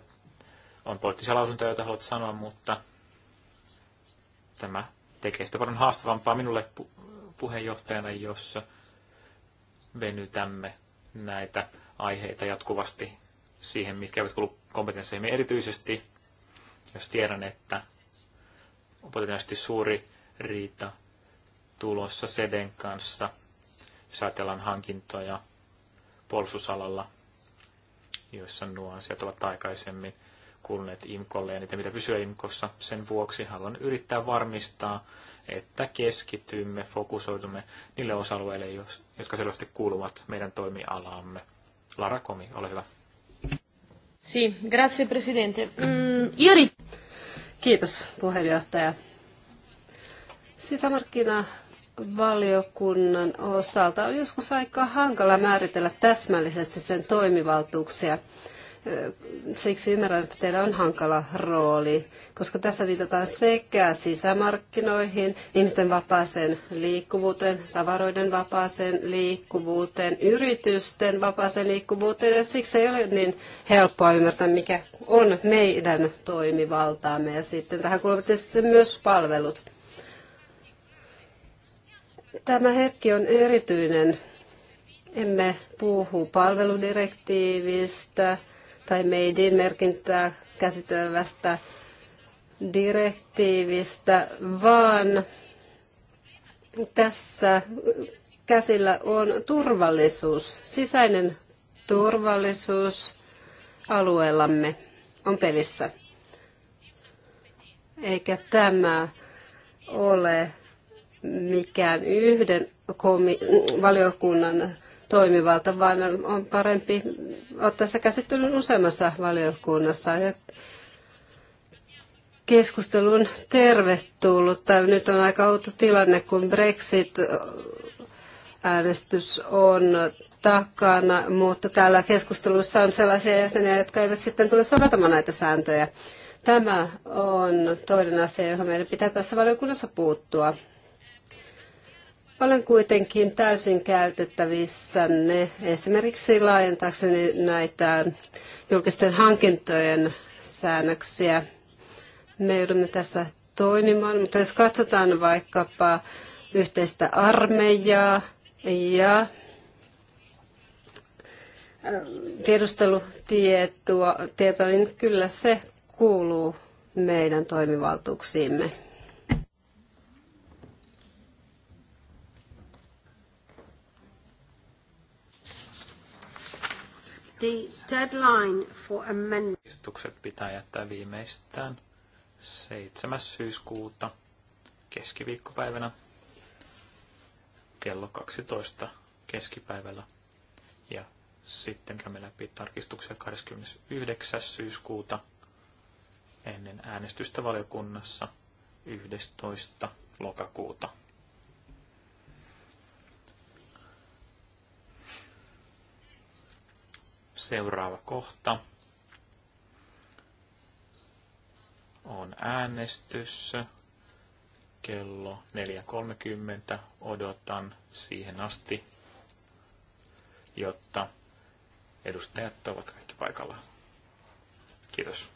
on poliittisia lausuntoja, joita haluat sanoa, mutta tämä tekee sitä paljon haastavampaa minulle pu- puheenjohtajana, jos venytämme näitä aiheita jatkuvasti siihen, mitkä eivät kuulu kompetensseihin erityisesti, jos tiedän, että on potentiaalisesti suuri riita tulossa seden kanssa, jos ajatellaan hankintoja puolustusalalla, joissa nuo asiat ovat aikaisemmin kuluneet IMKolle ja niitä mitä pysyä IMKossa. Sen vuoksi haluan yrittää varmistaa, että keskitymme, fokusoidumme niille osa-alueille, jotka selvästi kuuluvat meidän toimialaamme. Lara Komi, ole hyvä. Si, grazie presidente. Mm, Kiitos puheenjohtaja. Sisämarkkina valiokunnan osalta on joskus aika hankala määritellä täsmällisesti sen toimivaltuuksia – Siksi ymmärrän, että teillä on hankala rooli, koska tässä viitataan sekä sisämarkkinoihin, ihmisten vapaaseen liikkuvuuteen, tavaroiden vapaaseen liikkuvuuteen, yritysten vapaaseen liikkuvuuteen, ja siksi ei ole niin helppoa ymmärtää, mikä on meidän toimivaltaamme, ja sitten tähän kuuluvat myös palvelut. Tämä hetki on erityinen. Emme puhu palveludirektiivistä, tai meidin merkintää käsitelevästä direktiivistä, vaan tässä käsillä on turvallisuus, sisäinen turvallisuus alueellamme on pelissä. Eikä tämä ole mikään yhden valiokunnan toimivalta, vaan on parempi ottaa se käsittelyyn useammassa valiokunnassa. Ja keskustelun tervetullut. Nyt on aika outo tilanne, kun Brexit-äänestys on takana, mutta täällä keskustelussa on sellaisia jäseniä, jotka eivät sitten tule soveltamaan näitä sääntöjä. Tämä on toinen asia, johon meidän pitää tässä valiokunnassa puuttua. Olen kuitenkin täysin käytettävissänne esimerkiksi laajentaakseni näitä julkisten hankintojen säännöksiä. Me joudumme tässä toimimaan, mutta jos katsotaan vaikkapa yhteistä armeijaa ja äh, tiedustelutietoa, niin kyllä se kuuluu meidän toimivaltuuksiimme. The deadline for amendment. pitää jättää viimeistään 7. syyskuuta keskiviikkopäivänä kello 12 keskipäivällä. Ja sitten käymme läpi tarkistuksia 29. syyskuuta ennen äänestystä valiokunnassa 11. lokakuuta. Seuraava kohta on äänestys. Kello 4.30 odotan siihen asti, jotta edustajat ovat kaikki paikalla. Kiitos.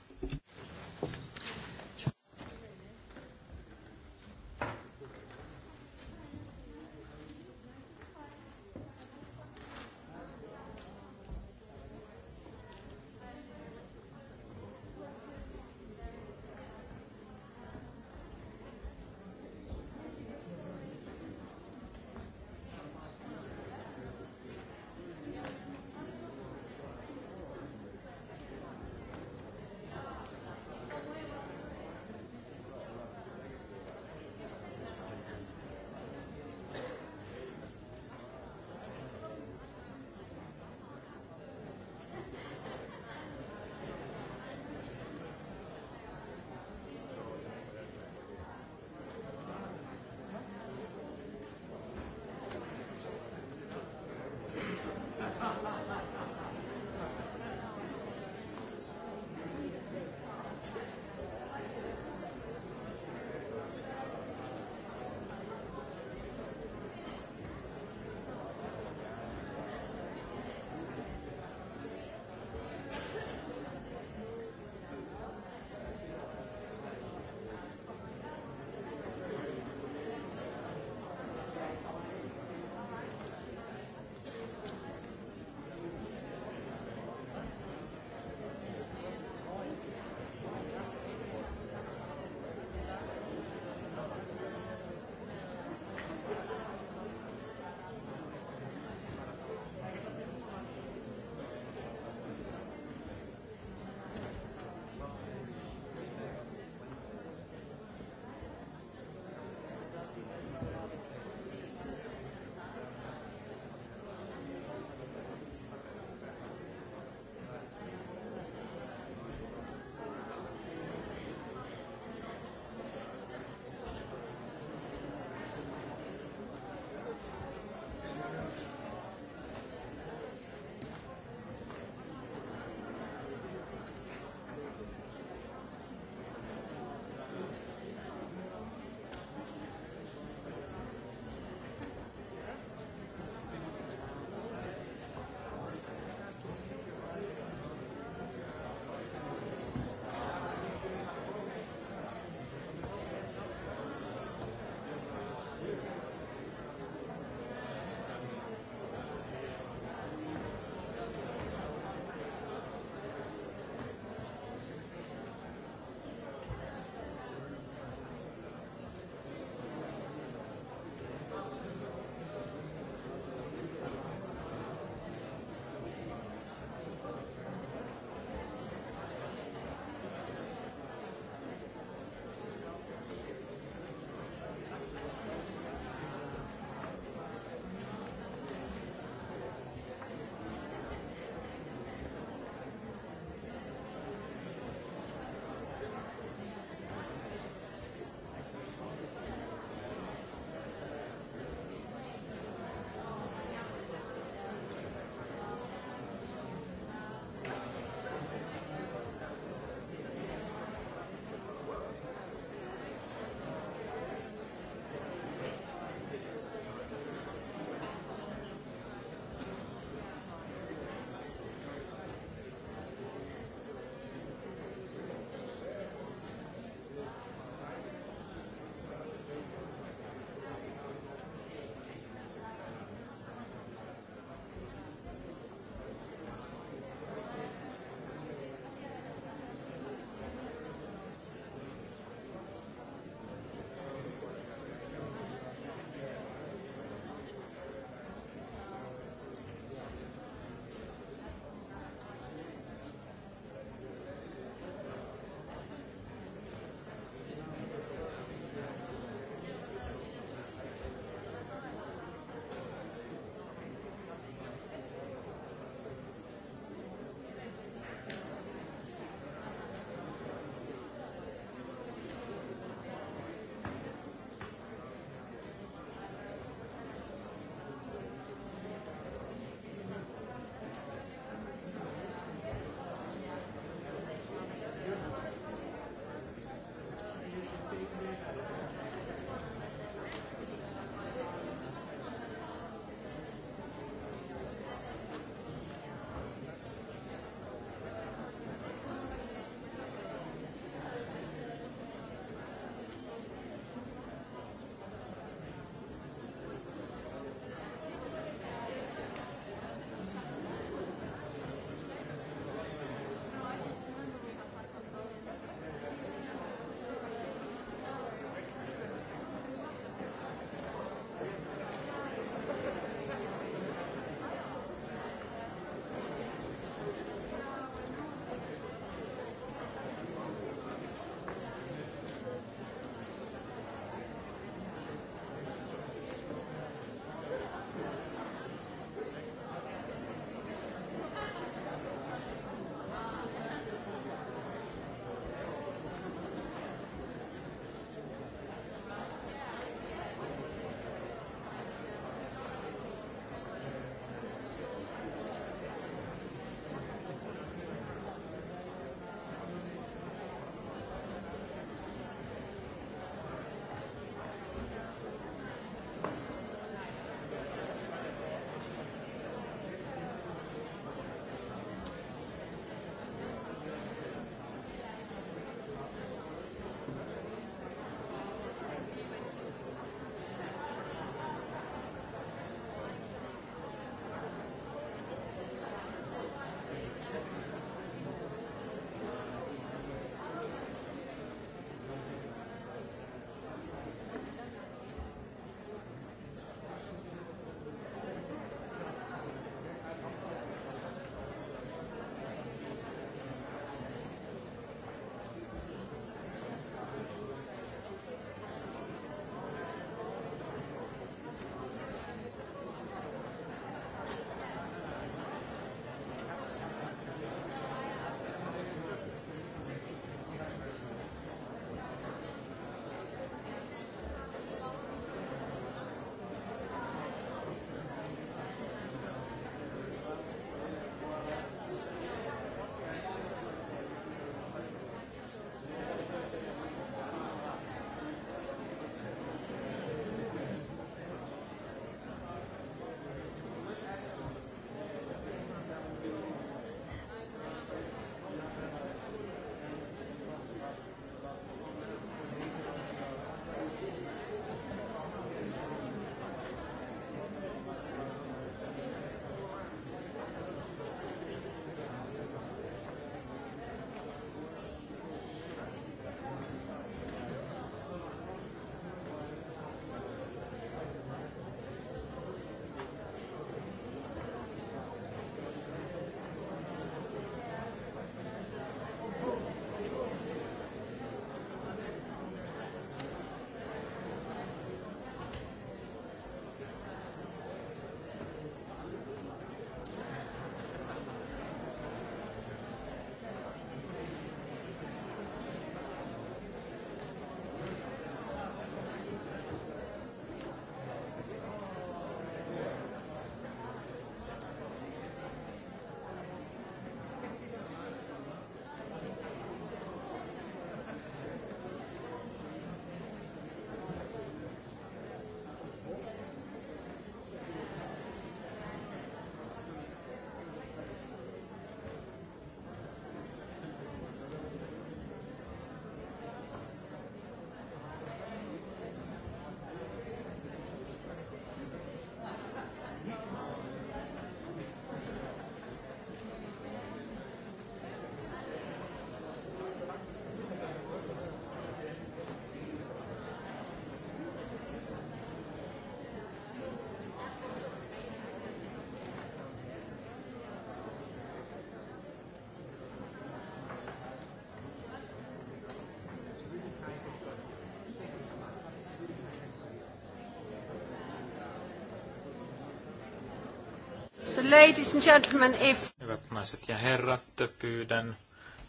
So ladies and gentlemen, if... Hyvät naiset ja herrat, pyydän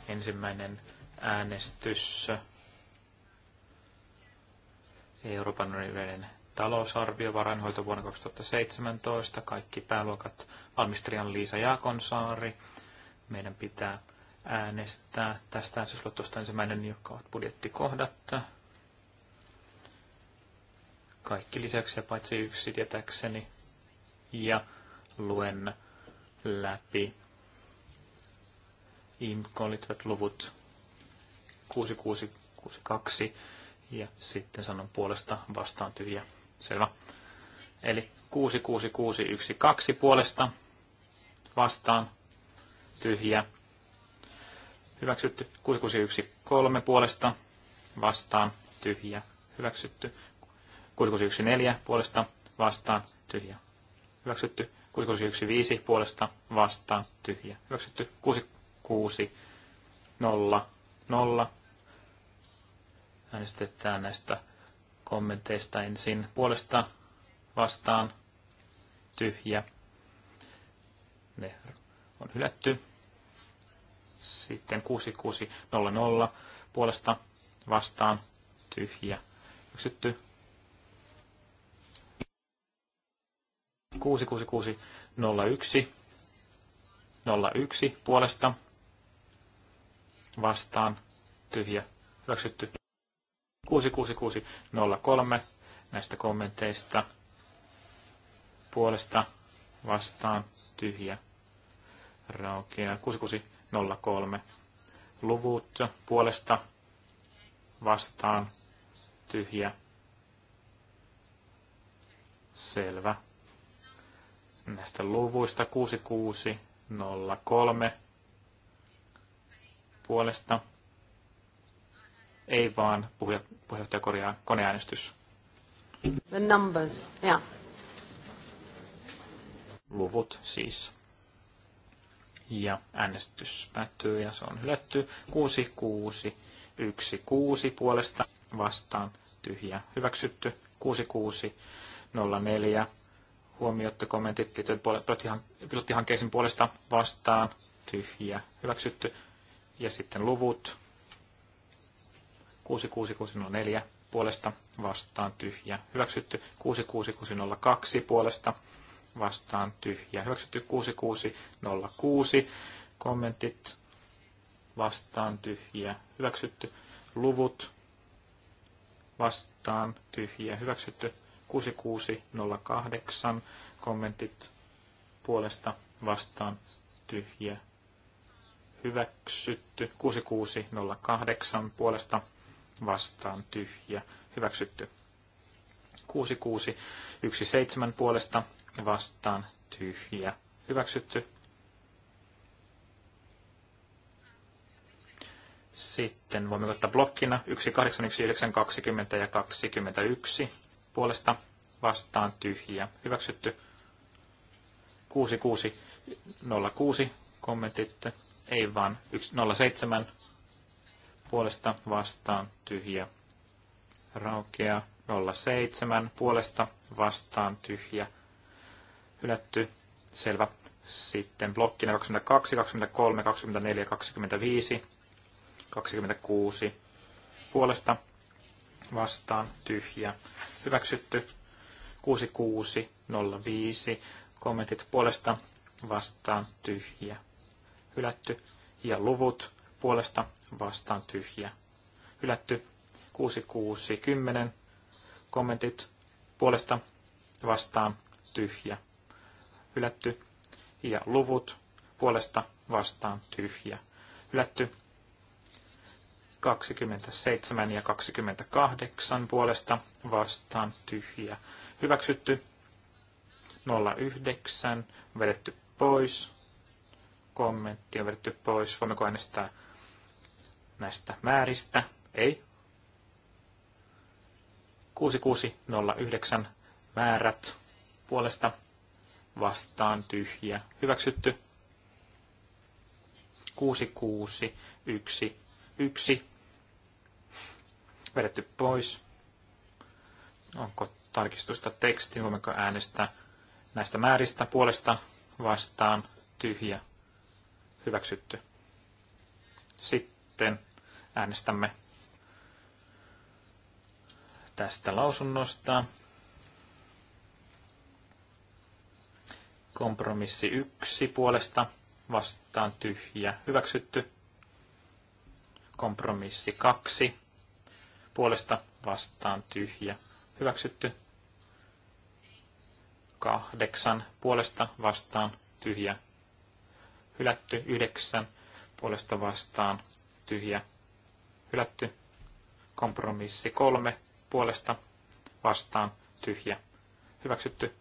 ensimmäinen äänestys Euroopan unionin talousarvio varainhoito vuonna 2017, kaikki pääluokat, valmistelijan Liisa Jaakonsaari. Meidän pitää äänestää tästä äänestysluottosta ensimmäinen, joka ovat budjettikohdat. Kaikki lisäksi ja paitsi yksi tietääkseni. Ja luen läpi IMKOon liittyvät luvut 6662 ja sitten sanon puolesta vastaan tyhjä. Selvä. Eli 66612 puolesta vastaan tyhjä. Hyväksytty 6613 puolesta vastaan tyhjä. Hyväksytty 6614 puolesta vastaan tyhjä. Hyväksytty 6.6.1.5 puolesta vastaan tyhjä. Hyväksytty 6.6.0.0. Äänestetään näistä kommenteista ensin puolesta vastaan tyhjä. Ne on hylätty. Sitten 6600 puolesta vastaan tyhjä. Hyväksytty 66601 01 puolesta vastaan tyhjä hyväksytty 66603 näistä kommenteista puolesta vastaan tyhjä raukea 6603 luvut puolesta vastaan tyhjä selvä näistä luvuista 6603 puolesta. Ei vaan puhuja, puheenjohtaja korjaa koneäänestys. The numbers, yeah. Luvut siis. Ja äänestys päättyy ja se on hylätty. 6616 puolesta vastaan tyhjä hyväksytty. 6604 huomiot ja kommentit liittyen pilottihankkeisiin puolesta vastaan, tyhjiä, hyväksytty. Ja sitten luvut 66604 puolesta vastaan tyhjä, hyväksytty 66602 puolesta vastaan tyhjä, hyväksytty 6606, kommentit vastaan tyhjä, hyväksytty luvut vastaan tyhjä, hyväksytty 6608 kommentit puolesta vastaan tyhjä hyväksytty. 6608 puolesta vastaan tyhjä hyväksytty. 6617 puolesta vastaan tyhjä hyväksytty. Sitten voimme ottaa blokkina 1, ja 21 puolesta vastaan tyhjiä. Hyväksytty 6606 kommentit, ei vaan 107 puolesta vastaan tyhjiä. Raukea 07 puolesta vastaan tyhjä. Hylätty, selvä. Sitten blokkina 22, 23, 24, 25, 26 puolesta vastaan tyhjä hyväksytty. 6605 kommentit puolesta vastaan tyhjä hylätty. Ja luvut puolesta vastaan tyhjä hylätty. 6610 kommentit puolesta vastaan tyhjä hylätty. Ja luvut puolesta vastaan tyhjä hylätty. 27 ja 28 puolesta vastaan tyhjä hyväksytty. 09 vedetty pois. Kommentti on vedetty pois. Voimmeko äänestää näistä määristä? Ei. 6609 määrät puolesta vastaan tyhjä hyväksytty. 6610 Yksi Vedetty pois. Onko tarkistusta teksti, Voimmeko äänestää näistä määristä puolesta vastaan tyhjä hyväksytty. Sitten äänestämme tästä lausunnosta. Kompromissi 1 puolesta vastaan tyhjä hyväksytty. Kompromissi 2. Puolesta vastaan tyhjä. Hyväksytty. 8. Puolesta vastaan tyhjä. Hylätty. 9. Puolesta vastaan tyhjä. Hylätty. Kompromissi 3. Puolesta vastaan tyhjä. Hyväksytty.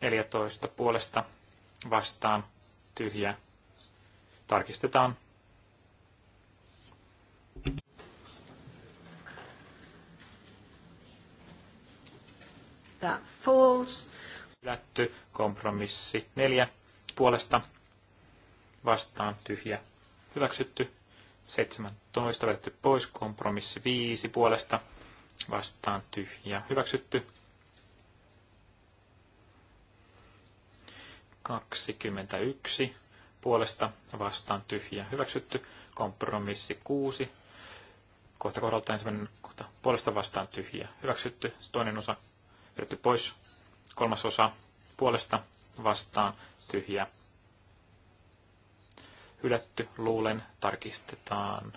14. Puolesta vastaan tyhjä. Tarkistetaan. That falls. Hylätty. Kompromissi neljä puolesta vastaan tyhjä hyväksytty. 17 vedetty pois. Kompromissi viisi puolesta vastaan tyhjä hyväksytty. 21 puolesta vastaan tyhjä hyväksytty. Kompromissi 6. Kohta kohdalta ensimmäinen kohta puolesta vastaan tyhjä hyväksytty. Toinen osa Vedetty pois. Kolmas osa puolesta vastaan tyhjä. Hylätty luulen tarkistetaan.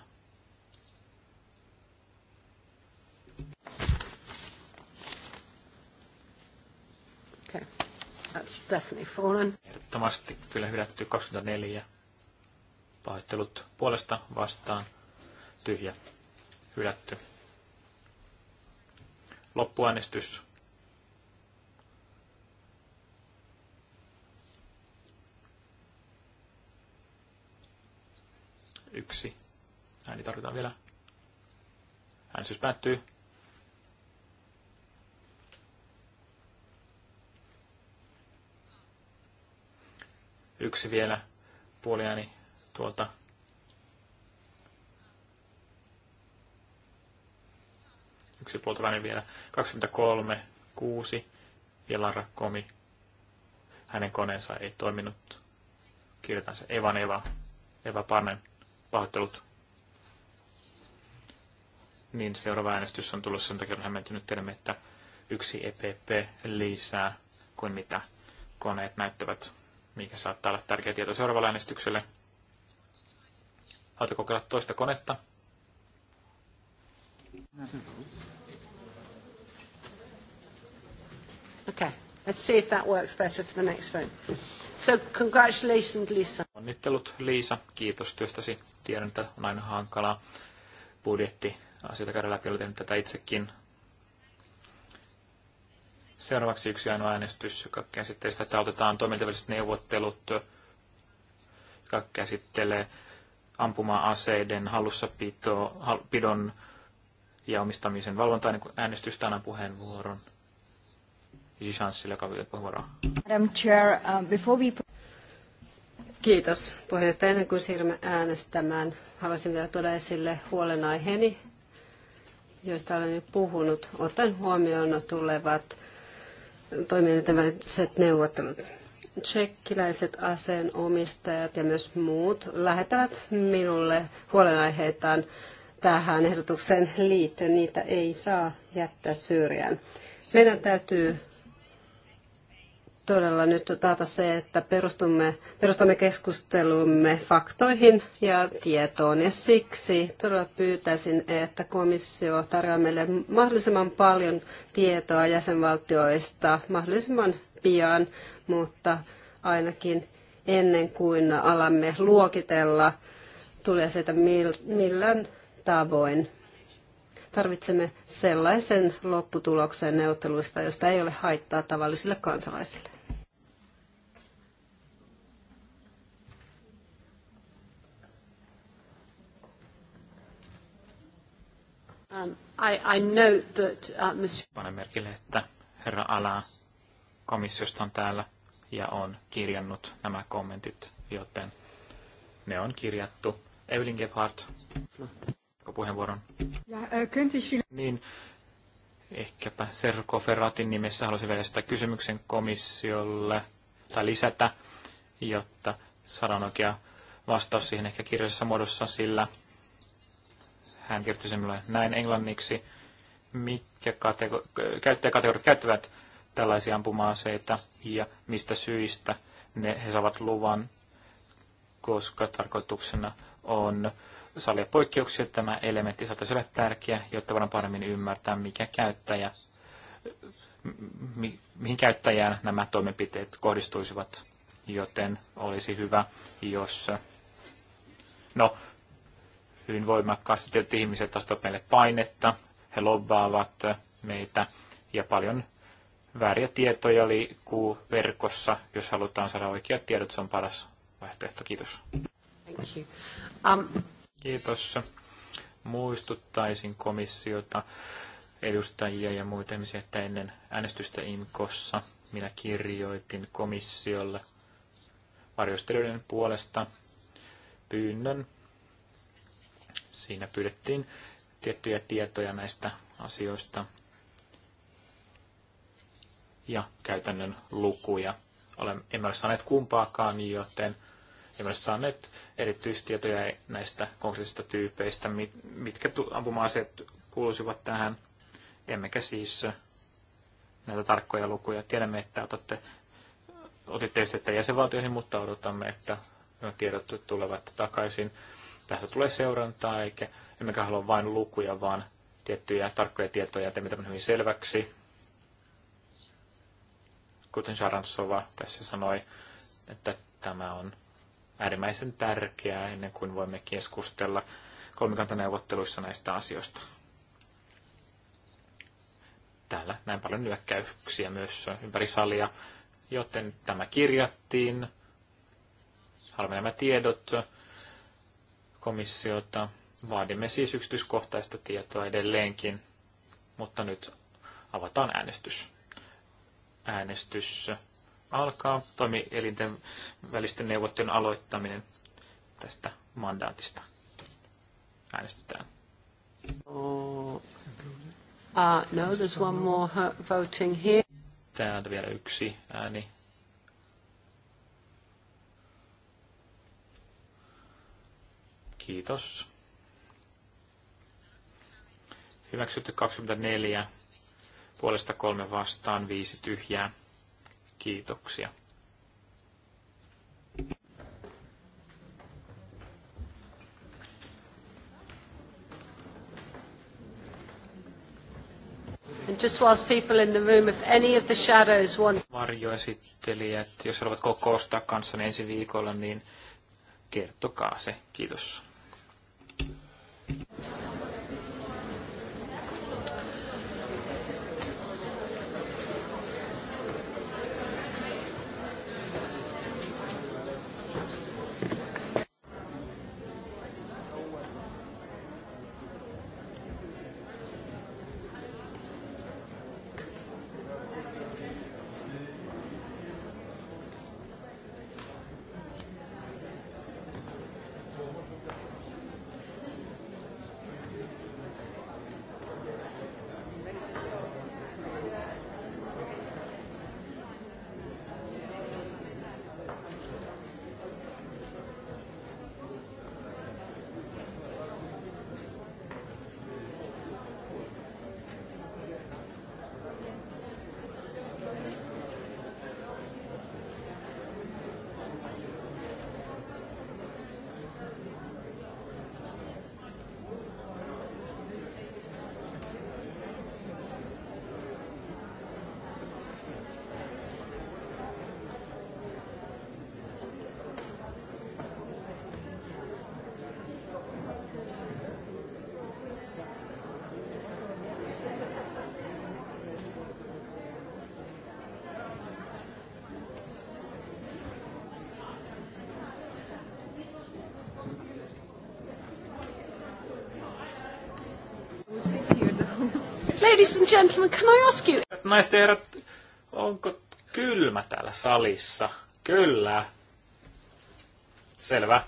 Okay. That's definitely fallen. Ehdottomasti kyllä hylätty 24. Pahoittelut puolesta vastaan. Tyhjä. Hylätty. Loppuäänestys yksi. Ääni tarvitaan vielä. Äänestys päättyy. Yksi vielä puoliääni tuolta. Yksi puolta vielä. 23, 6 ja Lara Komi. Hänen koneensa ei toiminut. Kirjoitan se Evan Eva, Eva Panen. Pahoittelut. Niin seuraava äänestys on tulossa sen takia, hämmentynyt termi, että yksi EPP lisää kuin mitä koneet näyttävät, mikä saattaa olla tärkeä tieto seuraavalle äänestykselle. Haluatko kokeilla toista konetta? Okay. Let's see if that works better for the next phone. So congratulations, Lisa. Onnittelut, Liisa. Kiitos työstäsi. Tiedän, että on aina hankalaa budjetti asioita käydä läpi. Olen tehnyt tätä itsekin. Seuraavaksi yksi ainoa äänestys, joka käsittelee sitä, että otetaan toimintaväliset neuvottelut, joka käsittelee ampuma-aseiden hallussapidon ja omistamisen valvontaa, niin kuin äänestys tänään puheenvuoron Chanssilla, joka vielä puheenvuoroa. Madam Chair, um, before we... Kiitos puheenjohtaja. Ennen kuin siirrymme äänestämään, haluaisin vielä tuoda esille huolenaiheeni, joista olen jo puhunut, ottaen huomioon tulevat toimintaväliset neuvottelut. Tsekkiläiset aseenomistajat ja myös muut lähettävät minulle huolenaiheitaan tähän ehdotukseen liittyen. Niitä ei saa jättää syrjään. Meidän täytyy todella nyt taata se, että perustumme, perustamme keskustelumme faktoihin ja tietoon. Ja siksi todella pyytäisin, että komissio tarjoaa meille mahdollisimman paljon tietoa jäsenvaltioista mahdollisimman pian, mutta ainakin ennen kuin alamme luokitella, tulee sitä millä millään tavoin tarvitsemme sellaisen lopputuloksen neuvotteluista, josta ei ole haittaa tavallisille kansalaisille. Um, I, I note that, uh, Panen merkille, että herra Ala komissiosta on täällä ja on kirjannut nämä kommentit, joten ne on kirjattu. Evelyn Gebhardt, puheenvuoron. Ja, äh, Niin, ehkäpä Serko Ferratin nimessä haluaisin vielä sitä kysymyksen komissiolle tai lisätä, jotta saadaan oikea vastaus siihen ehkä kirjallisessa muodossa, sillä hän kirjoitti sen minulle näin englanniksi, mitkä katego- käyttäjäkategoriat käyttävät tällaisia ampuma-aseita ja mistä syistä ne, he saavat luvan, koska tarkoituksena on salia poikkeuksia. Tämä elementti saattaisi olla tärkeä, jotta voidaan paremmin ymmärtää, mikä käyttäjä, mi, mihin käyttäjään nämä toimenpiteet kohdistuisivat, joten olisi hyvä, jos No, hyvin voimakkaasti. Tietyt ihmiset ostavat meille painetta, he lobbaavat meitä ja paljon vääriä tietoja liikkuu verkossa. Jos halutaan saada oikeat tiedot, se on paras vaihtoehto. Kiitos. Thank you. Um... Kiitos. Muistuttaisin komissiota, edustajia ja muita ihmisiä, että ennen äänestystä IMKossa minä kirjoitin komissiolle varjostelijoiden puolesta pyynnön Siinä pyydettiin tiettyjä tietoja näistä asioista ja käytännön lukuja. emme ole saaneet kumpaakaan, joten emme ole saaneet erityistietoja näistä konkreettisista tyypeistä, mitkä ampuma-aseet kuuluisivat tähän. Emmekä siis näitä tarkkoja lukuja. Tiedämme, että otatte, otitte yhteyttä jäsenvaltioihin, mutta odotamme, että tiedot tulevat takaisin. Tästä tulee seurantaa, eikä emmekä halua vain lukuja, vaan tiettyjä tarkkoja tietoja, teemme tämän hyvin selväksi. Kuten Sharansova tässä sanoi, että tämä on äärimmäisen tärkeää ennen kuin voimme keskustella kolmikantaneuvotteluissa näistä asioista. Täällä näin paljon nyökkäyksiä myös ympäri salia, joten tämä kirjattiin. Haluamme nämä tiedot komissiota. Vaadimme siis yksityiskohtaista tietoa edelleenkin, mutta nyt avataan äänestys. Äänestys alkaa toimielinten välisten neuvottelun aloittaminen tästä mandaatista. Äänestetään. Uh, no, there's one more voting here. Täältä vielä yksi ääni Kiitos. Hyväksytty 24. Puolesta kolme vastaan, viisi tyhjää. Kiitoksia. And just whilst people in the room, if any of the shadows want... että jos haluat kokoostaa kanssani ensi viikolla, niin kertokaa se. Kiitos. Ladies and gentlemen, can I ask you? Naiset herrat, onko kylmä täällä salissa? Kyllä. Selvä.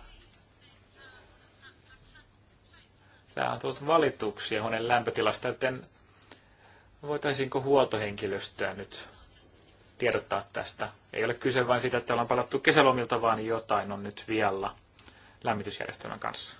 Täällä on tullut valituksia huoneen lämpötilasta, joten voitaisiinko huoltohenkilöstöä nyt tiedottaa tästä? Ei ole kyse vain siitä, että ollaan palattu kesälomilta, vaan jotain on nyt vielä lämmitysjärjestelmän kanssa.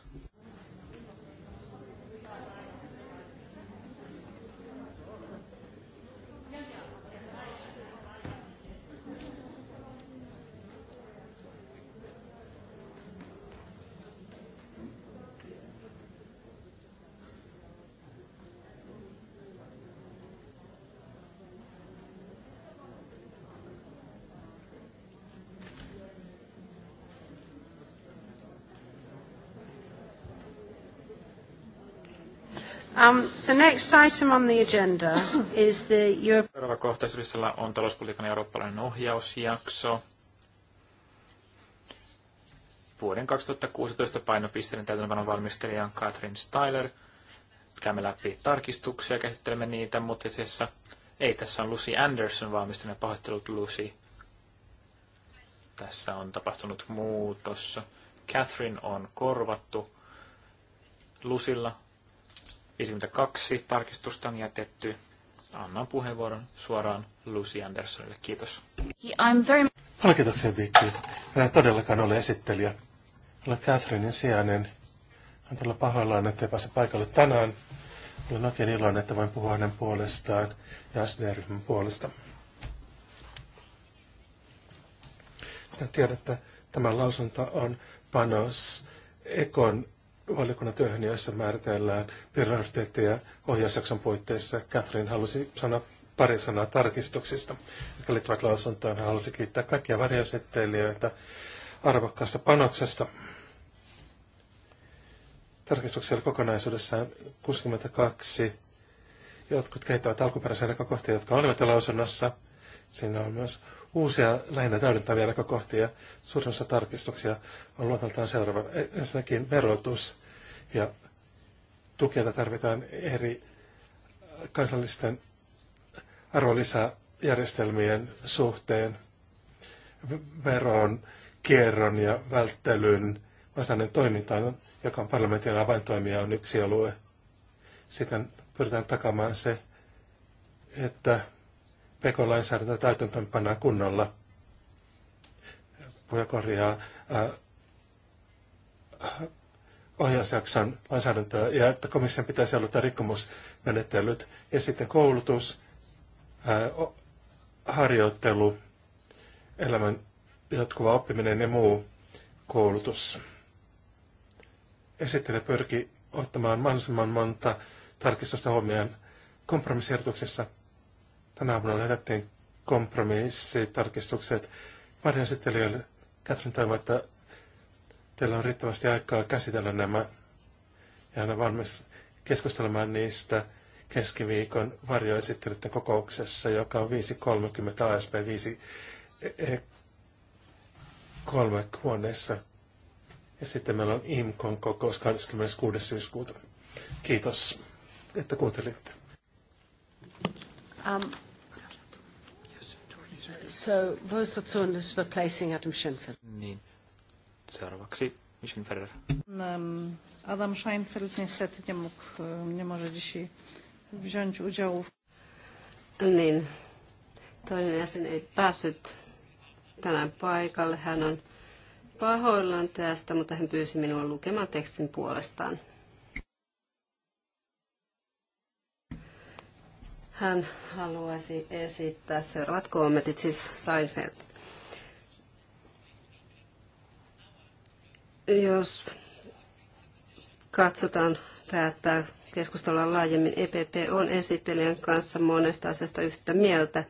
Um, the next item on the agenda is the Europe... Seuraava kohtaisuudessalla on talouspolitiikan eurooppalainen ohjausjakso. Vuoden 2016 painopisteiden täytäntöönpanon valmistelijan Katrin Styler. Käymme läpi tarkistuksia, käsittelemme niitä, mutta itse asiassa ei tässä on Lucy Anderson valmistunut pahoittelut Lucy. Tässä on tapahtunut muutos. Catherine on korvattu. Lucilla 52 tarkistusta on jätetty. Annan puheenvuoron suoraan Lucy Andersonille. Kiitos. I'm very... Paljon kiitoksia, Vicky. Minä en todellakaan ole esittelijä. Olen Catherinein sijainen. Hän todella pahoillaan, ei pääse paikalle tänään. Olen oikein iloinen, että voin puhua hänen puolestaan ja SD-ryhmän puolesta. Kuten että tämä lausunto on panos Ekon valiokunnan työhön, jossa määritellään prioriteetteja ohjausjakson puitteissa. Catherine halusi sanoa pari sanaa tarkistuksista, jotka liittyvät lausuntoon. Hän halusi kiittää kaikkia varjosettelijöitä arvokkaasta panoksesta. oli kokonaisuudessaan 62 jotkut kehittävät alkuperäisiä näkökohtia, jotka olivat jo lausunnossa – Siinä on myös uusia lähinnä täydentäviä näkökohtia. Suurin osa tarkistuksia on luonteeltaan seuraava. E, ensinnäkin verotus ja tukea tarvitaan eri kansallisten arvonlisäjärjestelmien suhteen veron kierron ja välttelyn vastainen toiminta, joka on parlamentin avaintoimija, on yksi alue. Sitten pyritään takamaan se, että PK-lainsäädäntö täytäntöön kunnolla. Puhuja korjaa äh, ohjausjakson lainsäädäntöä ja että komission pitäisi aloittaa rikkomusmenettelyt ja sitten koulutus, ää, äh, harjoittelu, elämän jatkuva oppiminen ja muu koulutus. Esittely pyrki ottamaan mahdollisimman monta tarkistusta huomioon kompromissiertuksessa Tänä aamuna lähetettiin kompromissitarkistukset varjoesittelijöille. Katrin toivoi, että teillä on riittävästi aikaa käsitellä nämä ja hän on valmis keskustelemaan niistä keskiviikon varjoesittelyiden kokouksessa, joka on 5.30 ASP 5 e kolme huoneessa. Ja sitten meillä on IMKon kokous 26. syyskuuta. Kiitos, että kuuntelitte. Um. So, Vostatsun is replacing Adam Schenfeld. Niin. Seuraavaksi mm, Adam Schenfeld niestety nie mógł, nie może dzisiaj wziąć udziału. Niin. Toinen jäsen ei päässyt tänään paikalle. Hän on pahoillaan tästä, mutta hän pyysi minua lukemaan tekstin puolestaan. Hän haluaisi esittää seuraavat kommentit, siis Seinfeld. Jos katsotaan tätä keskustelua laajemmin, EPP on esittelijän kanssa monesta asiasta yhtä mieltä.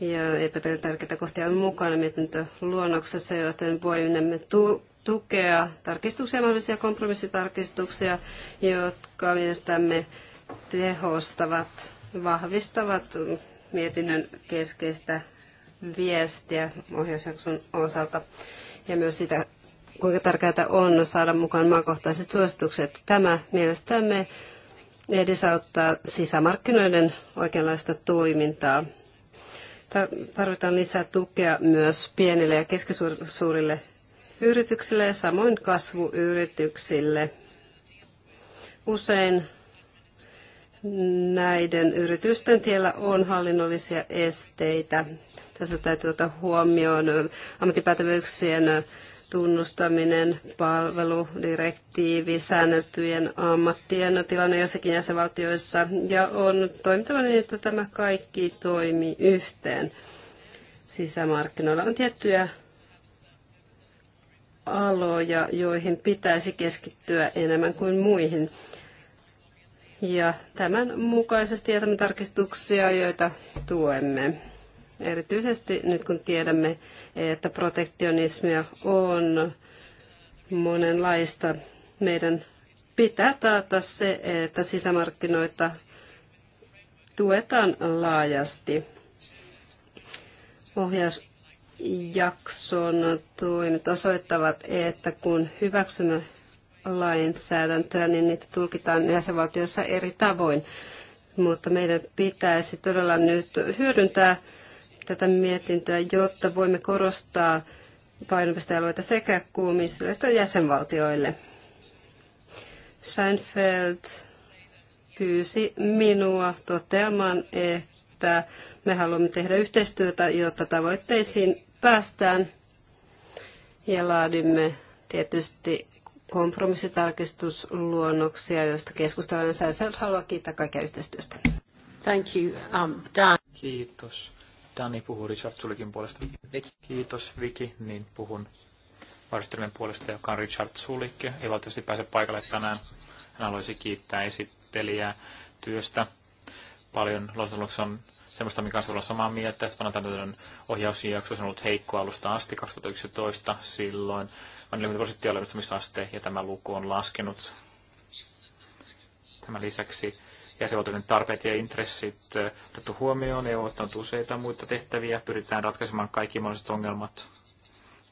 Ja EPPn tärkeitä kohtia on mukana mietintöluonnoksessa, joten voimme tu- tukea tarkistuksia, mahdollisia kompromissitarkistuksia, jotka mielestämme tehostavat vahvistavat mietinnön keskeistä viestiä ohjausjakson osalta ja myös sitä, kuinka tärkeää on saada mukaan maakohtaiset suositukset. Tämä mielestämme edesauttaa sisämarkkinoiden oikeanlaista toimintaa. Tarvitaan lisää tukea myös pienille ja keskisuurille yrityksille ja samoin kasvuyrityksille. Usein näiden yritysten tiellä on hallinnollisia esteitä. Tässä täytyy ottaa huomioon ammattipätevyyksien tunnustaminen, palveludirektiivi, säänneltyjen ammattien tilanne jossakin jäsenvaltioissa ja on toimittava niin, että tämä kaikki toimii yhteen. Sisämarkkinoilla on tiettyjä aloja, joihin pitäisi keskittyä enemmän kuin muihin. Ja tämän mukaisesti jätämme tarkistuksia, joita tuemme. Erityisesti nyt kun tiedämme, että protektionismia on monenlaista, meidän pitää taata se, että sisämarkkinoita tuetaan laajasti. Ohjausjakson toimet osoittavat, että kun hyväksymme lainsäädäntöä, niin niitä tulkitaan jäsenvaltioissa eri tavoin. Mutta meidän pitäisi todella nyt hyödyntää tätä mietintöä, jotta voimme korostaa painopistealueita sekä kuumisille että jäsenvaltioille. Seinfeld pyysi minua toteamaan, että me haluamme tehdä yhteistyötä, jotta tavoitteisiin päästään ja laadimme tietysti kompromissitarkistusluonnoksia, joista keskustellaan. Seinfeld haluaa kiittää kaikkia yhteistyöstä. Thank you, um, Dan. Kiitos. Dani puhuu Richard Sulikin puolesta. Kiitos Viki, niin puhun varustelijan puolesta, joka on Richard Sulik. Ei valitettavasti pääse paikalle tänään. Hän haluaisi kiittää esittelijää työstä. Paljon Los on semmoista, mikä on sulla samaa mieltä. Tästä vanhan ohjausjakso on ollut heikko alusta asti 2011. Silloin on Positio prosenttia ja tämä luku on laskenut. Tämän lisäksi jäsenvaltioiden tarpeet ja intressit otettu huomioon ja on useita muita tehtäviä. Pyritään ratkaisemaan kaikki mahdolliset ongelmat.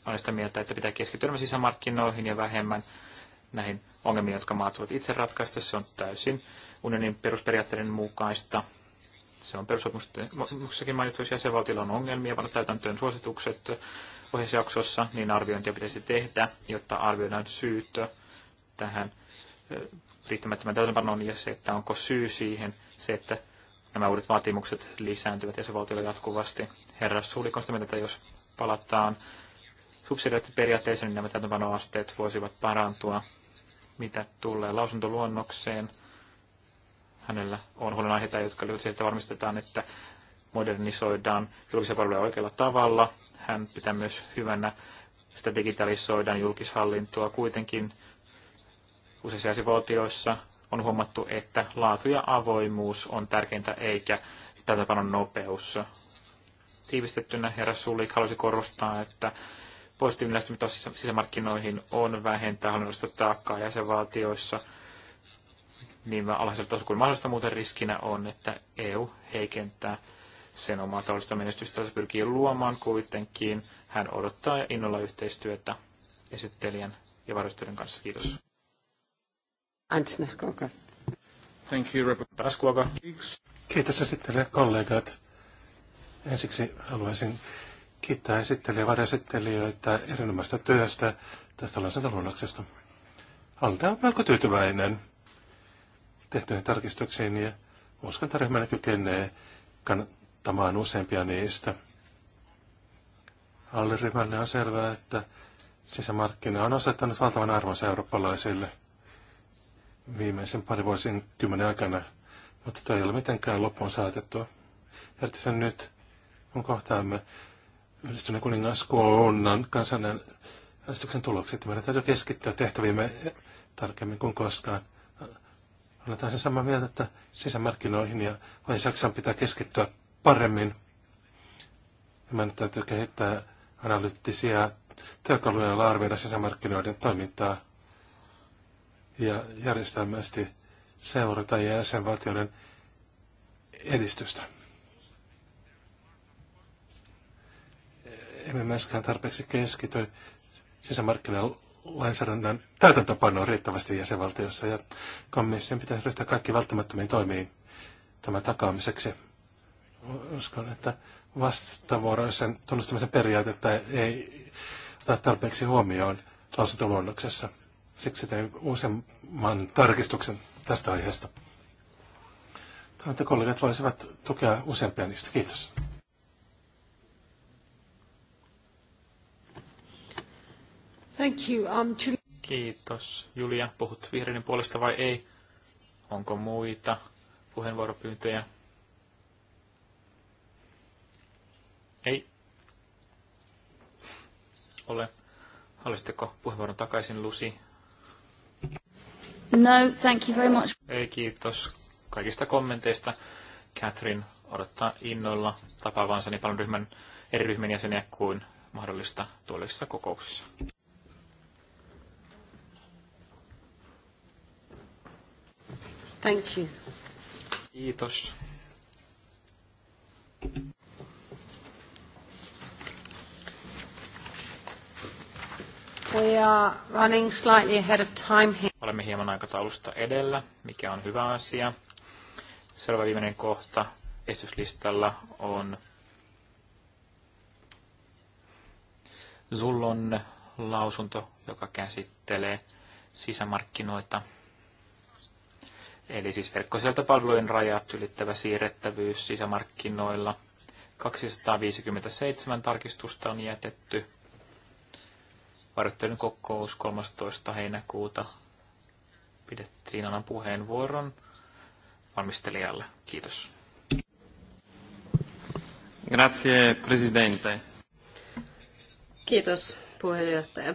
Olen sitä mieltä, että pitää keskittyä sisämarkkinoihin ja vähemmän näihin ongelmiin, jotka maat voivat itse ratkaista. Se on täysin unionin perusperiaatteiden mukaista. Se on perusopimuksessakin mainittu, jos jäsenvaltiolla on ongelmia, vaan täytäntöön suositukset ohjausjaksossa, niin arviointia pitäisi tehdä, jotta arvioidaan syyttö tähän riittämättömän täytäntöönpanoon ja se, että onko syy siihen se, että nämä uudet vaatimukset lisääntyvät jäsenvaltioilla jatkuvasti. Herra Suulik sitä mieltä, että jos palataan subsidiariteettiperiaatteeseen, niin nämä täytäntöönpanoasteet voisivat parantua. Mitä tulee lausuntoluonnokseen, hänellä on huolenaiheita, jotka liittyvät siihen, että varmistetaan, että modernisoidaan julkisia palveluja oikealla tavalla, hän pitää myös hyvänä sitä digitalisoidaan julkishallintoa. Kuitenkin useissa valtioissa on huomattu, että laatu ja avoimuus on tärkeintä eikä panon nopeus. Tiivistettynä herra Sulik halusi korostaa, että positiivinen lähestymistapa sisämarkkinoihin on vähentää hallinnollista taakkaa jäsenvaltioissa niin alhaisella tasolla kuin mahdollista. Muuten riskinä on, että EU heikentää sen omaa taloudellista menestystä pyrkii luomaan. Kuitenkin hän odottaa innolla yhteistyötä esittelijän ja varustelijan kanssa. Kiitos. Antsnes Kuoka. Thank you, Taas Kuoka. Kiitos esittelijä kollegat. Ensiksi haluaisin kiittää esittelijä ja varjasittelijöitä erinomaisesta työstä tästä lausuntoluonnoksesta. Alda on melko tyytyväinen tehtyihin tarkistuksiin ja uskon, että ryhmänä kykenee kann- ottamaan useampia niistä. Alliryhmälle on selvää, että sisämarkkina on asettanut valtavan arvonsa eurooppalaisille viimeisen parin vuosin kymmenen aikana, mutta tuo ei ole mitenkään loppuun saatettu. Erityisesti nyt, kun kohtaamme yhdistyneen kuningaskunnan kansanen äänestyksen tulokset, meidän täytyy keskittyä tehtäviimme tarkemmin kuin koskaan. Olen sen samaa mieltä, että sisämarkkinoihin ja Saksan pitää keskittyä paremmin. Meidän täytyy kehittää analyyttisiä työkaluja, joilla arvioida sisämarkkinoiden toimintaa ja järjestelmästi seurata jäsenvaltioiden edistystä. Emme myöskään tarpeeksi keskity sisämarkkinoiden lainsäädännön täytäntöpanoon riittävästi jäsenvaltiossa ja komission pitäisi ryhtyä kaikki välttämättömiin toimiin tämän takaamiseksi uskon, että vastavuoroisen tunnustamisen periaatetta ei ottaa tarpeeksi huomioon lausuntoluonnoksessa. Siksi tein uusimman tarkistuksen tästä aiheesta. Toivon, että kollegat voisivat tukea useampia niistä. Kiitos. Thank you. Um, to... Kiitos. Julia, puhut vihreiden puolesta vai ei? Onko muita puheenvuoropyyntöjä? Ei ole. Haluaisitteko puheenvuoron takaisin, Lucy? No, thank you very much. Ei, kiitos kaikista kommenteista. Catherine odottaa innolla tapaavansa niin paljon ryhmän, eri ryhmän jäseniä kuin mahdollista tuollisissa kokouksissa. Thank you. Kiitos. We are running slightly ahead of time here. Olemme hieman aikataulusta edellä, mikä on hyvä asia. Seuraava viimeinen kohta esityslistalla on Zullon lausunto, joka käsittelee sisämarkkinoita. Eli siis verkkosieltöpalvelujen rajat ylittävä siirrettävyys sisämarkkinoilla. 257 tarkistusta on jätetty varjoittelun kokous 13. heinäkuuta pidettiin alan puheenvuoron valmistelijalle. Kiitos. Grazie, presidente. Kiitos, puheenjohtaja.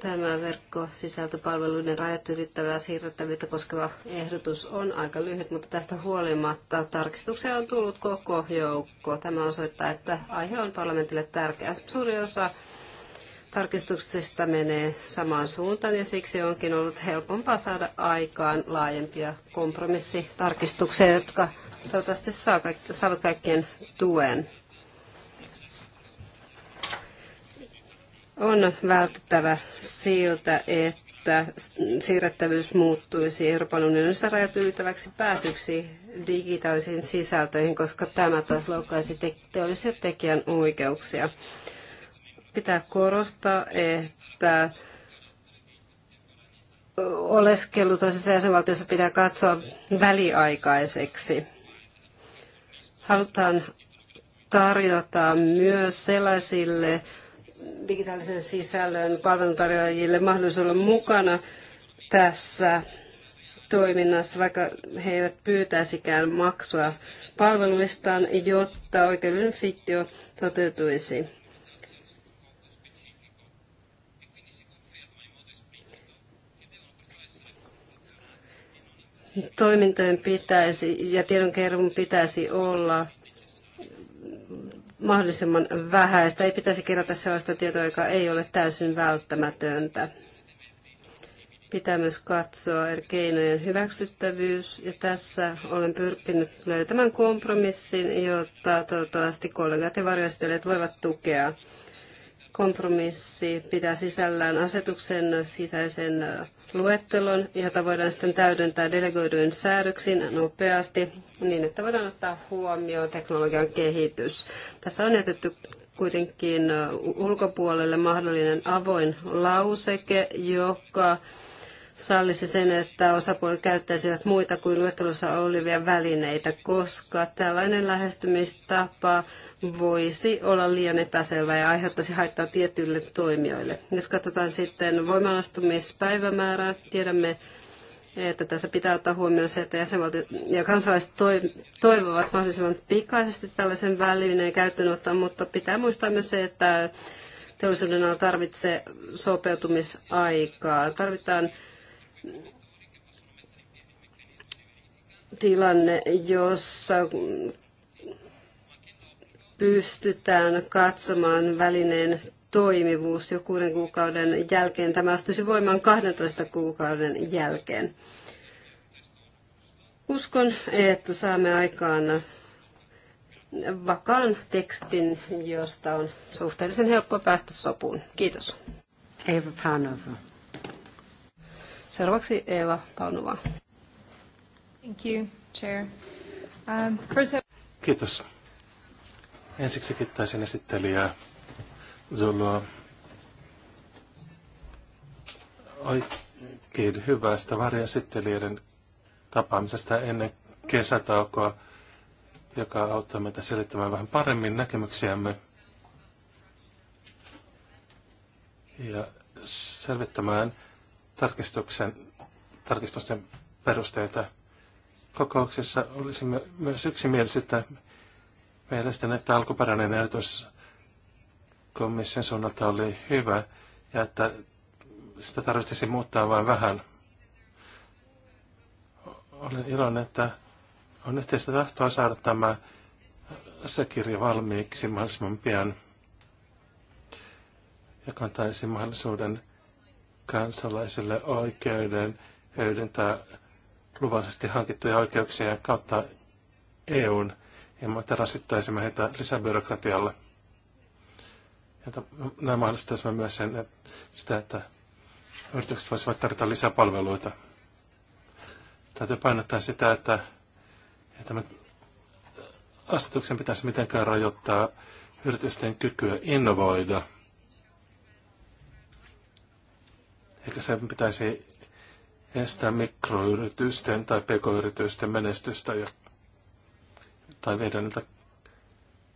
Tämä verkkosisältöpalveluiden rajat ylittävää siirrettävyyttä koskeva ehdotus on aika lyhyt, mutta tästä huolimatta tarkistuksia on tullut koko joukko. Tämä osoittaa, että aihe on parlamentille tärkeä. Suuri osa tarkistuksista menee samaan suuntaan ja siksi onkin ollut helpompaa saada aikaan laajempia kompromissitarkistuksia, jotka toivottavasti saavat kaikkien tuen. On vältettävä siltä, että siirrettävyys muuttuisi Euroopan unionissa rajat ylittäväksi pääsyksi digitaalisiin sisältöihin, koska tämä taas loukkaisi te- teollisia tekijän oikeuksia. Pitää korostaa, että oleskelu toisessa jäsenvaltiossa pitää katsoa väliaikaiseksi. Halutaan tarjota myös sellaisille digitaalisen sisällön palveluntarjoajille mahdollisuus olla mukana tässä toiminnassa, vaikka he eivät pyytäisikään maksua palveluistaan, jotta oikeudellinen fiktio toteutuisi. Toimintojen pitäisi ja tiedonkeruun pitäisi olla mahdollisimman vähäistä. Ei pitäisi kerätä sellaista tietoa, joka ei ole täysin välttämätöntä. Pitää myös katsoa eri keinojen hyväksyttävyys, ja tässä olen pyrkinyt löytämään kompromissin, jotta toivottavasti kollegat ja varjostelijat voivat tukea. Kompromissi pitää sisällään asetuksen sisäisen luettelon, jota voidaan sitten täydentää delegoiduin säädöksiin nopeasti, niin että voidaan ottaa huomioon teknologian kehitys. Tässä on jätetty kuitenkin ulkopuolelle mahdollinen avoin lauseke, joka sallisi sen, että osapuolet käyttäisivät muita kuin luettelussa olevia välineitä, koska tällainen lähestymistapa voisi olla liian epäselvä ja aiheuttaisi haittaa tietyille toimijoille. Jos katsotaan sitten voimaastumispäivämäärää, tiedämme, että tässä pitää ottaa huomioon se, että jäsenvaltiot ja kansalaiset toivovat mahdollisimman pikaisesti tällaisen välineen käyttöönottoa, mutta pitää muistaa myös se, että teollisuuden tarvitsee sopeutumisaikaa. Tarvitaan tilanne, jossa pystytään katsomaan välineen toimivuus jo kuuden kuukauden jälkeen. Tämä astuisi voimaan 12 kuukauden jälkeen. Uskon, että saamme aikaan vakaan tekstin, josta on suhteellisen helppo päästä sopuun. Kiitos. Eva Panova. Seuraavaksi Eeva Paunova. Thank you, Chair. Um, first... Kiitos. Ensiksi kiittäisin esittelijää Zolua oikein hyvästä varjoesittelijöiden tapaamisesta ennen kesätaukoa, joka auttaa meitä selittämään vähän paremmin näkemyksiämme ja selvittämään tarkistuksen, tarkistusten perusteita. Kokouksessa olisimme myös yksimielisyyttä mielestäni, että alkuperäinen ehdotus komission suunnalta oli hyvä ja että sitä tarvitsisi muuttaa vain vähän. Olen iloinen, että on yhteistä tahtoa saada tämä kirja valmiiksi mahdollisimman pian, joka antaisi mahdollisuuden kansalaisille oikeuden hyödyntää luvallisesti hankittuja oikeuksia kautta EUn ilman, että rasittaisimme heitä lisäbyrokratialla. Nämä mahdollistaisivat myös sen, että sitä, että yritykset voisivat tarjota lisäpalveluita. Täytyy painottaa sitä, että, että me asetuksen pitäisi mitenkään rajoittaa yritysten kykyä innovoida – Eikä sen pitäisi estää mikroyritysten tai pk-yritysten menestystä ja, tai viedä niitä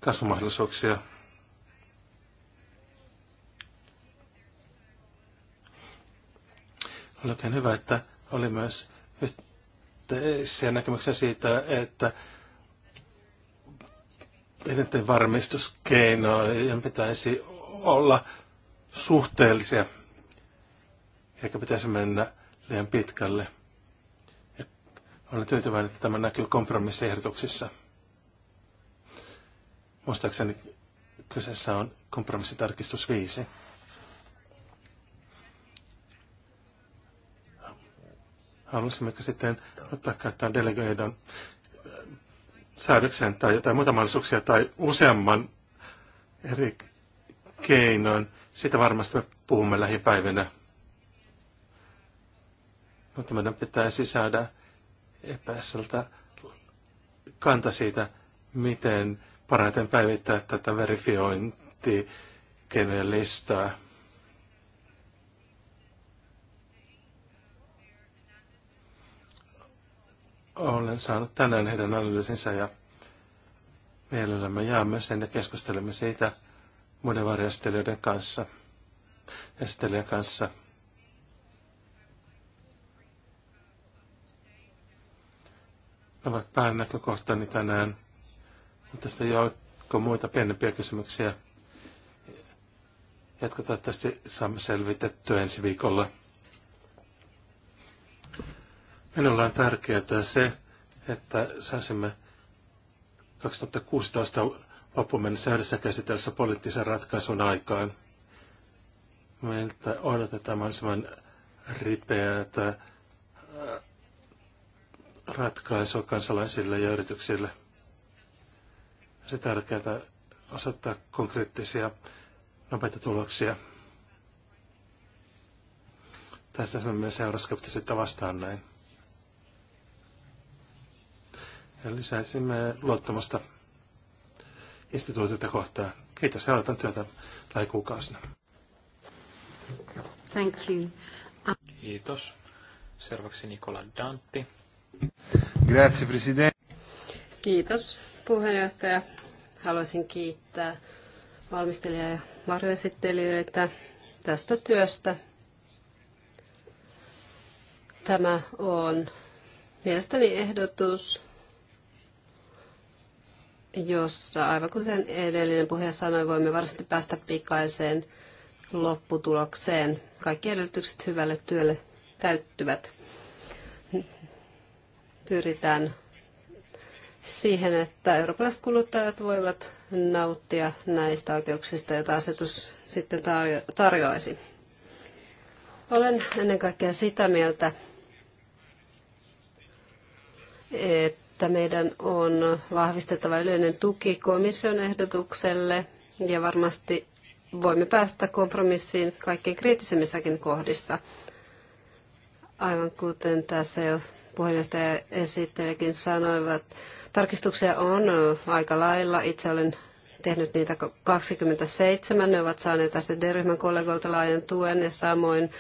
kasvumahdollisuuksia. Oli oikein hyvä, että oli myös yhteisiä näkemyksiä siitä, että elinten varmistuskeinoja pitäisi olla suhteellisia eikä pitäisi mennä liian pitkälle. Ja olen tyytyväinen, että tämä näkyy kompromissiehdotuksissa. Muistaakseni kyseessä on kompromissitarkistus 5. Haluaisimmeko sitten ottaa käyttöön delegoidon äh, säädöksen tai jotain muita mahdollisuuksia tai useamman eri keinoin. Sitä varmasti me puhumme lähipäivinä. Mutta meidän pitäisi saada epäseltä kanta siitä, miten parhaiten päivittää tätä verifiointikeinojen listaa. Olen saanut tänään heidän analyysinsä ja mielellämme jaamme sen ja keskustelemme siitä muiden varjastelijoiden kanssa, esittelijän kanssa – ovat päänäkökohtani tänään. Mutta sitten joukko muita pienempiä kysymyksiä, jotka toivottavasti saamme selvitettyä ensi viikolla. Minulla on tärkeää se, että saisimme 2016 loppuun mennessä yhdessä käsitellessä poliittisen ratkaisun aikaan. Meiltä odotetaan mahdollisimman ripeää ratkaisu kansalaisille ja yrityksille. Se tärkeää osoittaa konkreettisia nopeita tuloksia. Tästä me myös euroskeptisyyttä vastaan näin. Ja lisäisimme luottamusta instituutioita kohtaan. Kiitos ja aloitan työtä lähikuukausina. Thank you. Kiitos. Seuraavaksi Nikola Dantti Grazie, president. Kiitos puheenjohtaja. Haluaisin kiittää valmistelijaa ja varjoesittelijöitä tästä työstä. Tämä on mielestäni ehdotus, jossa aivan kuten edellinen puhe sanoi, voimme varmasti päästä pikaiseen lopputulokseen. Kaikki edellytykset hyvälle työlle täyttyvät pyritään siihen, että eurooppalaiset kuluttajat voivat nauttia näistä oikeuksista, joita asetus sitten tarjoaisi. Olen ennen kaikkea sitä mieltä, että meidän on vahvistettava yleinen tuki komission ehdotukselle ja varmasti voimme päästä kompromissiin kaikkein kriittisemmissäkin kohdista. Aivan kuten tässä jo puheenjohtaja ja esittelijäkin sanoivat, tarkistuksia on aika lailla. Itse olen tehnyt niitä 27. Ne ovat saaneet tästä D-ryhmän kollegoilta laajan tuen ja samoin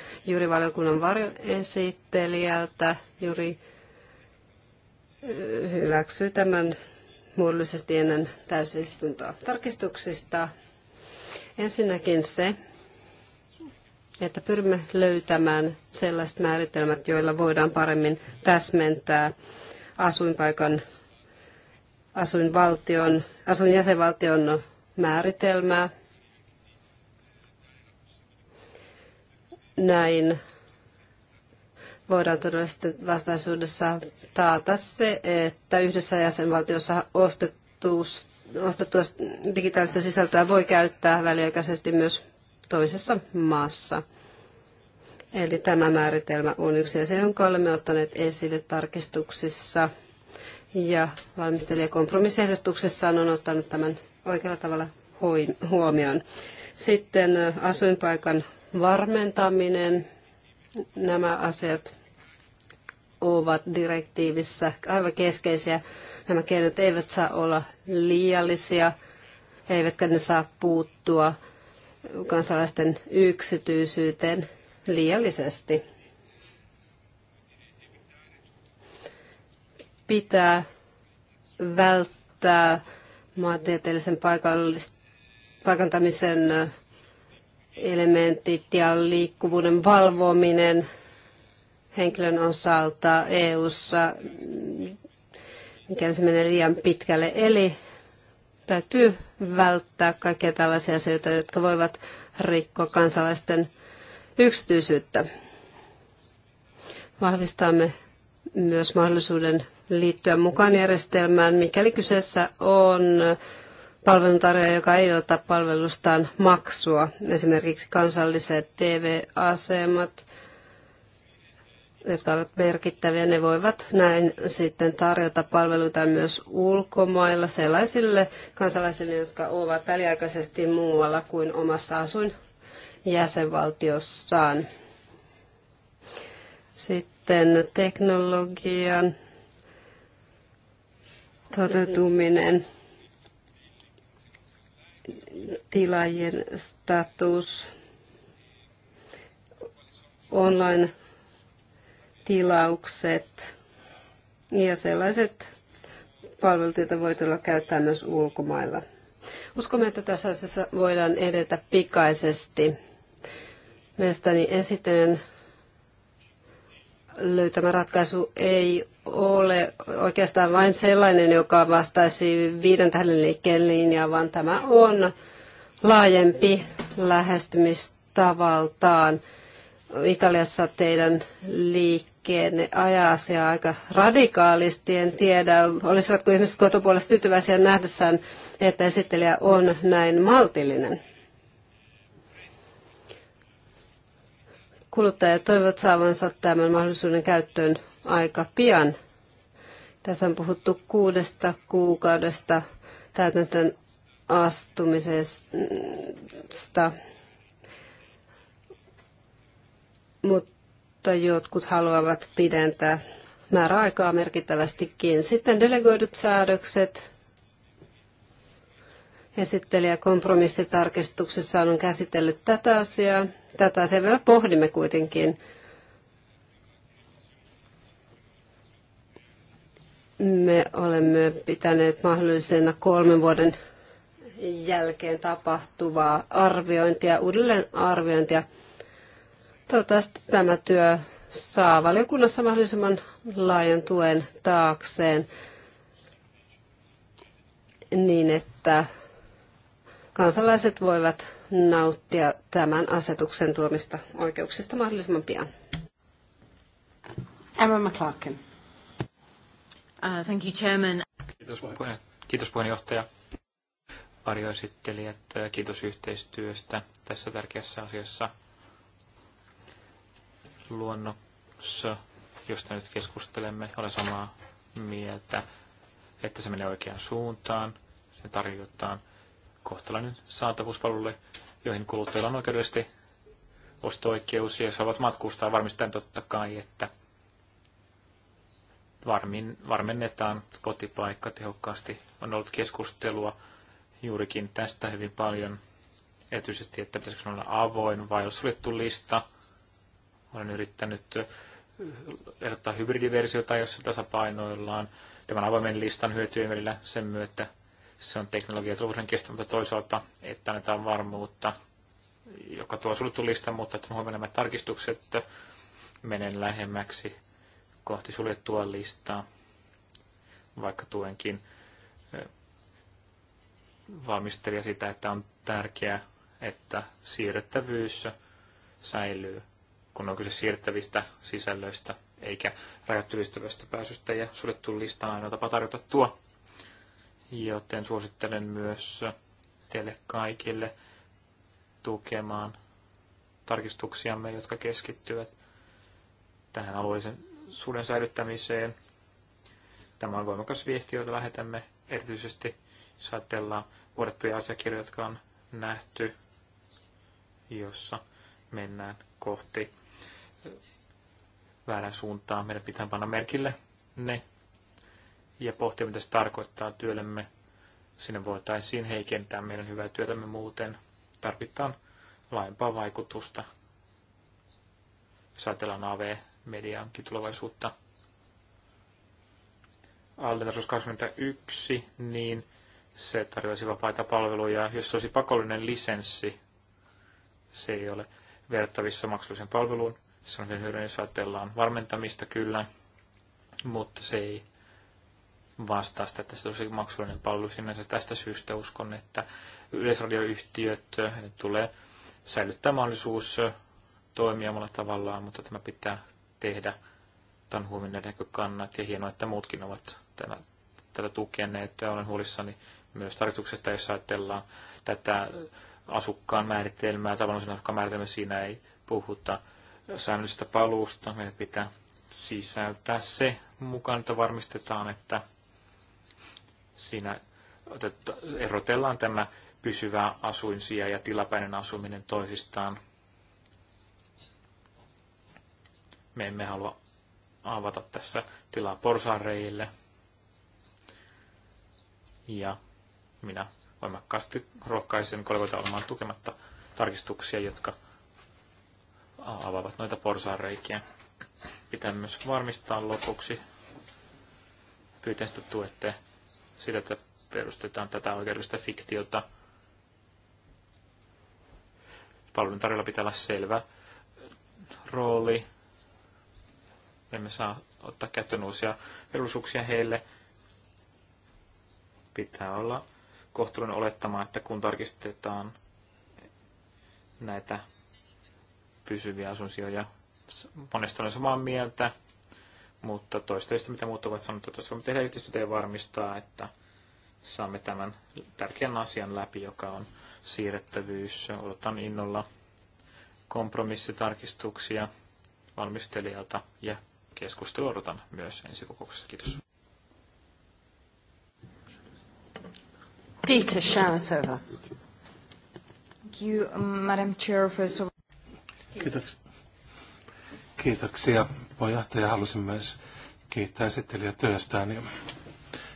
valiokunnan varjoesittelijältä juuri hyväksyy tämän muodollisesti ennen täysistuntoa. Tarkistuksista ensinnäkin se, että pyrimme löytämään sellaiset määritelmät, joilla voidaan paremmin täsmentää asuinpaikan, asuinvaltion, asuinjäsenvaltion määritelmää. Näin voidaan todella sitten vastaisuudessa taata se, että yhdessä jäsenvaltiossa ostettua digitaalista sisältöä voi käyttää väliaikaisesti myös toisessa maassa. Eli tämä määritelmä on yksi asia, jonka olemme ottaneet esille tarkistuksissa. Ja valmistelija kompromissiehdotuksessaan on ottanut tämän oikealla tavalla huomioon. Sitten asuinpaikan varmentaminen. Nämä asiat ovat direktiivissä aivan keskeisiä. Nämä keinot eivät saa olla liiallisia, eivätkä ne saa puuttua kansalaisten yksityisyyteen liiallisesti. Pitää välttää maantieteellisen paikantamisen elementit ja liikkuvuuden valvominen henkilön osalta EU-ssa, mikäli se menee liian pitkälle. Eli täytyy välttää kaikkia tällaisia asioita, jotka voivat rikkoa kansalaisten yksityisyyttä. Vahvistamme myös mahdollisuuden liittyä mukaan järjestelmään, mikäli kyseessä on palveluntarjoaja, joka ei ota palvelustaan maksua. Esimerkiksi kansalliset TV-asemat, jotka ovat merkittäviä, ne voivat näin sitten tarjota palveluita myös ulkomailla sellaisille kansalaisille, jotka ovat väliaikaisesti muualla kuin omassa asuin jäsenvaltiossaan. Sitten teknologian toteutuminen, tilaajien status, online tilaukset ja sellaiset palvelut, joita voi tulla käyttää myös ulkomailla. Uskomme, että tässä asiassa voidaan edetä pikaisesti. Mielestäni esittelen löytämä ratkaisu ei ole oikeastaan vain sellainen, joka vastaisi viiden tähden liikkeen linjaa, vaan tämä on laajempi lähestymistavaltaan. Italiassa teidän liikkeen liikkeenne niin ajaa asiaa aika radikaalisti. En tiedä, olisivatko ihmiset kotopuolesta tyytyväisiä nähdessään, että esittelijä on näin maltillinen. Kuluttajat toivovat saavansa tämän mahdollisuuden käyttöön aika pian. Tässä on puhuttu kuudesta kuukaudesta täytäntöön astumisesta. Mutta mutta jotkut haluavat pidentää määräaikaa merkittävästikin. Sitten delegoidut säädökset. Esittelijä kompromissitarkistuksessa on käsitellyt tätä asiaa. Tätä asiaa vielä pohdimme kuitenkin. Me olemme pitäneet mahdollisena kolmen vuoden jälkeen tapahtuvaa arviointia, uudelleen arviointia. Toivottavasti tämä työ saa valiokunnassa mahdollisimman laajan tuen taakseen niin, että kansalaiset voivat nauttia tämän asetuksen tuomista oikeuksista mahdollisimman pian. Emma McClarkin. Uh, thank you, Chairman. Kiitos, puheen, kiitos puheenjohtaja. Varjoesittelijät, uh, kiitos yhteistyöstä tässä tärkeässä asiassa luonnossa, josta nyt keskustelemme, olen samaa mieltä, että se menee oikeaan suuntaan. Se tarjotaan kohtalainen saatavuuspalvelulle, joihin kuluttajilla on oikeudellisesti osto-oikeus, ja saavat matkustaa, varmistaen totta kai, että varmin, varmennetaan kotipaikka tehokkaasti. On ollut keskustelua juurikin tästä hyvin paljon, erityisesti, että pitäisikö olla avoin vai suljettu lista – olen yrittänyt ehdottaa hybridiversiota, jossa tasapainoillaan tämän avoimen listan hyötyjen välillä sen myötä. Se on teknologia turvallisuuden kestävältä toisaalta, että annetaan varmuutta, joka tuo suljettu lista, mutta että huomioon nämä tarkistukset menen lähemmäksi kohti suljettua listaa, vaikka tuenkin valmistelija sitä, että on tärkeää, että siirrettävyys säilyy kun on kyse siirrettävistä sisällöistä, eikä rajat pääsystä, ja suljettu lista on ainoa tapa tarjota tuo. Joten suosittelen myös teille kaikille tukemaan tarkistuksiamme, jotka keskittyvät tähän alueellisen suuden säilyttämiseen. Tämä on voimakas viesti, jota lähetämme erityisesti, jos ajatellaan vuodettuja asiakirjoja, jotka on nähty, jossa mennään kohti väärän suuntaan. Meidän pitää panna merkille ne ja pohtia, mitä se tarkoittaa työllemme. Sinne voitaisiin heikentää meidän hyvää työtämme muuten. Tarvitaan laajempaa vaikutusta. Jos ajatellaan AV-mediankin tulevaisuutta. Alternatus 21, niin se tarjoaisi vapaita palveluja. Jos se olisi pakollinen lisenssi, se ei ole verrattavissa maksullisen palveluun. Se on hyödyllinen, jos ajatellaan varmentamista kyllä, mutta se ei vastaa sitä, että se olisi maksullinen palvelu sinänsä. Tästä syystä uskon, että yleisradioyhtiöt ne tulee säilyttää mahdollisuus toimia omalla tavallaan, mutta tämä pitää tehdä tämän huomioon näkökannat ja hienoa, että muutkin ovat tämän, tätä tukeneet. Olen huolissani myös tarkoituksesta, jos ajatellaan tätä asukkaan määritelmää, tavallisen asukkaan määritelmää, siinä ei puhuta säännöllisestä paluusta. Meidän pitää sisältää se mukaan, että varmistetaan, että siinä otetta, erotellaan tämä pysyvä asuinsija ja tilapäinen asuminen toisistaan. Me emme halua avata tässä tilaa porsareille. Ja minä voimakkaasti rohkaisen kollegoita olemaan tukematta tarkistuksia, jotka avaavat noita porsaanreikiä. Pitää myös varmistaa lopuksi. Pyytän sitä tuette sitä, että perustetaan tätä oikeudellista fiktiota. Palvelun tarjolla pitää olla selvä rooli. Emme saa ottaa käyttöön uusia perusuuksia heille. Pitää olla kohtuullinen olettama, että kun tarkistetaan näitä pysyviä ja Monesta olen samaa mieltä, mutta toisteista, mitä muut ovat sanoneet, että voimme tehdä yhteistyötä ja varmistaa, että saamme tämän tärkeän asian läpi, joka on siirrettävyys. Odotan innolla kompromissitarkistuksia valmistelijalta ja keskustelua odotan myös ensi kokouksessa. Kiitos. Dieter Schansova. Thank you, Madam Chair. First of Kiitoksia. Kiitoksia. Puheenjohtaja halusin myös kiittää esittelijä työstään. Ja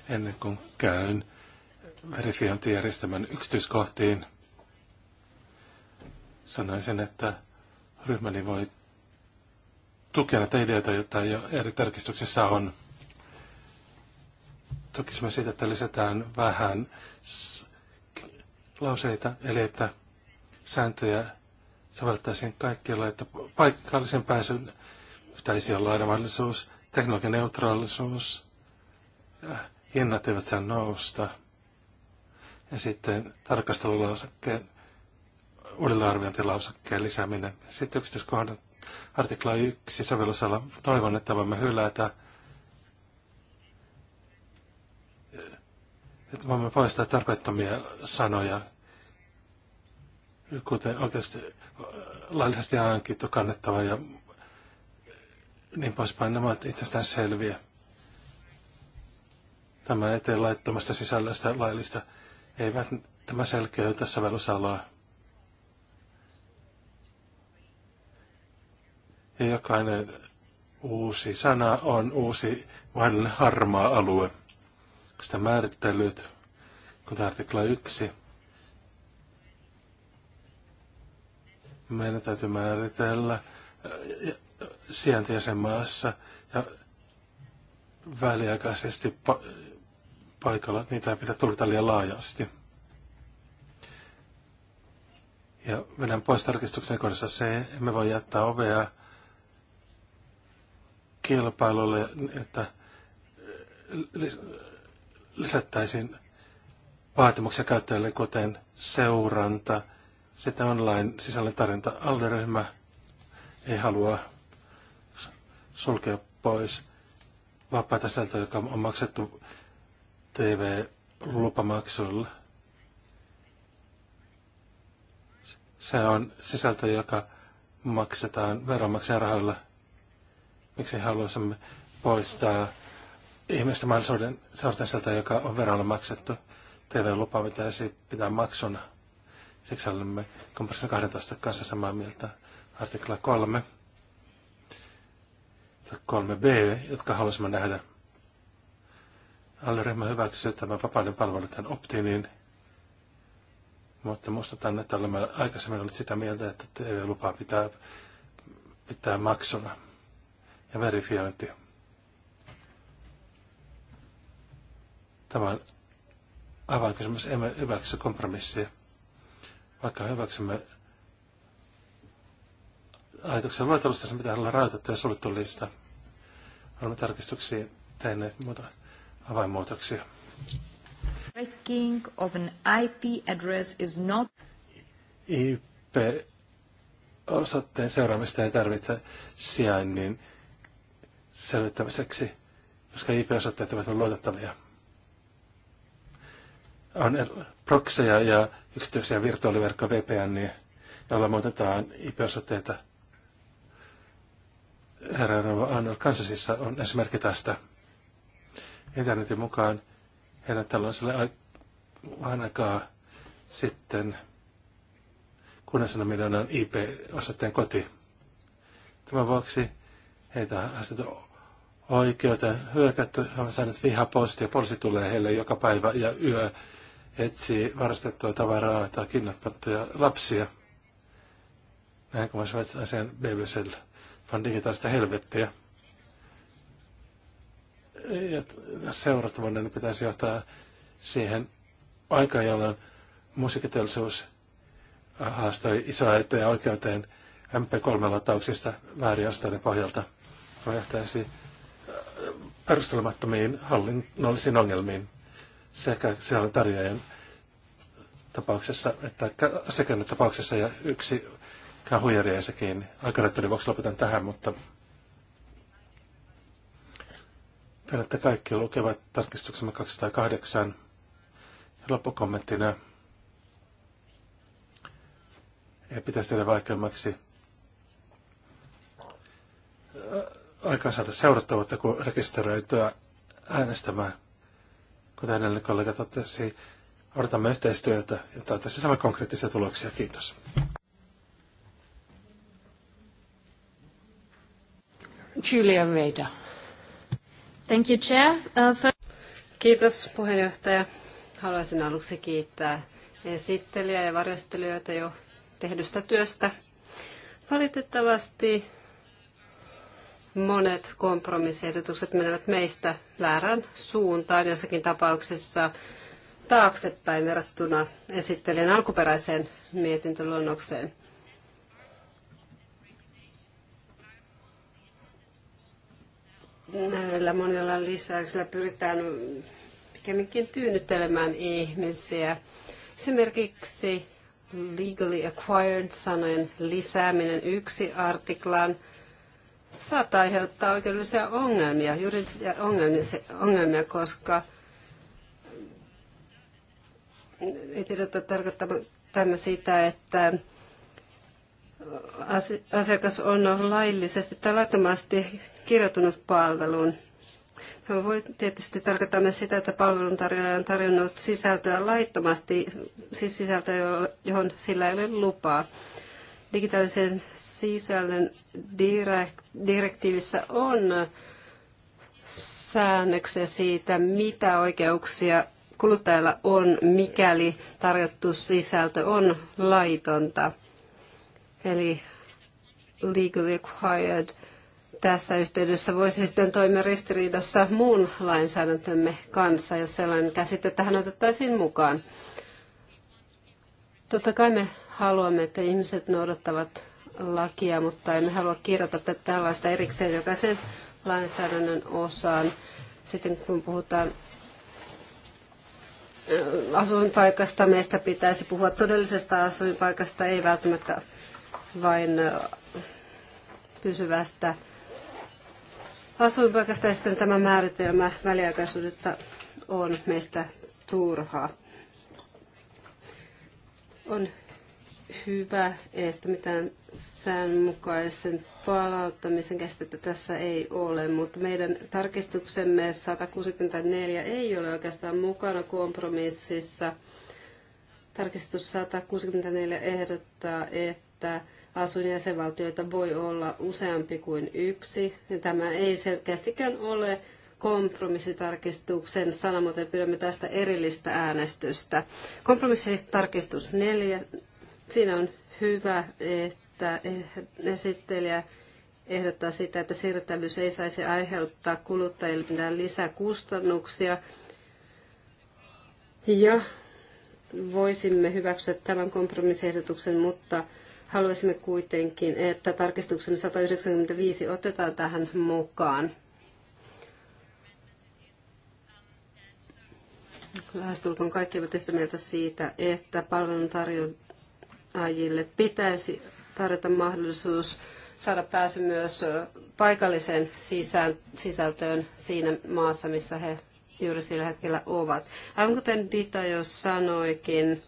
ennen kuin käyn verifiointijärjestelmän yksityiskohtiin, sanoisin, että ryhmäni voi tukea näitä ideoita, joita jo eri tarkistuksissa on. Tukisimme siitä, että lisätään vähän lauseita, eli että sääntöjä sovellettaisiin kaikkialla, että paikallisen pääsyn pitäisi olla aina mahdollisuus, teknologian neutraalisuus, hinnat eivät saa nousta. Ja sitten tarkastelulausakkeen, uudelleenarviointilausakkeen lisääminen. Sitten yksityiskohdan artikla 1 sovellusala. Toivon, että voimme hylätä, että voimme poistaa tarpeettomia sanoja, kuten oikeasti laillisesti hankittu, kannettava ja niin poispäin. Nämä ovat itsestään selviä. Tämä eteen laittomasta sisällöstä laillista eivät tämä selkeytä sovellusalaa. Ja jokainen uusi sana on uusi vaillinen harmaa alue. Sitä määrittelyt, kun artikla 1 Meidän täytyy määritellä äh, sijainti ja väliaikaisesti pa- paikalla. Niitä ei pidä tulkita liian laajasti. Ja vedän pois tarkistuksen kohdassa se, emme voi jättää ovea kilpailulle, että äh, lisättäisiin vaatimuksia käyttäjille, kuten seuranta – sitten online-sisällön tarjonta alderyhmä ei halua sulkea pois vapaata sisältöä, joka on maksettu TV-lupamaksulla. Se on sisältö, joka maksetaan veronmaksajan rahoilla. Miksi haluaisimme poistaa ihmisten mahdollisuuden seurata sisältöä, joka on verolla maksettu? TV-lupa pitäisi pitää maksuna. Siksi olemme kompression 12 kanssa samaa mieltä. Artikla 3 3b, jotka halusimme nähdä. Alleryhmä hyväksyy tämän vapauden tämän optiiniin, mutta muistutan, että olemme aikaisemmin olleet sitä mieltä, että TV-lupaa pitää pitää maksuna ja verifiointi. Tämä on avainkysymys. Emme hyväksy kompromissia vaikka hyväksymme ajatuksen luettelosta, sen pitää olla rajoitettu ja suljettu lista. Olemme tarkistuksia tehneet muuta avainmuutoksia. of an IP address is not... IP-osoitteen seuraamista ei tarvitse sijainnin selvittämiseksi, koska IP-osoitteet ovat luotettavia. On er- proxeja ja yksityisiä virtuaaliverkko VPN, niin jolla muutetaan IP-osoitteita. Kansasissa on esimerkki tästä. Internetin mukaan heidän tällaiselle vähän aikaa sitten 600 miljoonan IP-osoitteen koti. Tämän vuoksi heitä on asetettu oikeuteen hyökätty, he ovat saaneet vihapostia, polsi tulee heille joka päivä ja yö etsii varastettua tavaraa tai kidnappattuja lapsia. Näin kun mä asian BBCllä, vaan digitaalista helvettiä. Ja seurattavuuden pitäisi johtaa siihen aikaan, jolloin musiikkiteollisuus haastoi isoäiteen oikeuteen MP3-latauksista väärin pohjalta. Se johtaisi äh, perustelemattomiin hallinnollisiin ongelmiin sekä siellä tarjoajan tapauksessa että sekä tapauksessa ja yksi huijari ja sekin. Aikarajoittelun vuoksi lopetan tähän, mutta Pyydän, että kaikki lukevat tarkistuksemme 208 ja loppukommenttina. Ei pitäisi tehdä vaikeammaksi äh, aikaan saada seurattavuutta kuin rekisteröityä äänestämään. Kuten edellinen kollega totesi, odotamme yhteistyötä ja toivottavasti saamme konkreettisia tuloksia. Kiitos. Julia Reda. Thank you, Chair. Uh, for... Kiitos puheenjohtaja. Haluaisin aluksi kiittää esittelijä ja varjostelijoita jo tehdystä työstä. Valitettavasti monet kompromissiehdotukset menevät meistä väärään suuntaan, jossakin tapauksessa taaksepäin verrattuna esittelijän alkuperäiseen mietintöluonnokseen. Näillä monilla lisäyksillä pyritään pikemminkin tyynnyttelemään ihmisiä. Esimerkiksi legally acquired sanojen lisääminen yksi artiklaan – saattaa aiheuttaa oikeudellisia ongelmia, juridisia ongelmia, koska ei tiedetä tarkoittaa tämä sitä, että asiakas on laillisesti tai laittomasti kirjoitunut palveluun. Hän no, voi tietysti tarkoittaa myös sitä, että palveluntarjoaja on tarjonnut sisältöä laittomasti, siis sisältöä, johon sillä ei ole lupaa digitaalisen sisällön direktiivissä on säännöksiä siitä, mitä oikeuksia kuluttajalla on, mikäli tarjottu sisältö on laitonta. Eli legally acquired tässä yhteydessä voisi sitten toimia ristiriidassa muun lainsäädäntömme kanssa, jos sellainen käsite tähän otettaisiin mukaan. Totta kai me haluamme, että ihmiset noudattavat lakia, mutta emme halua kirjata tällaista erikseen jokaisen lainsäädännön osaan. Sitten kun puhutaan äh, asuinpaikasta, meistä pitäisi puhua todellisesta asuinpaikasta, ei välttämättä vain äh, pysyvästä asuinpaikasta. Ja sitten tämä määritelmä väliaikaisuudesta on meistä turhaa. On hyvä, että mitään säännönmukaisen palauttamisen käsitettä tässä ei ole, mutta meidän tarkistuksemme 164 ei ole oikeastaan mukana kompromississa. Tarkistus 164 ehdottaa, että asuinjäsenvaltioita voi olla useampi kuin yksi. Tämä ei selkeästikään ole kompromissitarkistuksen sanamuoto ja pyydämme tästä erillistä äänestystä. Kompromissitarkistus neljä, Siinä on hyvä, että esittelijä ehdottaa sitä, että siirrettävyys ei saisi aiheuttaa kuluttajille mitään lisäkustannuksia. Ja voisimme hyväksyä tämän kompromissehdotuksen, mutta haluaisimme kuitenkin, että tarkistuksen 195 otetaan tähän mukaan. Lähestulkoon kaikki ovat yhtä mieltä siitä, että palvelun tarjoaminen ajille pitäisi tarjota mahdollisuus saada pääsy myös paikalliseen sisältöön siinä maassa, missä he juuri sillä hetkellä ovat. Aivan kuten Dita jo sanoikin,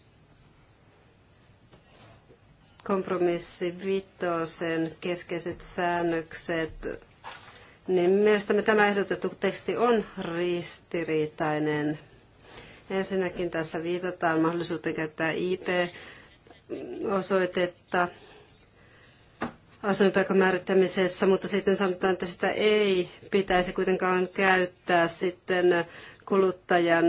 kompromissi vitosen keskeiset säännökset, niin mielestäni tämä ehdotettu teksti on ristiriitainen. Ensinnäkin tässä viitataan mahdollisuuteen käyttää IP osoitetta asuinpaikan määrittämisessä, mutta sitten sanotaan, että sitä ei pitäisi kuitenkaan käyttää sitten kuluttajan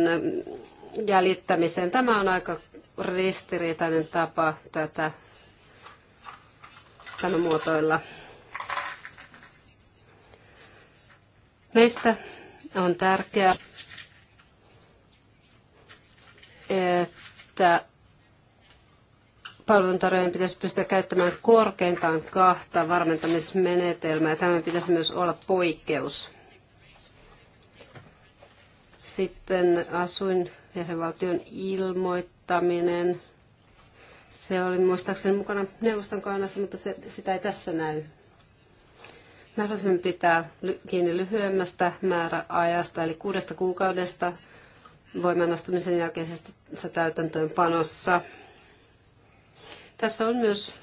jäljittämiseen. Tämä on aika ristiriitainen tapa tätä tämä muotoilla. Meistä on tärkeää, että palveluntarjoajien pitäisi pystyä käyttämään korkeintaan kahta varmentamismenetelmää. Tämän pitäisi myös olla poikkeus. Sitten asuin jäsenvaltion ilmoittaminen. Se oli muistaakseni mukana neuvoston kannassa, mutta se, sitä ei tässä näy. Mahdollisimman pitää kiinni lyhyemmästä määräajasta, eli kuudesta kuukaudesta voimaan astumisen jälkeisestä täytäntöönpanossa. panossa tässä on myös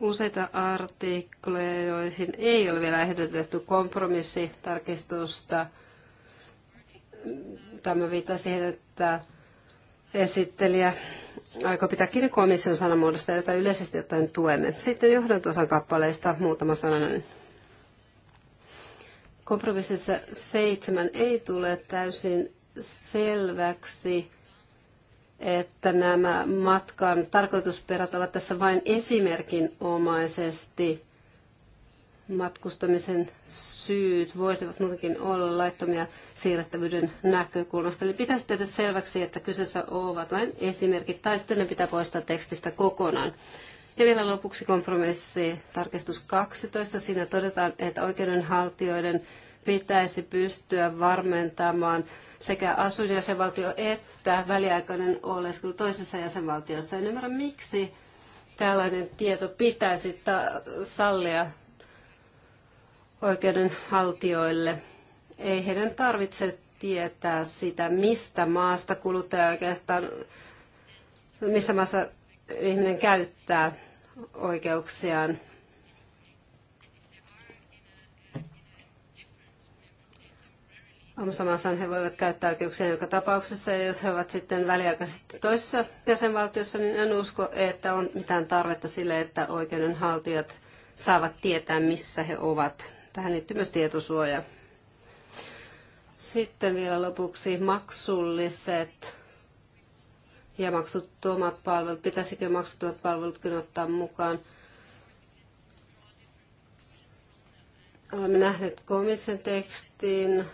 useita artikkeleja, joihin ei ole vielä ehdotettu kompromissitarkistusta. Tämä viittaa siihen, että esittelijä aikoo pitää kiinni komission sanamuodosta, jota yleisesti ottaen tuemme. Sitten johdantosan kappaleista muutama sananen. Kompromississa seitsemän ei tule täysin selväksi, että nämä matkan tarkoitusperät ovat tässä vain esimerkinomaisesti matkustamisen syyt voisivat muutenkin olla laittomia siirrettävyyden näkökulmasta. Eli pitäisi tehdä selväksi, että kyseessä ovat vain esimerkit, tai sitten ne pitää poistaa tekstistä kokonaan. Ja vielä lopuksi kompromissi tarkistus 12. Siinä todetaan, että oikeudenhaltijoiden pitäisi pystyä varmentamaan sekä asuinjäsenvaltio että väliaikainen oleskelu toisessa jäsenvaltiossa. En ymmärrä, miksi tällainen tieto pitäisi sallia oikeudenhaltijoille. Ei heidän tarvitse tietää sitä, mistä maasta kuluttaja oikeastaan, missä maassa ihminen käyttää oikeuksiaan. omassa maassaan he voivat käyttää oikeuksia joka tapauksessa, ja jos he ovat sitten väliaikaisesti toisessa jäsenvaltiossa, niin en usko, että on mitään tarvetta sille, että oikeudenhaltijat saavat tietää, missä he ovat. Tähän liittyy myös tietosuoja. Sitten vielä lopuksi maksulliset ja maksuttomat palvelut. Pitäisikö maksuttomat kyllä ottaa mukaan? Olemme nähneet komission tekstin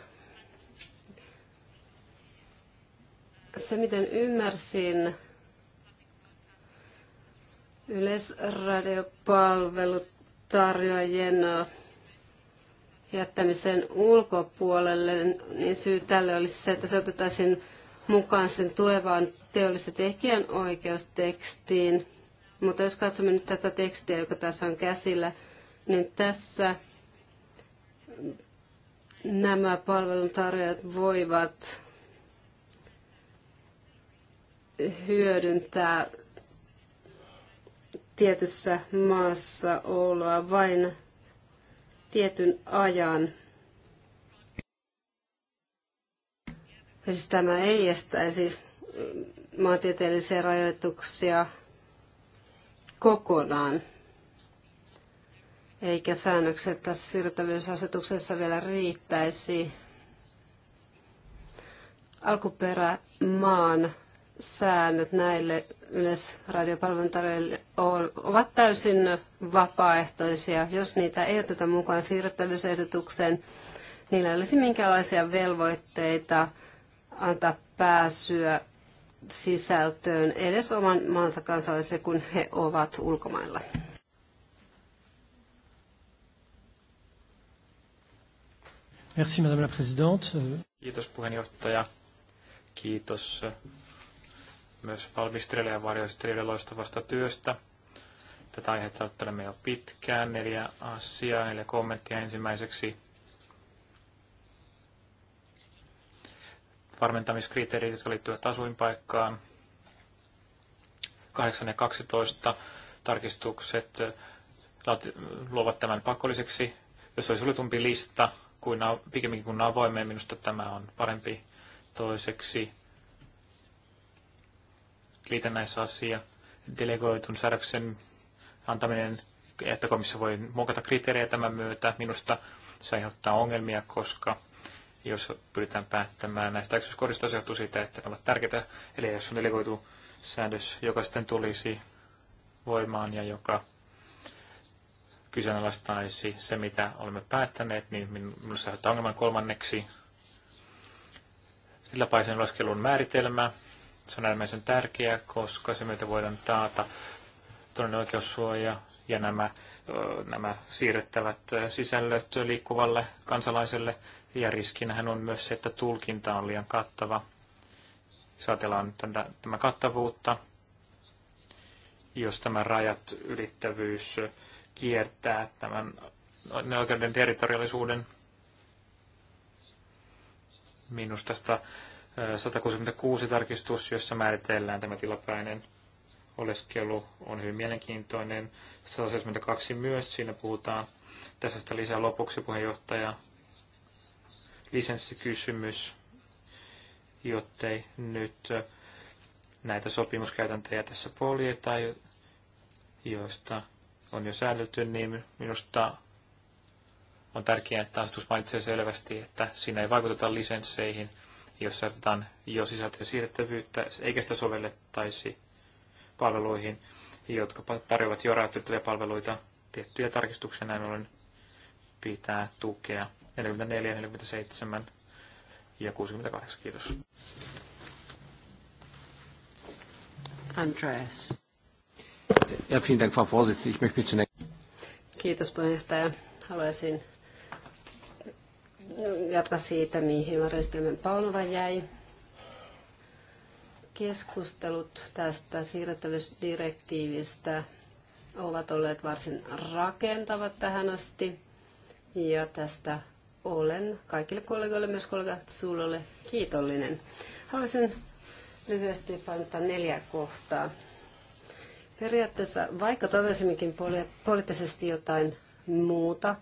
Se, miten ymmärsin yleisradiopalvelutarjoajien jättämisen ulkopuolelle, niin syy tälle olisi se, että se otettaisiin mukaan sen tulevaan teollisen tekijän oikeustekstiin. Mutta jos katsomme nyt tätä tekstiä, joka tässä on käsillä, niin tässä nämä palveluntarjoajat voivat hyödyntää tietyssä maassa oloa vain tietyn ajan. Siis tämä ei estäisi maantieteellisiä rajoituksia kokonaan, eikä säännökset tässä siirtävyysasetuksessa vielä riittäisi alkuperämaan säännöt näille yleisradiopalveluntarjoajille ovat täysin vapaaehtoisia. Jos niitä ei oteta mukaan siirrettävyysehdotukseen, niillä ei olisi minkäänlaisia velvoitteita antaa pääsyä sisältöön edes oman maansa kansalaisille, kun he ovat ulkomailla. Merci, Madame la Présidente. Kiitos puheenjohtaja. Kiitos myös valmistelijalle ja varjoistelijalle loistavasta työstä. Tätä aihetta ottelemme jo pitkään. Neljä asiaa, neljä kommenttia ensimmäiseksi. Varmentamiskriteerit, jotka liittyvät asuinpaikkaan. 8 ja 12 tarkistukset luovat tämän pakolliseksi. Jos olisi suljetumpi lista, kuin, pikemminkin kuin avoimeen, minusta tämä on parempi toiseksi liitännäisasia, delegoitun säädöksen antaminen, että komissio voi muokata kriteerejä tämän myötä. Minusta se aiheuttaa ongelmia, koska jos pyritään päättämään näistä yksityiskohdista, se johtuu siitä, että ne ovat tärkeitä. Eli jos on delegoitu säädös, joka sitten tulisi voimaan ja joka kyseenalaistaisi se, mitä olemme päättäneet, niin minusta aiheuttaa ongelman kolmanneksi paisen laskelun määritelmä. Se on äärimmäisen tärkeää, koska se myötä voidaan taata todellinen oikeussuoja ja nämä, nämä siirrettävät sisällöt liikkuvalle kansalaiselle. Ja riskinähän on myös se, että tulkinta on liian kattava. Saatellaan tätä, tämä kattavuutta, jos tämä rajat ylittävyys kiertää tämän oikeuden territoriallisuuden. Minusta tästä 166 tarkistus, jossa määritellään tämä tilapäinen oleskelu, on hyvin mielenkiintoinen. 172 myös, siinä puhutaan tästä lisää lopuksi puheenjohtaja. Lisenssikysymys, jottei nyt näitä sopimuskäytäntöjä tässä poljeta, joista on jo säädelty, niin minusta on tärkeää, että asetus mainitsee selvästi, että siinä ei vaikuteta lisensseihin – jos saatetaan jo sisältöä siirrettävyyttä, eikä sitä sovellettaisi palveluihin, jotka tarjoavat jo räätyyttäviä palveluita. Tiettyjä tarkistuksia näin ollen pitää tukea. 44, 47 ja 68. Kiitos. Andreas. Ja, vielen Dank, Frau Vorsitz. Ich möchte mich zunächst Kiitos puheenjohtaja. Haluaisin jatka siitä, mihin varjostelmen Paunova jäi. Keskustelut tästä siirrettävyysdirektiivistä ovat olleet varsin rakentavat tähän asti. Ja tästä olen kaikille kollegoille, myös kollega Zulolle, kiitollinen. Haluaisin lyhyesti painottaa neljä kohtaa. Periaatteessa, vaikka toivoisimmekin poliittisesti jotain muuta,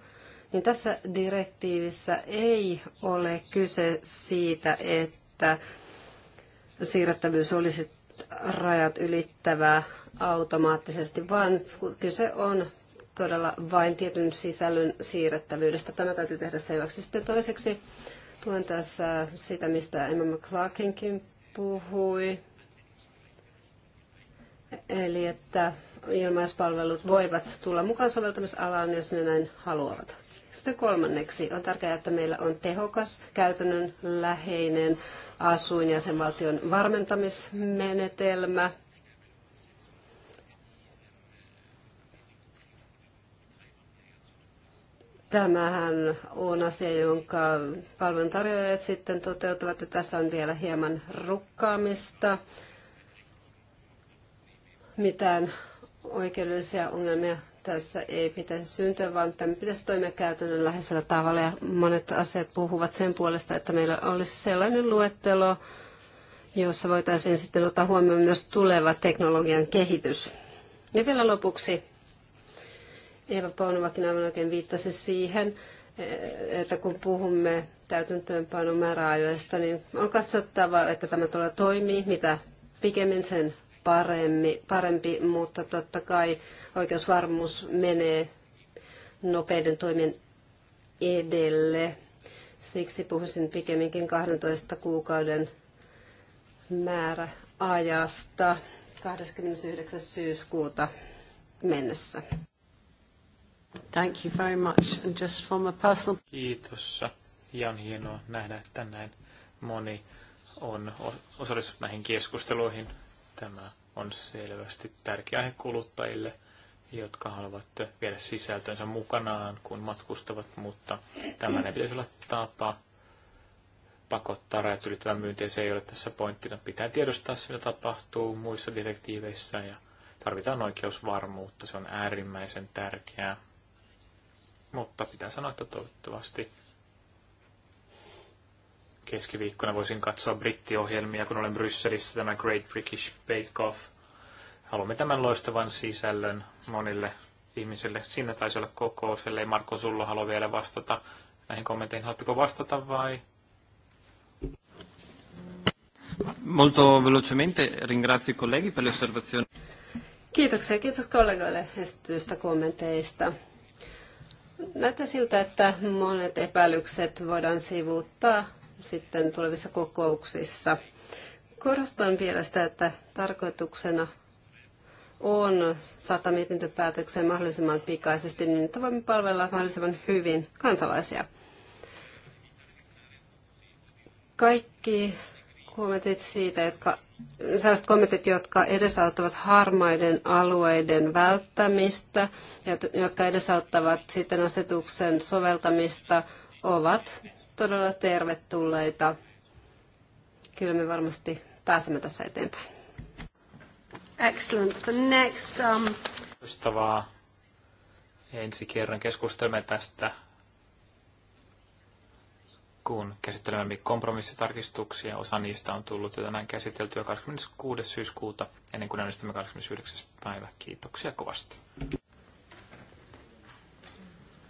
niin tässä direktiivissä ei ole kyse siitä, että siirrettävyys olisi rajat ylittävää automaattisesti, vaan kyse on todella vain tietyn sisällön siirrettävyydestä. Tämä täytyy tehdä selväksi. Sitten toiseksi tuen tässä sitä, mistä Emma McClarkinkin puhui, eli että ilmaispalvelut voivat tulla mukaan soveltamisalaan, jos ne näin haluavat. Sitten kolmanneksi on tärkeää, että meillä on tehokas, käytännön läheinen asuin- ja sen valtion varmentamismenetelmä. Tämähän on asia, jonka palveluntarjoajat sitten toteuttavat, ja tässä on vielä hieman rukkaamista. Mitään oikeudellisia ongelmia tässä ei pitäisi syntyä, vaan tämä pitäisi toimia käytännön läheisellä tavalla. Ja monet asiat puhuvat sen puolesta, että meillä olisi sellainen luettelo, jossa voitaisiin sitten ottaa huomioon myös tuleva teknologian kehitys. Ja vielä lopuksi Eva Paunovakin aivan oikein viittasi siihen, että kun puhumme täytäntöönpanon määräajoista, niin on katsottava, että tämä tulee toimii, mitä pikemmin sen parempi, parempi mutta totta kai oikeusvarmuus menee nopeiden toimien edelle. Siksi puhuisin pikemminkin 12 kuukauden määräajasta 29. syyskuuta mennessä. Thank you very much. And just from a personal... Kiitos. Ja on hienoa nähdä, että näin moni on osallistunut näihin keskusteluihin. Tämä on selvästi tärkeä aihe kuluttajille – jotka haluavat viedä sisältönsä mukanaan, kun matkustavat, mutta tämä ei pitäisi olla tapa pakottaa rajat ylittävän myyntiä. Se ei ole tässä pointtina. Pitää tiedostaa, mitä tapahtuu muissa direktiiveissä ja tarvitaan oikeusvarmuutta. Se on äärimmäisen tärkeää. Mutta pitää sanoa, että toivottavasti keskiviikkona voisin katsoa brittiohjelmia, kun olen Brysselissä tämä Great British Bake Off – Haluamme tämän loistavan sisällön monille ihmisille. Siinä taisi olla kokous, ellei Marko Sullo halua vielä vastata näihin kommentteihin. Haluatteko vastata vai? Molto velocemente ringrazio i colleghi per le osservazioni. Kiitoksia, kiitos kollegoille esitystä kommenteista. Näyttää siltä, että monet epäilykset voidaan sivuuttaa sitten tulevissa kokouksissa. Korostan vielä sitä, että tarkoituksena on saattaa mietintöpäätökseen mahdollisimman pikaisesti niin, että voimme palvella mahdollisimman hyvin kansalaisia. Kaikki kommentit siitä, jotka, sellaiset kommentit, jotka edesauttavat harmaiden alueiden välttämistä, ja jotka edesauttavat sitten asetuksen soveltamista, ovat todella tervetulleita. Kyllä me varmasti pääsemme tässä eteenpäin. Excellent. The next... Um... Ensi kerran keskustelemme tästä, kun käsittelemme kompromissitarkistuksia. Osa niistä on tullut jo tänään käsiteltyä 26. syyskuuta ennen kuin äänestämme 29. päivä. Kiitoksia kovasti.